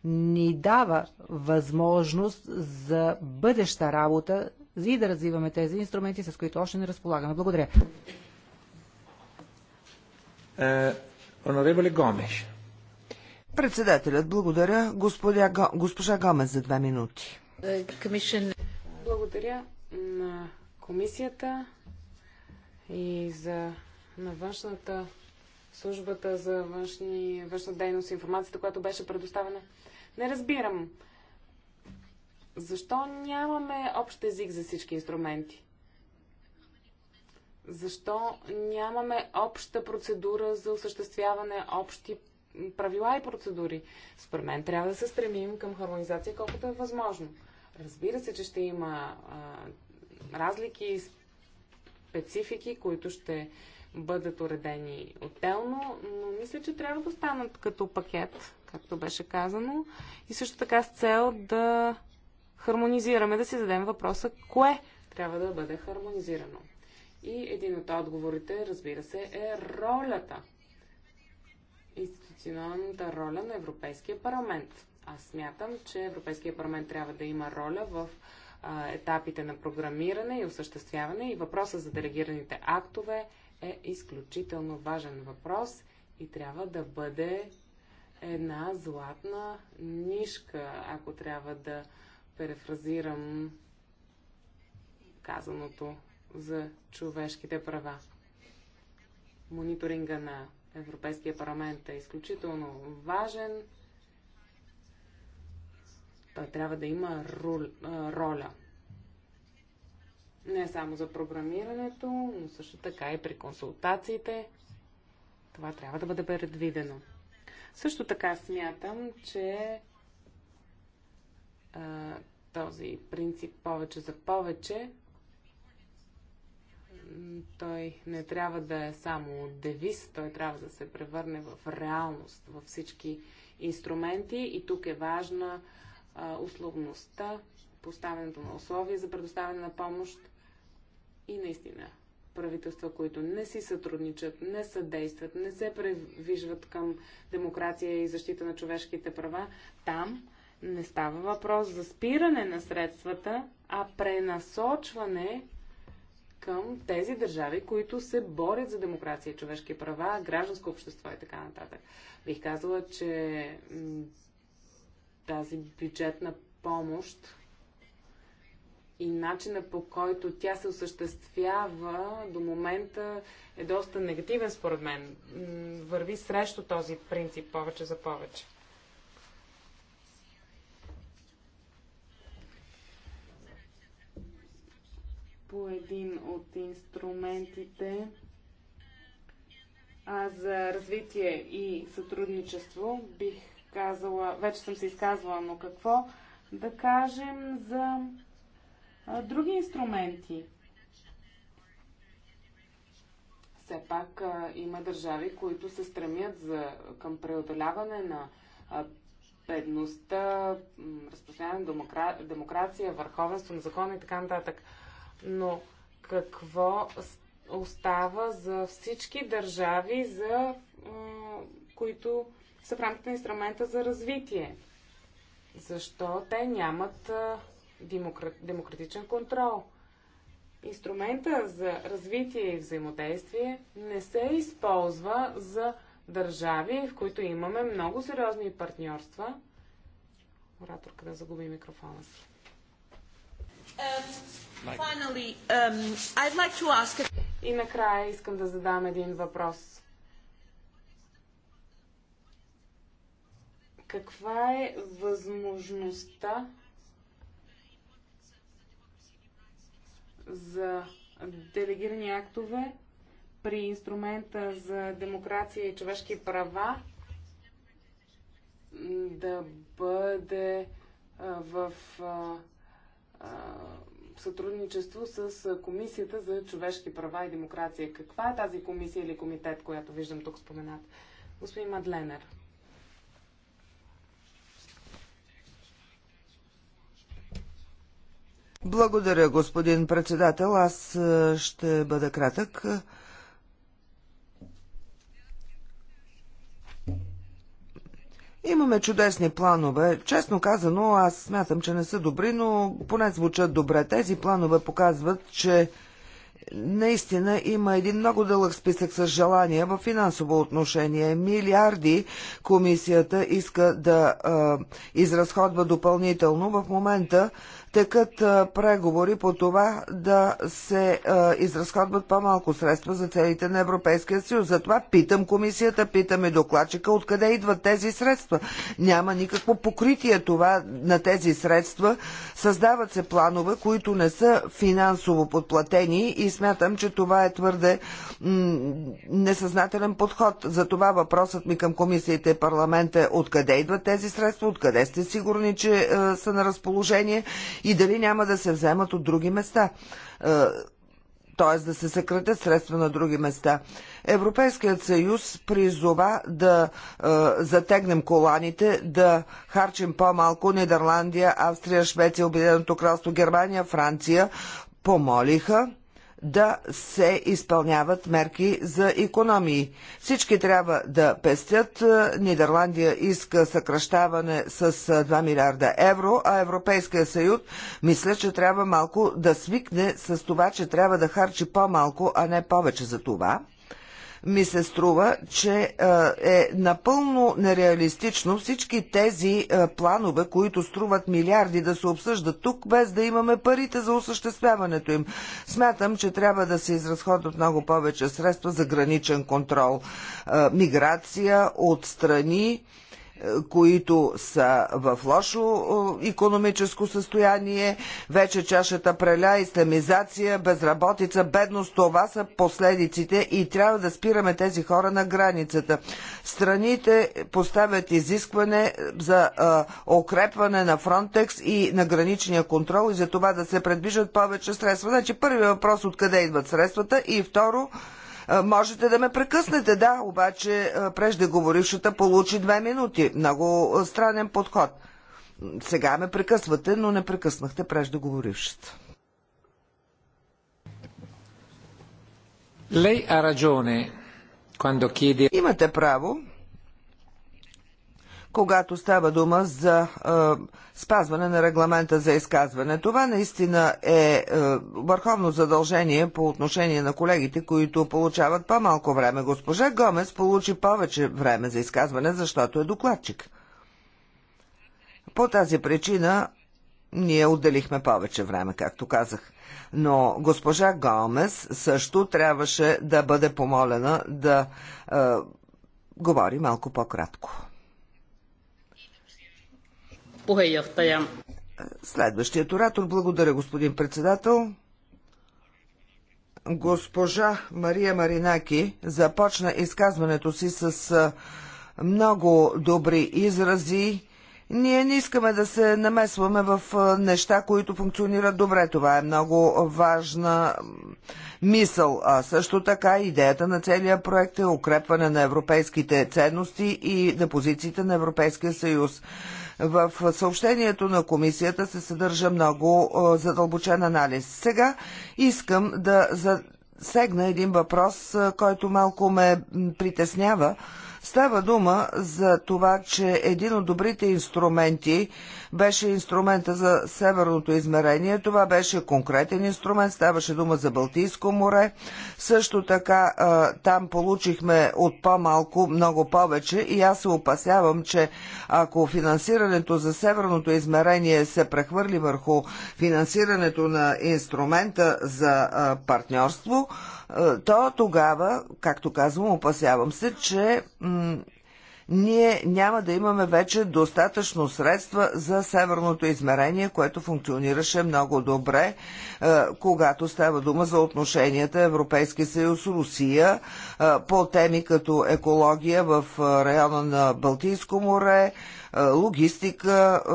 ни дава възможност за бъдеща работа и да развиваме тези инструменти, с които още не разполагаме. Благодаря. Гомеш. Председателят, благодаря. Господя, госпожа Гомес за две минути. Благодаря на комисията и за на външната службата за външни, външна дейност и информацията, която беше предоставена. Не разбирам. Защо нямаме общ език за всички инструменти? Защо нямаме обща процедура за осъществяване общи правила и процедури? Според мен трябва да се стремим към хармонизация колкото е възможно. Разбира се, че ще има а, разлики и специфики, които ще бъдат уредени отделно, но мисля, че трябва да останат като пакет, както беше казано, и също така с цел да хармонизираме, да си зададем въпроса, кое трябва да бъде хармонизирано. И един от отговорите, разбира се, е ролята. Институционалната роля на Европейския парламент. Аз смятам, че Европейския парламент трябва да има роля в етапите на програмиране и осъществяване и въпроса за делегираните актове е изключително важен въпрос и трябва да бъде една златна нишка, ако трябва да перефразирам казаното за човешките права. Мониторинга на Европейския парламент е изключително важен. Той трябва да има роля. Не само за програмирането, но също така и при консултациите. Това трябва да бъде предвидено. Също така смятам, че а, този принцип повече за повече той не трябва да е само девиз, той трябва да се превърне в реалност във всички инструменти и тук е важна а, условността, поставянето на условия за предоставяне на помощ и наистина правителства, които не си сътрудничат, не съдействат, не се превижват към демокрация и защита на човешките права, там не става въпрос за спиране на средствата, а пренасочване към тези държави, които се борят за демокрация човешки права, гражданско общество и така нататък. Бих казала, че тази бюджетна помощ и начина по който тя се осъществява до момента е доста негативен според мен. Върви срещу този принцип повече за повече. по един от инструментите а за развитие и сътрудничество. Бих казала, вече съм се изказвала, но какво да кажем за а, други инструменти? Все пак а, има държави, които се стремят за, към преодоляване на а, бедността, разпространяване на демокра... демокрация, върховенство на закона и така нататък. Но какво остава за всички държави, за които са в рамките на инструмента за развитие? Защо те нямат демократ, демократичен контрол? Инструмента за развитие и взаимодействие не се използва за държави, в които имаме много сериозни партньорства. Ораторка да загуби микрофона си. Um, и накрая искам да задам един въпрос. Каква е възможността за делегирани актове при инструмента за демокрация и човешки права да бъде в сътрудничество с Комисията за човешки права и демокрация. Каква е тази комисия или комитет, която виждам тук споменат? Господин Мадленер. Благодаря, господин председател. Аз ще бъда кратък. Имаме чудесни планове. Честно казано, аз смятам, че не са добри, но поне звучат добре. Тези планове показват, че наистина има един много дълъг списък с желания в финансово отношение. Милиарди комисията иска да а, изразходва допълнително. В момента а, текат преговори по това да се изразходват по-малко средства за целите на Европейския съюз. Затова питам комисията, питаме докладчика, откъде идват тези средства. Няма никакво покритие това на тези средства. Създават се планове, които не са финансово подплатени и смятам, че това е твърде несъзнателен подход. Затова въпросът ми към комисията и парламента е откъде идват тези средства, откъде сте сигурни, че са на разположение и дали няма да се вземат от други места т.е. да се съкратят средства на други места. Европейският съюз призова да е, затегнем коланите, да харчим по-малко Нидерландия, Австрия, Швеция, Обединеното кралство, Германия, Франция помолиха да се изпълняват мерки за економии. Всички трябва да пестят. Нидерландия иска съкръщаване с 2 милиарда евро, а Европейския съюз мисля, че трябва малко да свикне с това, че трябва да харчи по-малко, а не повече за това ми се струва, че е, е напълно нереалистично всички тези е, планове, които струват милиарди да се обсъждат тук, без да имаме парите за осъществяването им. Смятам, че трябва да се изразходват много повече средства за граничен контрол, е, миграция от страни, които са в лошо економическо състояние, вече чашата преля, исламизация, безработица, бедност, това са последиците и трябва да спираме тези хора на границата. Страните поставят изискване за укрепване на Фронтекс и на граничния контрол и за това да се предвижат повече средства. Значи първи въпрос откъде идват средствата и второ Можете да ме прекъснете, да, обаче преждеговорившата получи две минути. Много странен подход. Сега ме прекъсвате, но не прекъснахте преждеговорившата. Лей ha ragione quando Имате право, когато става дума за е, спазване на регламента за изказване. Това наистина е, е върховно задължение по отношение на колегите, които получават по-малко време. Госпожа Гомес получи повече време за изказване, защото е докладчик. По тази причина ние отделихме повече време, както казах. Но госпожа Гомес също трябваше да бъде помолена да е, говори малко по-кратко puheenjohtaja. Следващият оратор. Благодаря, господин председател. Госпожа Мария Маринаки започна изказването си с много добри изрази. Ние не искаме да се намесваме в неща, които функционират добре. Това е много важна мисъл. А също така идеята на целия проект е укрепване на европейските ценности и на позициите на Европейския съюз. В съобщението на комисията се съдържа много е, задълбочен анализ. Сега искам да засегна един въпрос, е, който малко ме притеснява Става дума за това, че един от добрите инструменти беше инструмента за северното измерение. Това беше конкретен инструмент, ставаше дума за Балтийско море. Също така там получихме от по-малко много повече и аз се опасявам, че ако финансирането за северното измерение се прехвърли върху финансирането на инструмента за партньорство, е, то тогава, както казвам, опасявам се, че ние няма да имаме вече достатъчно средства за северното измерение, което функционираше много добре, е, когато става дума за отношенията Европейски съюз-Русия е, по теми като екология в района на Балтийско море, е, логистика, е,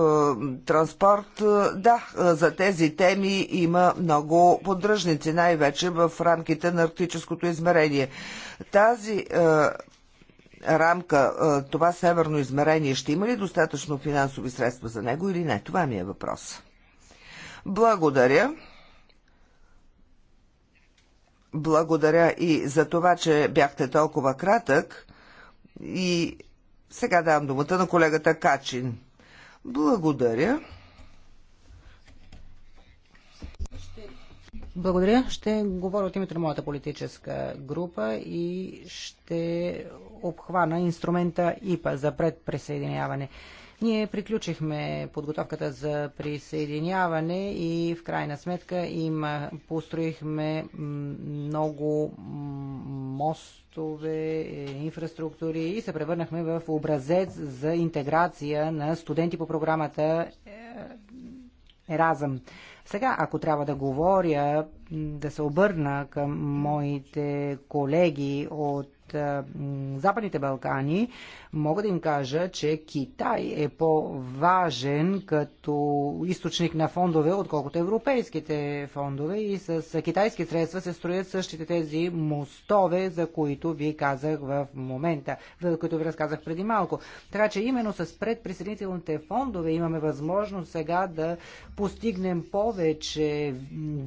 транспорт. Е, да, за тези теми има много поддръжници, най-вече в рамките на арктическото измерение. Тази рамка, това северно измерение, ще има ли достатъчно финансови средства за него или не? Това ми е въпрос. Благодаря. Благодаря и за това, че бяхте толкова кратък и сега давам думата на колегата Качин. Благодаря. Благодаря. Ще говоря от името на моята политическа група и ще обхвана инструмента ИПА за предприсъединяване. Ние приключихме подготовката за присъединяване и в крайна сметка им построихме много мост мостове, е, инфраструктури и се превърнахме в образец за интеграция на студенти по програмата е, Еразъм. Сега, ако трябва да говоря, да се обърна към моите колеги от е, Западните Балкани, Мога да им кажа, че Китай е по-важен като източник на фондове, отколкото европейските фондове и с китайски средства се строят същите тези мостове, за които ви казах в момента, за които ви разказах преди малко. Така че именно с предприсъединителните фондове имаме възможност сега да постигнем повече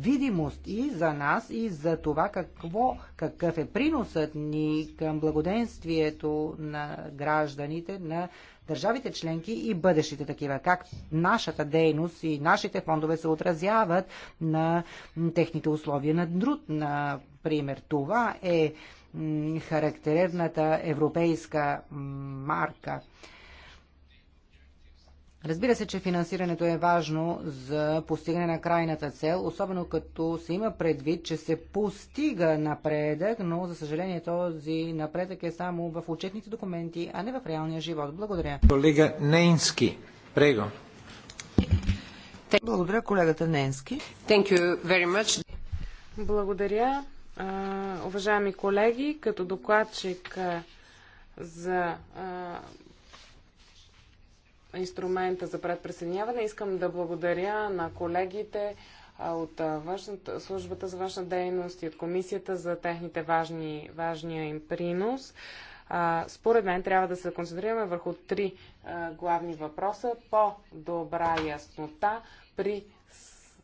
видимост и за нас, и за това какво, какъв е приносът ни към благоденствието на гражданите гражданите на държавите членки и бъдещите такива. Как нашата дейност и нашите фондове се отразяват на техните условия на друг. например. Това е характерната европейска марка. Разбира се, че финансирането е важно за постигане на крайната цел, особено като се има предвид, че се постига напредък, но за съжаление този напредък е само в учетните документи, а не в реалния живот. Благодаря. Колега Нейнски, прего. Благодаря, колегата Ненски. Thank you very much. Благодаря. уважаеми колеги, като докладчик за инструмента за предпресъединяване. Искам да благодаря на колегите от външната, службата за външна дейност и от комисията за техните важни, важния им принос. А, според мен трябва да се концентрираме върху три а, главни въпроса. По-добра яснота при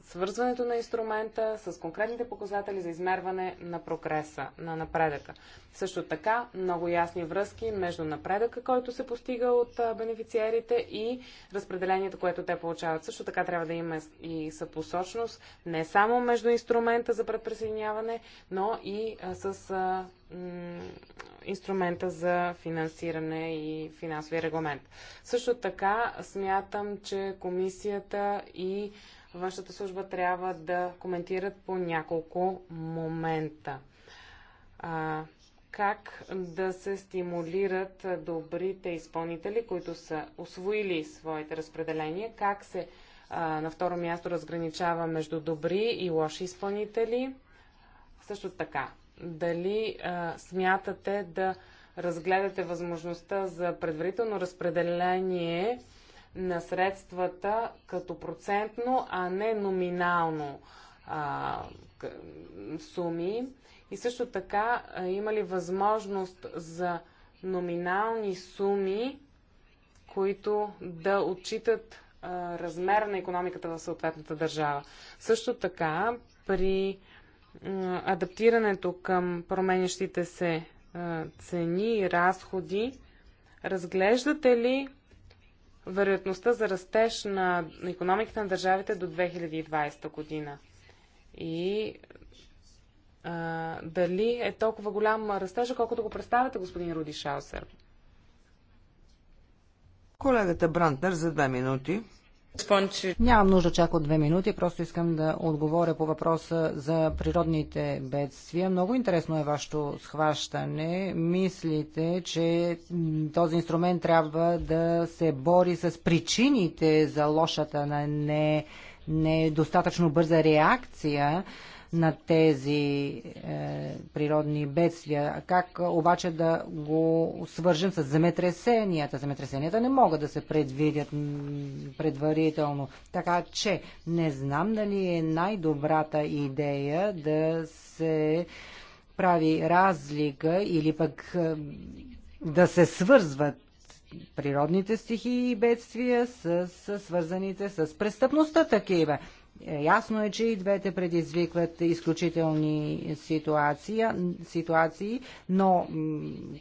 свързването на инструмента с конкретните показатели за измерване на прогреса, на напредъка. Също така, много ясни връзки между напредъка, който се постига от бенефициерите и разпределението, което те получават. Също така трябва да има и съпосочност не само между инструмента за предприсъединяване, но и с инструмента за финансиране и финансови регламент. Също така смятам, че комисията и външната служба трябва да коментират по няколко момента. А, как да се стимулират добрите изпълнители, които са освоили своите разпределения, как се а, на второ място разграничава между добри и лоши изпълнители. Също така, дали а, смятате да разгледате възможността за предварително разпределение на средствата като процентно, а не номинално а, суми. И също така има ли възможност за номинални суми, които да отчитат а, размер на економиката в съответната държава. Също така, при а, адаптирането към променящите се а, цени и разходи, разглеждате ли вероятността за растеж на економиката на държавите до 2020 година. И а, дали е толкова голям растеж, колкото го представяте, господин Руди Шаусер? Колегата Брантнер за две минути. Нямам нужда чак от две минути, просто искам да отговоря по въпроса за природните бедствия. Много интересно е вашето схващане. Мислите, че този инструмент трябва да се бори с причините за лошата на не недостатъчно бърза реакция на тези е, природни бедствия. Как обаче да го свържем с земетресенията? Земетресенията не могат да се предвидят предварително. Така че не знам дали е най-добрата идея да се прави разлика или пък е, да се свързват природните стихии и бедствия с, с свързаните с престъпността такива. Е, ясно е, че и двете предизвикват изключителни ситуации, ситуации но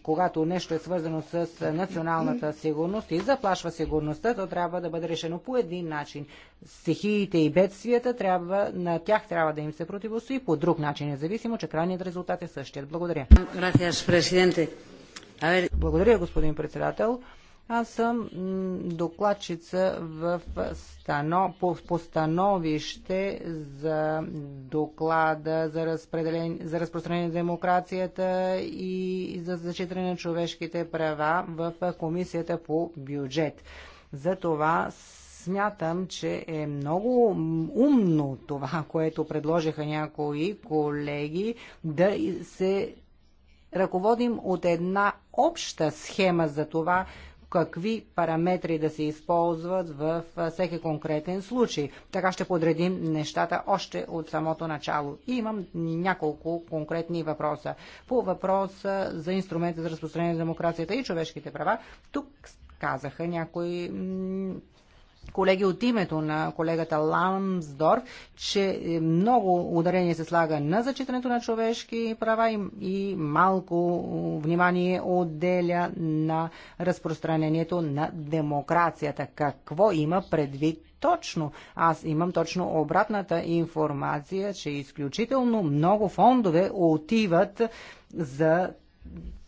когато нещо е свързано с националната сигурност и заплашва сигурността, то трябва да бъде решено по един начин. Стихиите и бедствията трябва, на тях трябва да им се противостои по друг начин, независимо, че крайният резултат е същият. Благодаря. Благодаря, господин председател. Аз съм докладчица в стано, по, по становище за доклада за, за разпространение на демокрацията и за зачитане на човешките права в Комисията по бюджет. За това смятам, че е много умно това, което предложиха някои колеги да се ръководим от една обща схема за това какви параметри да се използват в всеки конкретен случай. Така ще подредим нещата още от самото начало. И имам няколко конкретни въпроса. По въпроса за инструмента за разпространение на демокрацията и човешките права, тук казаха някои колеги, от името на колегата Ламсдорф, че много ударение се слага на зачитането на човешки права и, и малко внимание отделя на разпространението на демокрацията. Какво има предвид точно. Аз имам точно обратната информация, че изключително много фондове отиват за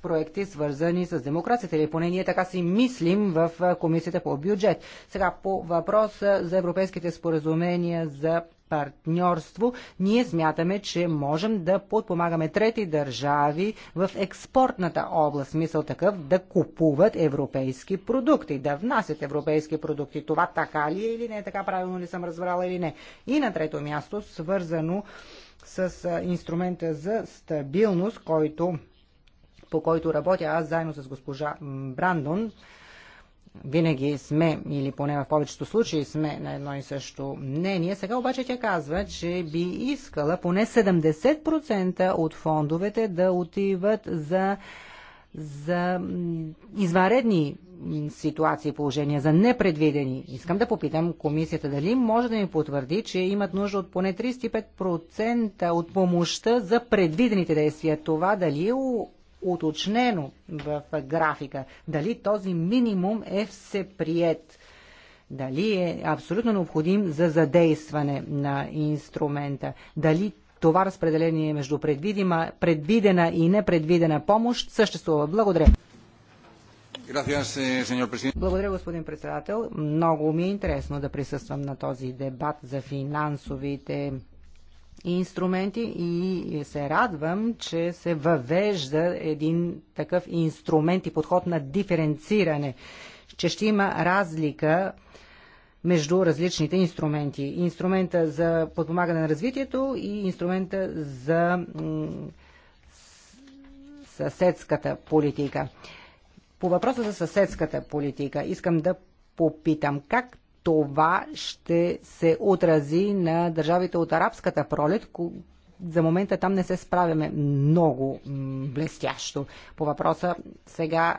проекти, свързани с демокрацията. Или поне ние така си мислим в Комисията по бюджет. Сега по въпроса за европейските споразумения за партньорство, ние смятаме, че можем да подпомагаме трети държави в експортната област. Мисъл такъв да купуват европейски продукти, да внасят европейски продукти. Това така ли е или не? Е така правилно ли съм разбрала или не? И на трето място, свързано с инструмента за стабилност, който по който работя аз заедно с госпожа Брандон, винаги сме, или поне в повечето случаи сме на едно и също мнение. Сега обаче тя казва, че би искала поне 70% от фондовете да отиват за, за изваредни ситуации и положения, за непредвидени. Искам да попитам комисията дали може да ми потвърди, че имат нужда от поне 35% от помощта за предвидените действия. Това дали е уточнено в графика. Дали този минимум е всеприет? Дали е абсолютно необходим за задействане на инструмента? Дали това разпределение между предвидима, предвидена и непредвидена помощ съществува? Благодаря. Eh, Благодаря, господин председател. Много ми е интересно да присъствам на този дебат за финансовите инструменти и се радвам, че се въвежда един такъв инструмент и подход на диференциране, че ще има разлика между различните инструменти. Инструмента за подпомагане на развитието и инструмента за съседската политика. По въпроса за съседската политика искам да попитам как това ще се отрази на държавите от арабската пролет. За момента там не се справяме много блестящо. По въпроса сега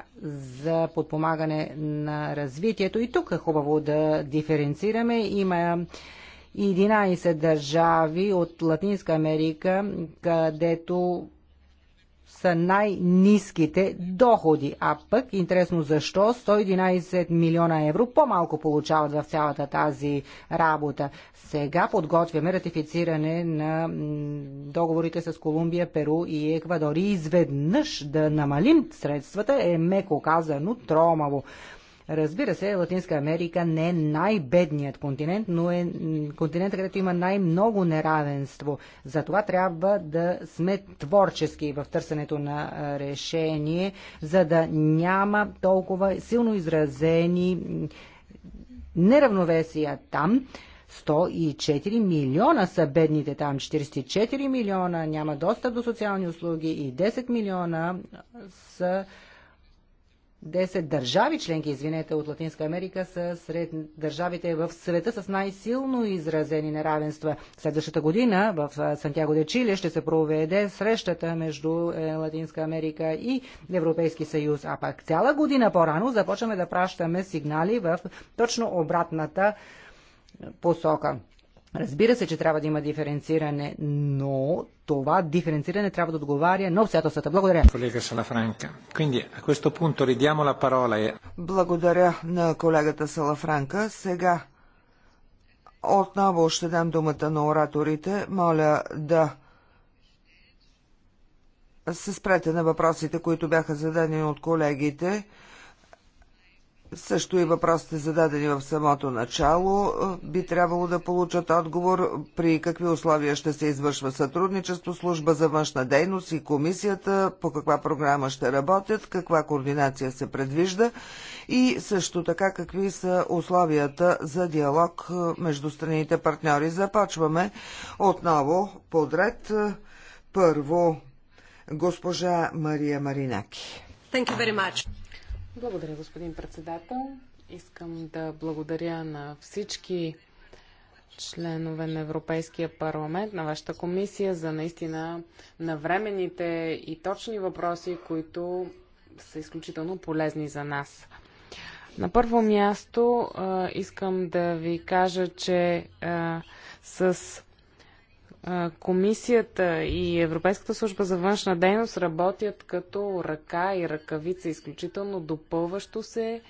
за подпомагане на развитието. И тук е хубаво да диференцираме. Има 11 държави от Латинска Америка, където са най-низките доходи. А пък, интересно защо, 111 милиона евро по-малко получават в цялата тази работа. Сега подготвяме ратифициране на договорите с Колумбия, Перу и Еквадор. И изведнъж да намалим средствата е меко казано тромаво. Разбира се, Латинска Америка не е най-бедният континент, но е континент, където има най-много неравенство. Затова трябва да сме творчески в търсенето на решение, за да няма толкова силно изразени неравновесия там. 104 милиона са бедните там, 44 милиона няма достъп до социални услуги и 10 милиона са 10 държави членки, извинете, от Латинска Америка са сред държавите в света с най-силно изразени неравенства. Следващата година в Сантьяго де Чили ще се проведе срещата между е, Латинска Америка и Европейски съюз. А пак цяла година по-рано започваме да пращаме сигнали в точно обратната посока. Разбира се, че трябва да има диференциране, но това диференциране трябва да отговаря на обстоятелствата. Благодаря. Колега Салафранка. Quindi, a questo punto ridiamo la parola. E- Благодаря на колегата Салафранка. Сега отново ще дам думата на ораторите. Моля да се спрете на въпросите, които бяха зададени от колегите също и въпросите зададени в самото начало е, би трябвало да получат отговор при какви условия ще се извършва сътрудничество, служба за външна дейност и комисията, по каква програма ще работят, каква координация се предвижда и също така какви са условията за диалог е, между страните партньори. Започваме отново подред. Е, първо госпожа Мария Маринаки. Thank you very much. Благодаря, господин председател. Искам да благодаря на всички членове на Европейския парламент, на вашата комисия за наистина навременните и точни въпроси, които са изключително полезни за нас. На първо място искам да ви кажа, че с Комисията и Европейската служба за външна дейност работят като ръка и ръкавица, изключително допълващо се,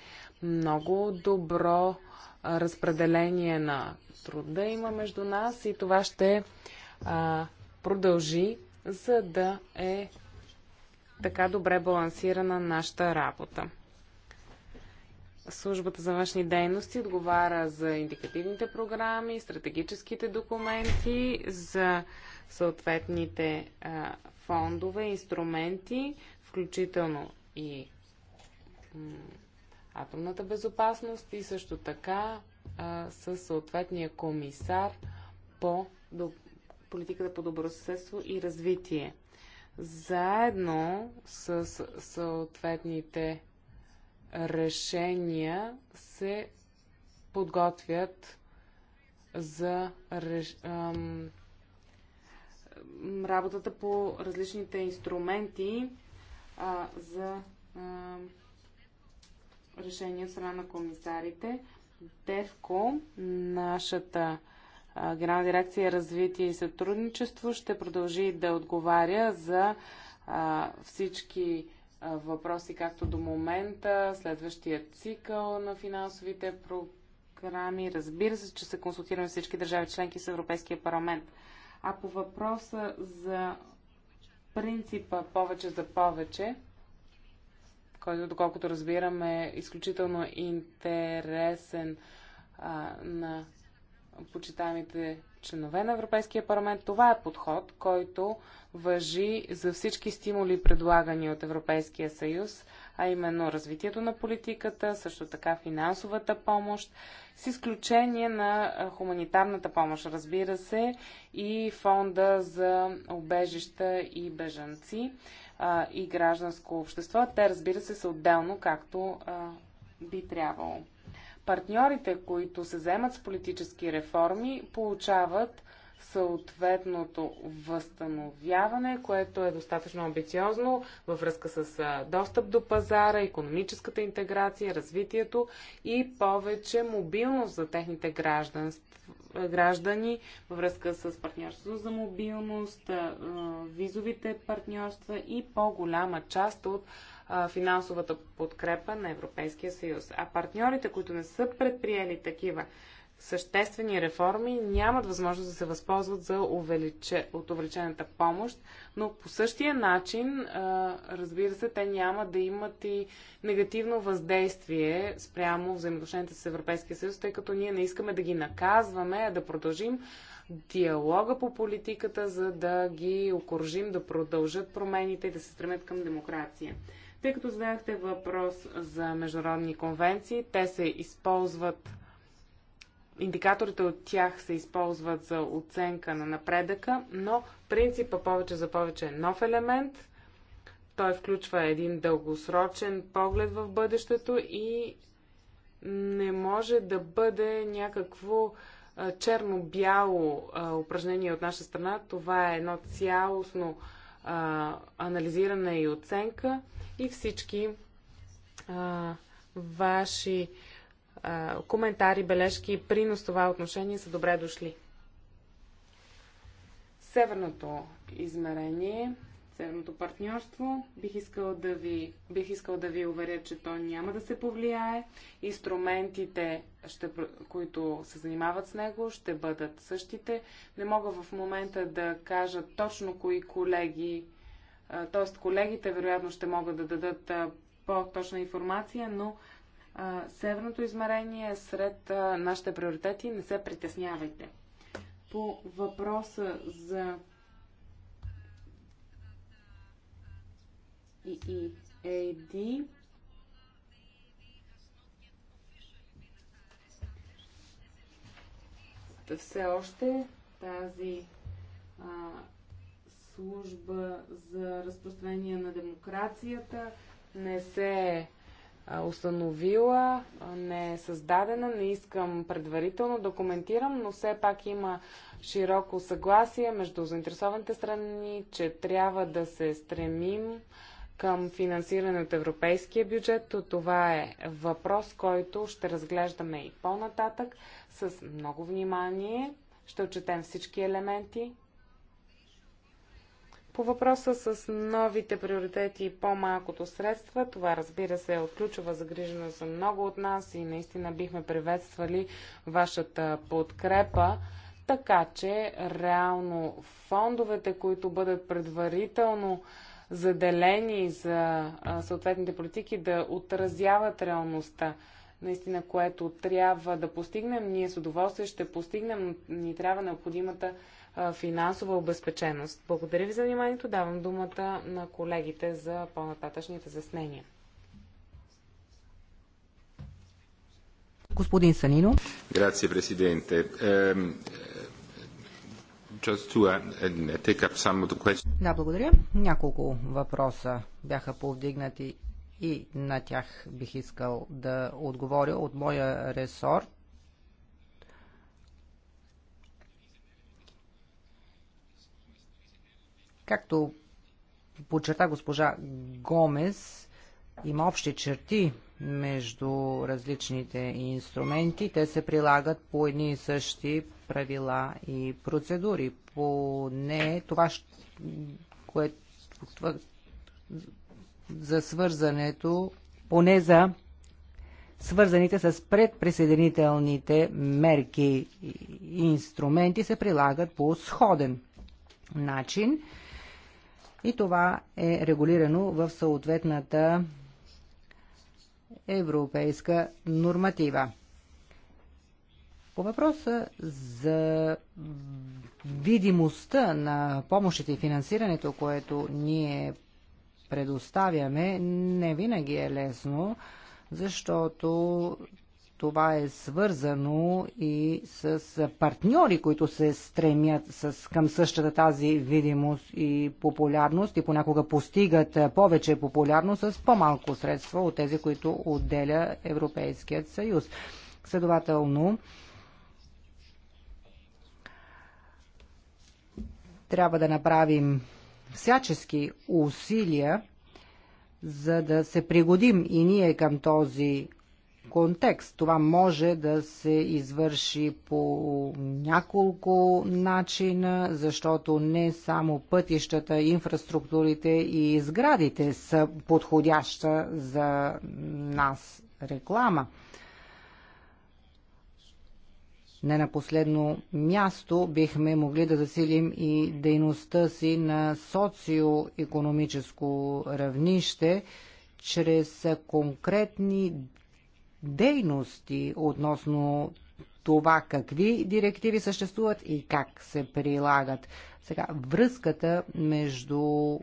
много добро разпределение на труда има между нас и това ще продължи, за да е така добре балансирана нашата работа. Службата за външни дейности отговаря за индикативните програми, стратегическите документи, за съответните а, фондове, инструменти, включително и атомната безопасност и също така а, със съответния комисар по до, политиката по добросъседство и развитие. Заедно с съответните решения се подготвят за реш... ам... работата по различните инструменти а, за а, решение от страна на комисарите. ДЕВКО, нашата Генерална дирекция развитие и сътрудничество, ще продължи да отговаря за а, всички въпроси както до момента, следващия цикъл на финансовите програми. Разбира се, че се консултираме всички държави членки с Европейския парламент. А по въпроса за принципа повече за повече, който, доколкото разбираме, е изключително интересен а, на почитаемите членове на Европейския парламент. Това е подход, който въжи за всички стимули, предлагани от Европейския съюз, а именно развитието на политиката, също така финансовата помощ, с изключение на хуманитарната помощ, разбира се, и фонда за обежища и бежанци а, и гражданско общество. Те, разбира се, са отделно, както а, би трябвало партньорите, които се заемат с политически реформи, получават съответното възстановяване, което е достатъчно амбициозно във връзка с достъп до пазара, економическата интеграция, развитието и повече мобилност за техните граждани във връзка с партньорството за мобилност, визовите партньорства и по-голяма част от финансовата подкрепа на Европейския съюз. А партньорите, които не са предприели такива съществени реформи, нямат възможност да се възползват за увеличе, от увеличената помощ, но по същия начин, разбира се, те няма да имат и негативно въздействие спрямо взаимоотношенията с Европейския съюз, тъй като ние не искаме да ги наказваме, а да продължим диалога по политиката, за да ги окоржим, да продължат промените и да се стремят към демокрация. Тъй като зададахте въпрос за международни конвенции, те се използват, индикаторите от тях се използват за оценка на напредъка, но принципа повече за повече е нов елемент. Той включва един дългосрочен поглед в бъдещето и не може да бъде някакво черно-бяло упражнение от наша страна. Това е едно цялостно а, анализиране и оценка и всички а, ваши а, коментари, бележки и принос това отношение са добре дошли. Северното измерение – Северното партньорство. Бих искал, да ви, бих искала да ви уверя, че то няма да се повлияе. Инструментите, ще, които се занимават с него, ще бъдат същите. Не мога в момента да кажа точно кои колеги, т.е. колегите вероятно ще могат да дадат по-точна информация, но северното измерение е сред нашите приоритети. Не се притеснявайте. По въпроса за и EEAD. Все още тази а, служба за разпространение на демокрацията не се е установила, не е създадена. Не искам предварително да коментирам, но все пак има широко съгласие между заинтересованите страни, че трябва да се стремим към финансиране от европейския бюджет. То това е въпрос, който ще разглеждаме и по-нататък с много внимание. Ще отчетем всички елементи. По въпроса с новите приоритети и по-малкото средства, това разбира се е от ключова загриженост за много от нас и наистина бихме приветствали вашата подкрепа така че реално фондовете, които бъдат предварително заделени за съответните политики, да отразяват реалността наистина, което трябва да постигнем, ние с удоволствие ще постигнем, ни трябва необходимата финансова обезпеченост. Благодаря ви за вниманието. Давам думата на колегите за по-нататъчните заснения. Господин Санино. Грация, президенте. Uh, uh, да, благодаря. Няколко въпроса бяха повдигнати и на тях бих искал да отговоря от моя ресор. Както подчерта госпожа Гомес, има общи черти между различните инструменти. Те се прилагат по едни и същи правила и процедури. Поне това, което за свързането, поне за свързаните с предприсъединителните мерки и инструменти се прилагат по сходен начин и това е регулирано в съответната европейска норматива. По въпроса за видимостта на помощите и финансирането, което ние предоставяме, не винаги е лесно, защото това е свързано и с партньори, които се стремят с, към същата тази видимост и популярност и понякога постигат повече популярност с по-малко средства от тези, които отделя Европейският съюз. Следователно, трябва да направим всячески усилия, за да се пригодим и ние към този контекст. Това може да се извърши по няколко начина, защото не само пътищата, инфраструктурите и сградите са подходяща за нас реклама. Не на последно място бихме могли да засилим и дейността си на социо-економическо равнище чрез конкретни дейности относно това какви директиви съществуват и как се прилагат. Сега, връзката между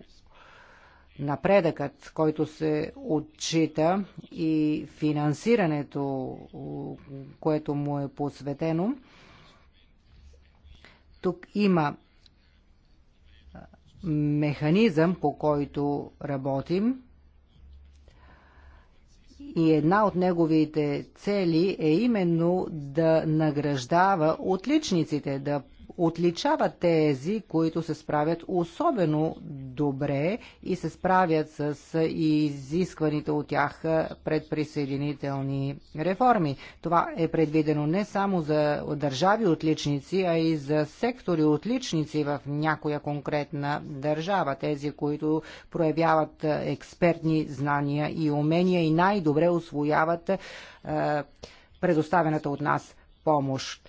напредъкът, който се отчита и финансирането, което му е посветено, тук има механизъм, по който работим и една от неговите цели е именно да награждава отличниците, да отличава тези, които се справят особено добре и се справят с изискваните от тях предприсъединителни реформи. Това е предвидено не само за държави отличници, а и за сектори отличници в някоя конкретна държава. Тези, които проявяват експертни знания и умения и най-добре освояват предоставената от нас помощ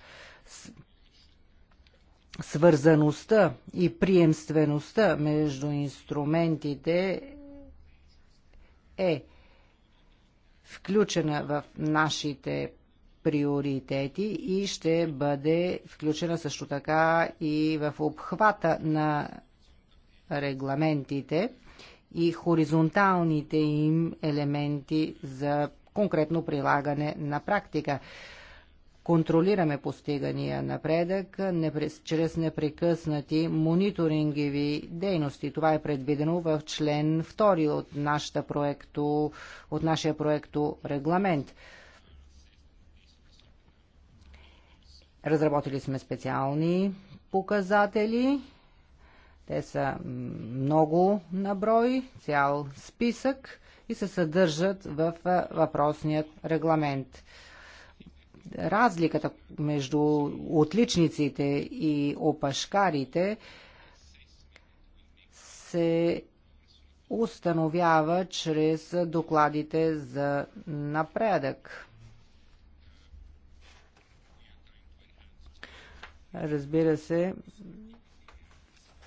свързаността и приемствеността между инструментите е включена в нашите приоритети и ще бъде включена също така и в обхвата на регламентите и хоризонталните им елементи за конкретно прилагане на практика контролираме постигания напредък непре, чрез непрекъснати мониторингови дейности. Това е предвидено в член 2 от, нашата проекту, от нашия проекто регламент. Разработили сме специални показатели. Те са много наброй, цял списък и се съдържат в въпросният регламент разликата между отличниците и опашкарите се установява чрез докладите за напредък. Разбира се,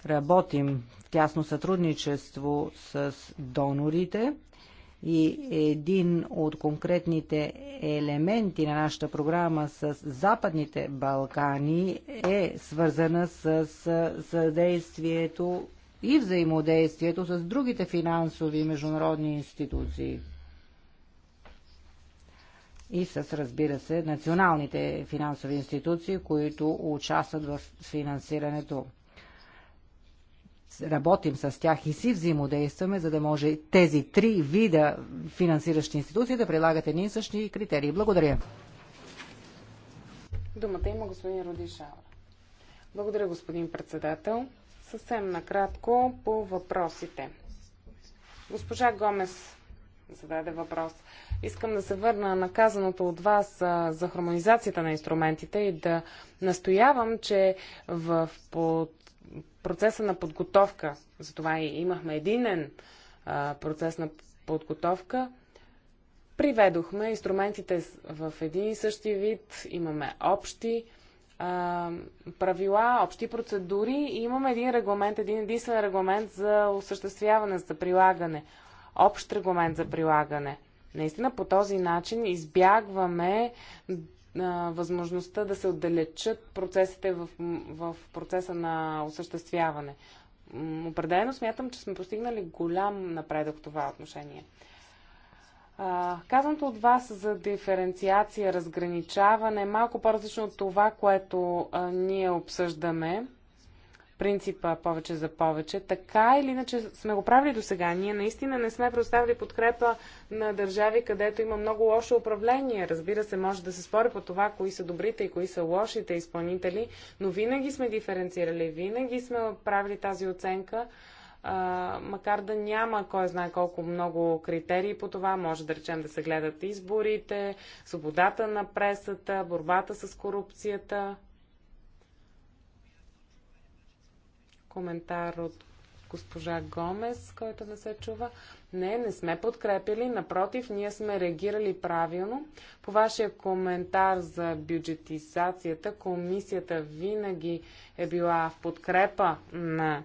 работим в тясно сътрудничество с донорите – и един от конкретните елементи на нашата програма с Западните Балкани е свързана с съдействието и взаимодействието с другите финансови международни институции и с, разбира се, националните финансови институции, които участват в финансирането работим с тях и си взаимодействаме, за да може тези три вида финансиращи институции да прилагат едни и същи критерии. Благодаря. Думата има господин Родиша. Благодаря, господин председател. Съвсем накратко по въпросите. Госпожа Гомес зададе въпрос. Искам да се върна на казаното от вас а, за хармонизацията на инструментите и да настоявам, че в под процеса на подготовка, затова и имахме единен а, процес на подготовка, приведохме инструментите в един и същи вид, имаме общи а, правила, общи процедури и имаме един регламент, един единствен регламент за осъществяване, за прилагане, общ регламент за прилагане. Наистина по този начин избягваме а, възможността да се отдалечат процесите в, в процеса на осъществяване. Определено смятам, че сме постигнали голям напредък в това отношение. казаното от вас за диференциация, разграничаване е малко по-различно от това, което а, ние обсъждаме принципа повече за повече. Така или иначе сме го правили до сега. Ние наистина не сме предоставили подкрепа на държави, където има много лошо управление. Разбира се, може да се спори по това, кои са добрите и кои са лошите изпълнители, но винаги сме диференцирали, винаги сме правили тази оценка. А, макар да няма кой знае колко много критерии по това, може да речем да се гледат изборите, свободата на пресата, борбата с корупцията, коментар от госпожа Гомес, който не се чува. Не, не сме подкрепили. Напротив, ние сме реагирали правилно. По вашия коментар за бюджетизацията, комисията винаги е била в подкрепа на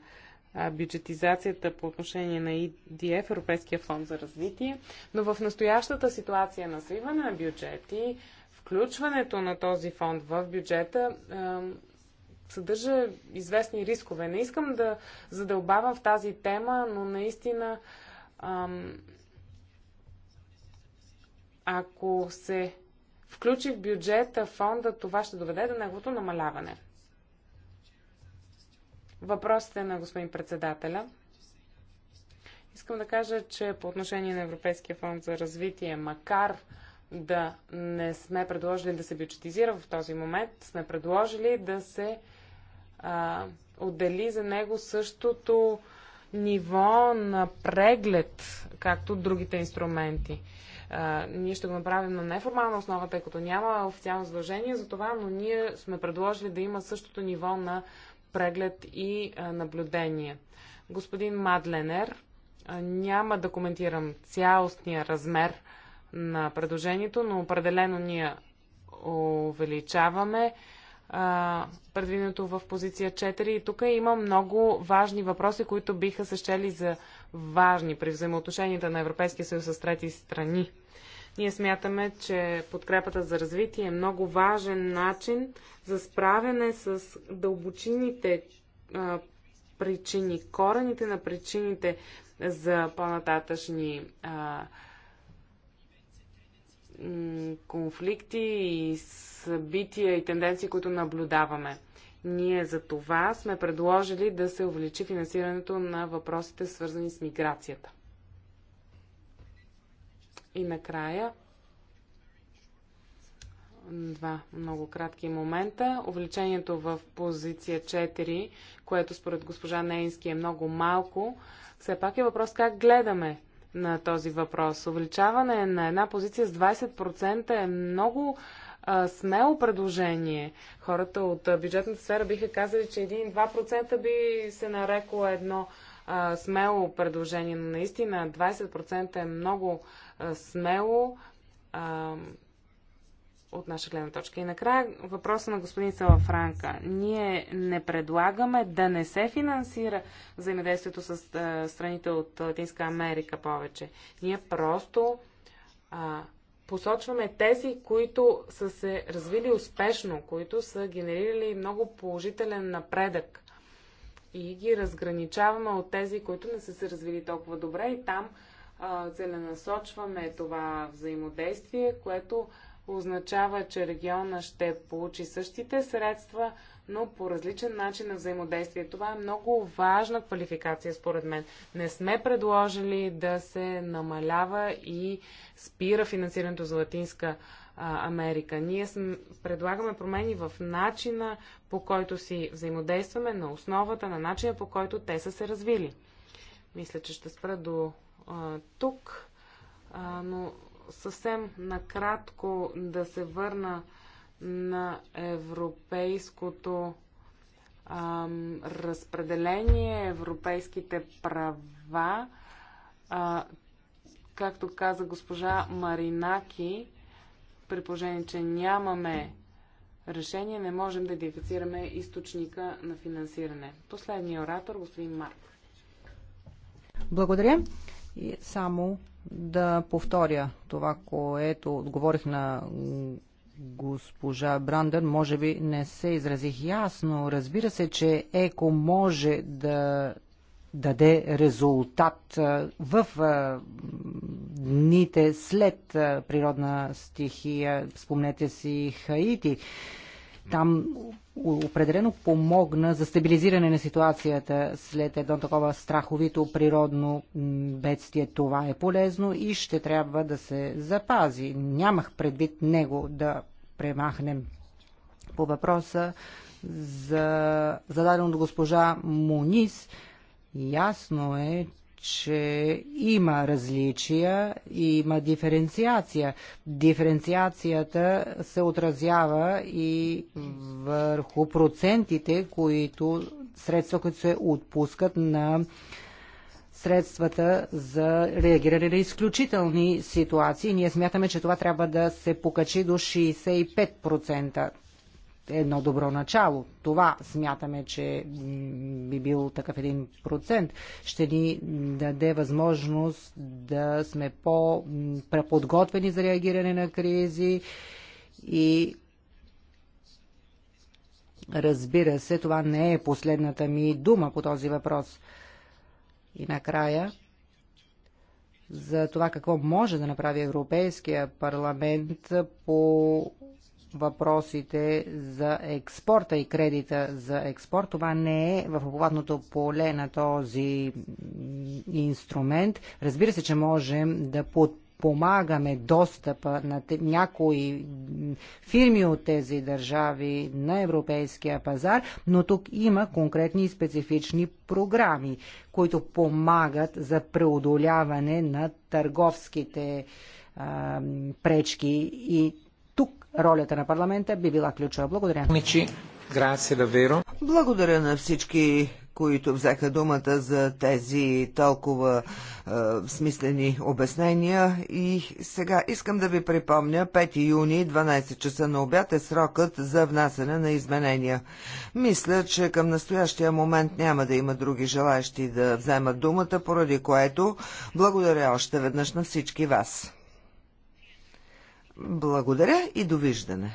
бюджетизацията по отношение на ИДФ, Европейския фонд за развитие, но в настоящата ситуация на свиване на бюджети, включването на този фонд в бюджета съдържа известни рискове. Не искам да задълбавам в тази тема, но наистина ам, ако се включи в бюджета фонда, това ще доведе до неговото намаляване. Въпросите на господин председателя. Искам да кажа, че по отношение на Европейския фонд за развитие, макар да не сме предложили да се бюджетизира в този момент, сме предложили да се а, отдели за него същото ниво на преглед, както другите инструменти. А, ние ще го направим на неформална основа, тъй като няма официално задължение за това, но ние сме предложили да има същото ниво на преглед и а, наблюдение. Господин Мадленер, а, няма да коментирам цялостния размер на предложението, но определено ние увеличаваме предвиденото в позиция 4. И тук има много важни въпроси, които биха се щели за важни при взаимоотношенията на Европейския съюз с трети страни. Ние смятаме, че подкрепата за развитие е много важен начин за справяне с дълбочините а, причини, корените на причините за по-нататъчни конфликти и събития и тенденции, които наблюдаваме. Ние за това сме предложили да се увеличи финансирането на въпросите, свързани с миграцията. И накрая два много кратки момента. Увеличението в позиция 4, което според госпожа Нейнски е много малко, все пак е въпрос как гледаме на този въпрос. Увеличаване на една позиция с 20% е много а, смело предложение. Хората от бюджетната сфера биха казали, че 1-2% би се нарекло едно а, смело предложение, но наистина 20% е много а, смело. А, от наша гледна точка. И накрая въпроса на господин Франка. Ние не предлагаме да не се финансира взаимодействието с а, страните от Латинска Америка повече. Ние просто а, посочваме тези, които са се развили успешно, които са генерирали много положителен напредък. И ги разграничаваме от тези, които не са се развили толкова добре. И там целенасочваме това взаимодействие, което означава, че региона ще получи същите средства, но по различен начин на взаимодействие. Това е много важна квалификация, според мен. Не сме предложили да се намалява и спира финансирането за Латинска Америка. Ние предлагаме промени в начина по който си взаимодействаме, на основата на начина по който те са се развили. Мисля, че ще спра до а, тук, а, но съвсем накратко да се върна на европейското ам, разпределение, европейските права. А, както каза госпожа Маринаки, при положение, че нямаме решение, не можем да идентифицираме източника на финансиране. Последният оратор, господин Марк. Благодаря. И само да повторя това, което отговорих на госпожа Брандън. Може би не се изразих ясно. Разбира се, че ЕКО може да даде резултат в дните след природна стихия. Спомнете си Хаити. Там определено помогна за стабилизиране на ситуацията след едно такова страховито природно бедствие. Това е полезно и ще трябва да се запази. Нямах предвид него да премахнем. По въпроса за зададен от госпожа Мунис, ясно е, че има различия, има диференциация. Диференциацията се отразява и върху процентите, които средства, които се отпускат на средствата за реагиране на изключителни ситуации. Ние смятаме, че това трябва да се покачи до 65% едно добро начало. Това смятаме, че би бил такъв един процент. Ще ни даде възможност да сме по-преподготвени за реагиране на кризи и разбира се, това не е последната ми дума по този въпрос. И накрая за това какво може да направи Европейския парламент по въпросите за експорта и кредита за експорт. Това не е в обхватното поле на този инструмент. Разбира се, че можем да подпомагаме достъпа на някои фирми от тези държави на европейския пазар, но тук има конкретни и специфични програми, които помагат за преодоляване на търговските пречки и ролята на парламента би била ключова. Благодаря. Благодаря на всички, които взеха думата за тези толкова е, смислени обяснения. И сега искам да ви припомня, 5 юни, 12 часа на обяд е срокът за внасене на изменения. Мисля, че към настоящия момент няма да има други желаящи да вземат думата, поради което благодаря още веднъж на всички вас. Благодаря и довиждане.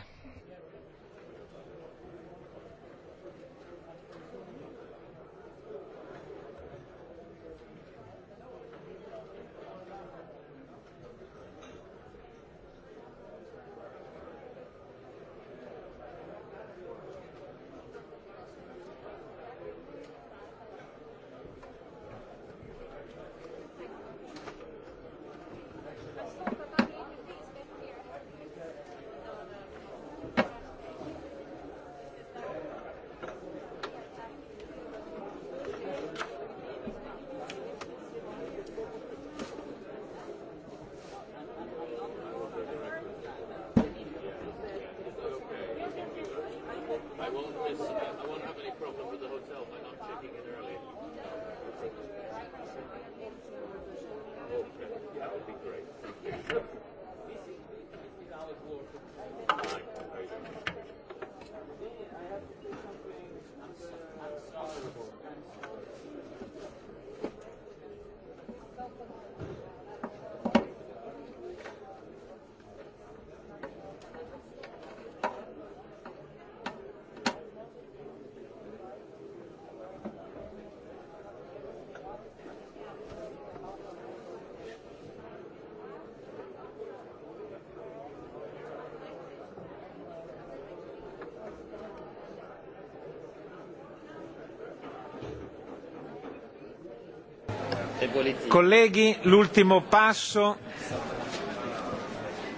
Колеги, l'ultimo passo.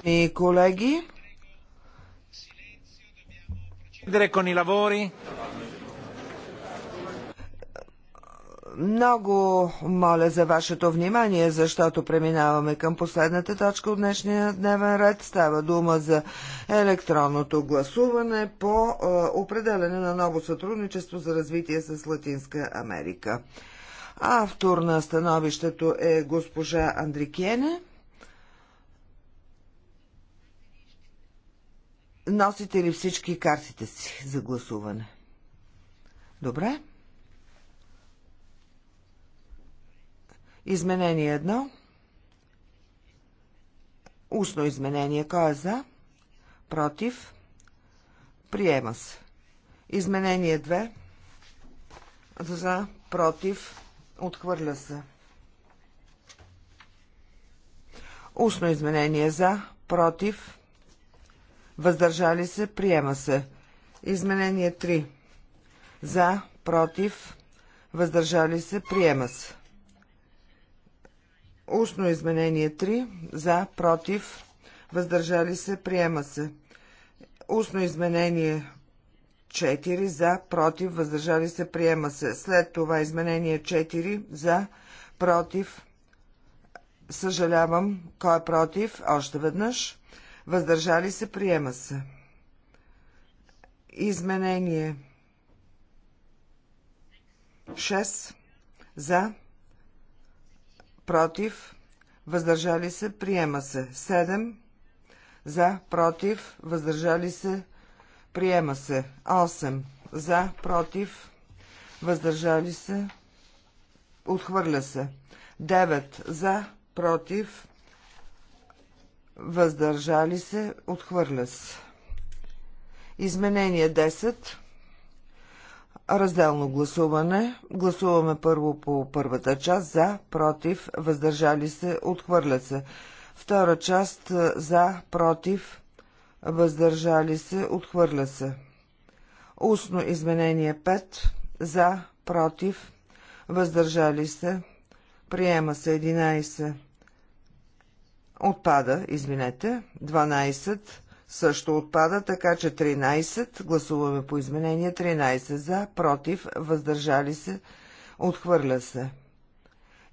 И колеги, con i lavori. Много моля за вашето внимание, защото преминаваме към последната точка от днешния дневен ред. Става дума за електронното гласуване по е, определене на ново сътрудничество за развитие с Латинска Америка. Автор на становището е госпожа Андрикене. Носите ли всички картите си за гласуване? Добре. Изменение едно. Устно изменение. Кой е за? Против. Приема се. Изменение 2. За. Против. Отхвърля се. Устно изменение за, против, въздържали се, приема се. Изменение 3. За, против, въздържали се, приема се. Устно изменение 3. За, против, въздържали се, приема се. Устно изменение 4 за, против, въздържали се, приема се. След това изменение 4 за, против, съжалявам, кой е против, още веднъж, въздържали се, приема се. Изменение 6 за, против, въздържали се, приема се. 7 за, против, въздържали се, Приема се. 8. За, против, въздържали се, отхвърля се. 9. За, против, въздържали се, отхвърля се. Изменение 10. Разделно гласуване. Гласуваме първо по първата част. За, против, въздържали се, отхвърля се. Втора част. За, против, въздържали се, отхвърля се. Устно изменение 5, за, против, въздържали се, приема се 11, отпада, извинете, 12, също отпада, така че 13, гласуваме по изменение 13, за, против, въздържали се, отхвърля се.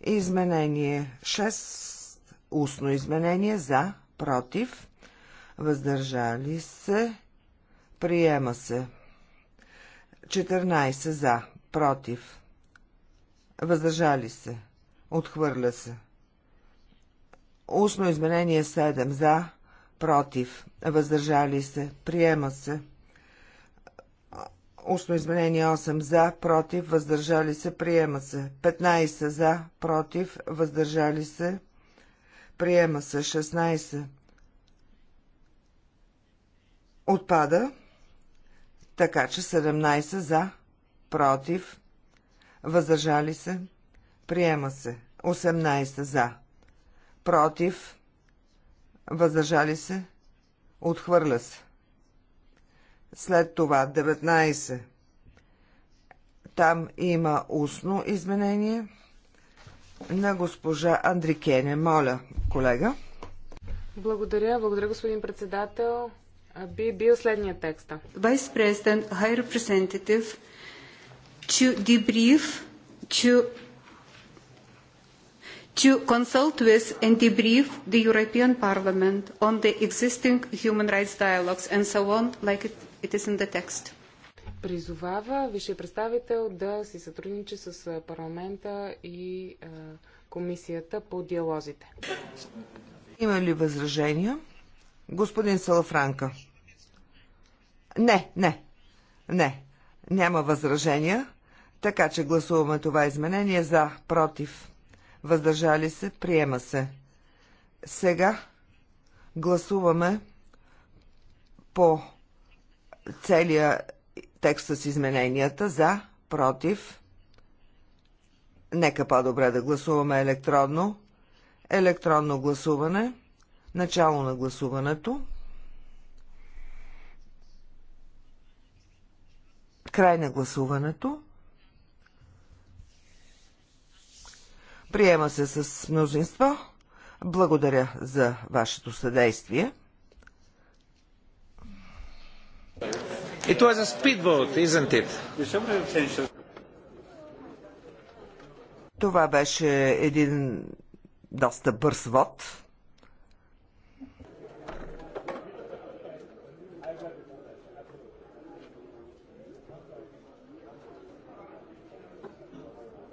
Изменение 6, устно изменение за, против, въздържали се, приема се. 14 за, против, въздържали се, отхвърля се. Устно изменение 7 за, против, въздържали се, приема се. Устно изменение 8 за, против, въздържали се, приема се. 15 за, против, въздържали се, приема се. 16 Отпада. Така че 17 за, против, въздържали се, приема се. 18 за, против, въздържали се, отхвърля се. След това 19. Там има устно изменение на госпожа Андрикене. Моля, колега. Благодаря, благодаря господин председател би бил следния текста. Vice President, High Representative, to debrief, to to consult with and debrief the European Parliament on the existing human rights dialogues and so on, like it, it is in the text призовава висшия представител да си сътрудничи с парламента и а, комисията по диалозите. Има ли възражения? Господин Салафранка. Не, не, не. Няма възражения. Така че гласуваме това изменение за, против, въздържали се, приема се. Сега гласуваме по целия текст с измененията за, против. Нека по-добре да гласуваме електронно. Електронно гласуване. Начало на гласуването. Край на гласуването. Приема се с мнозинство. Благодаря за вашето съдействие. It was a speed vote, isn't it? Това беше един доста бърз вод.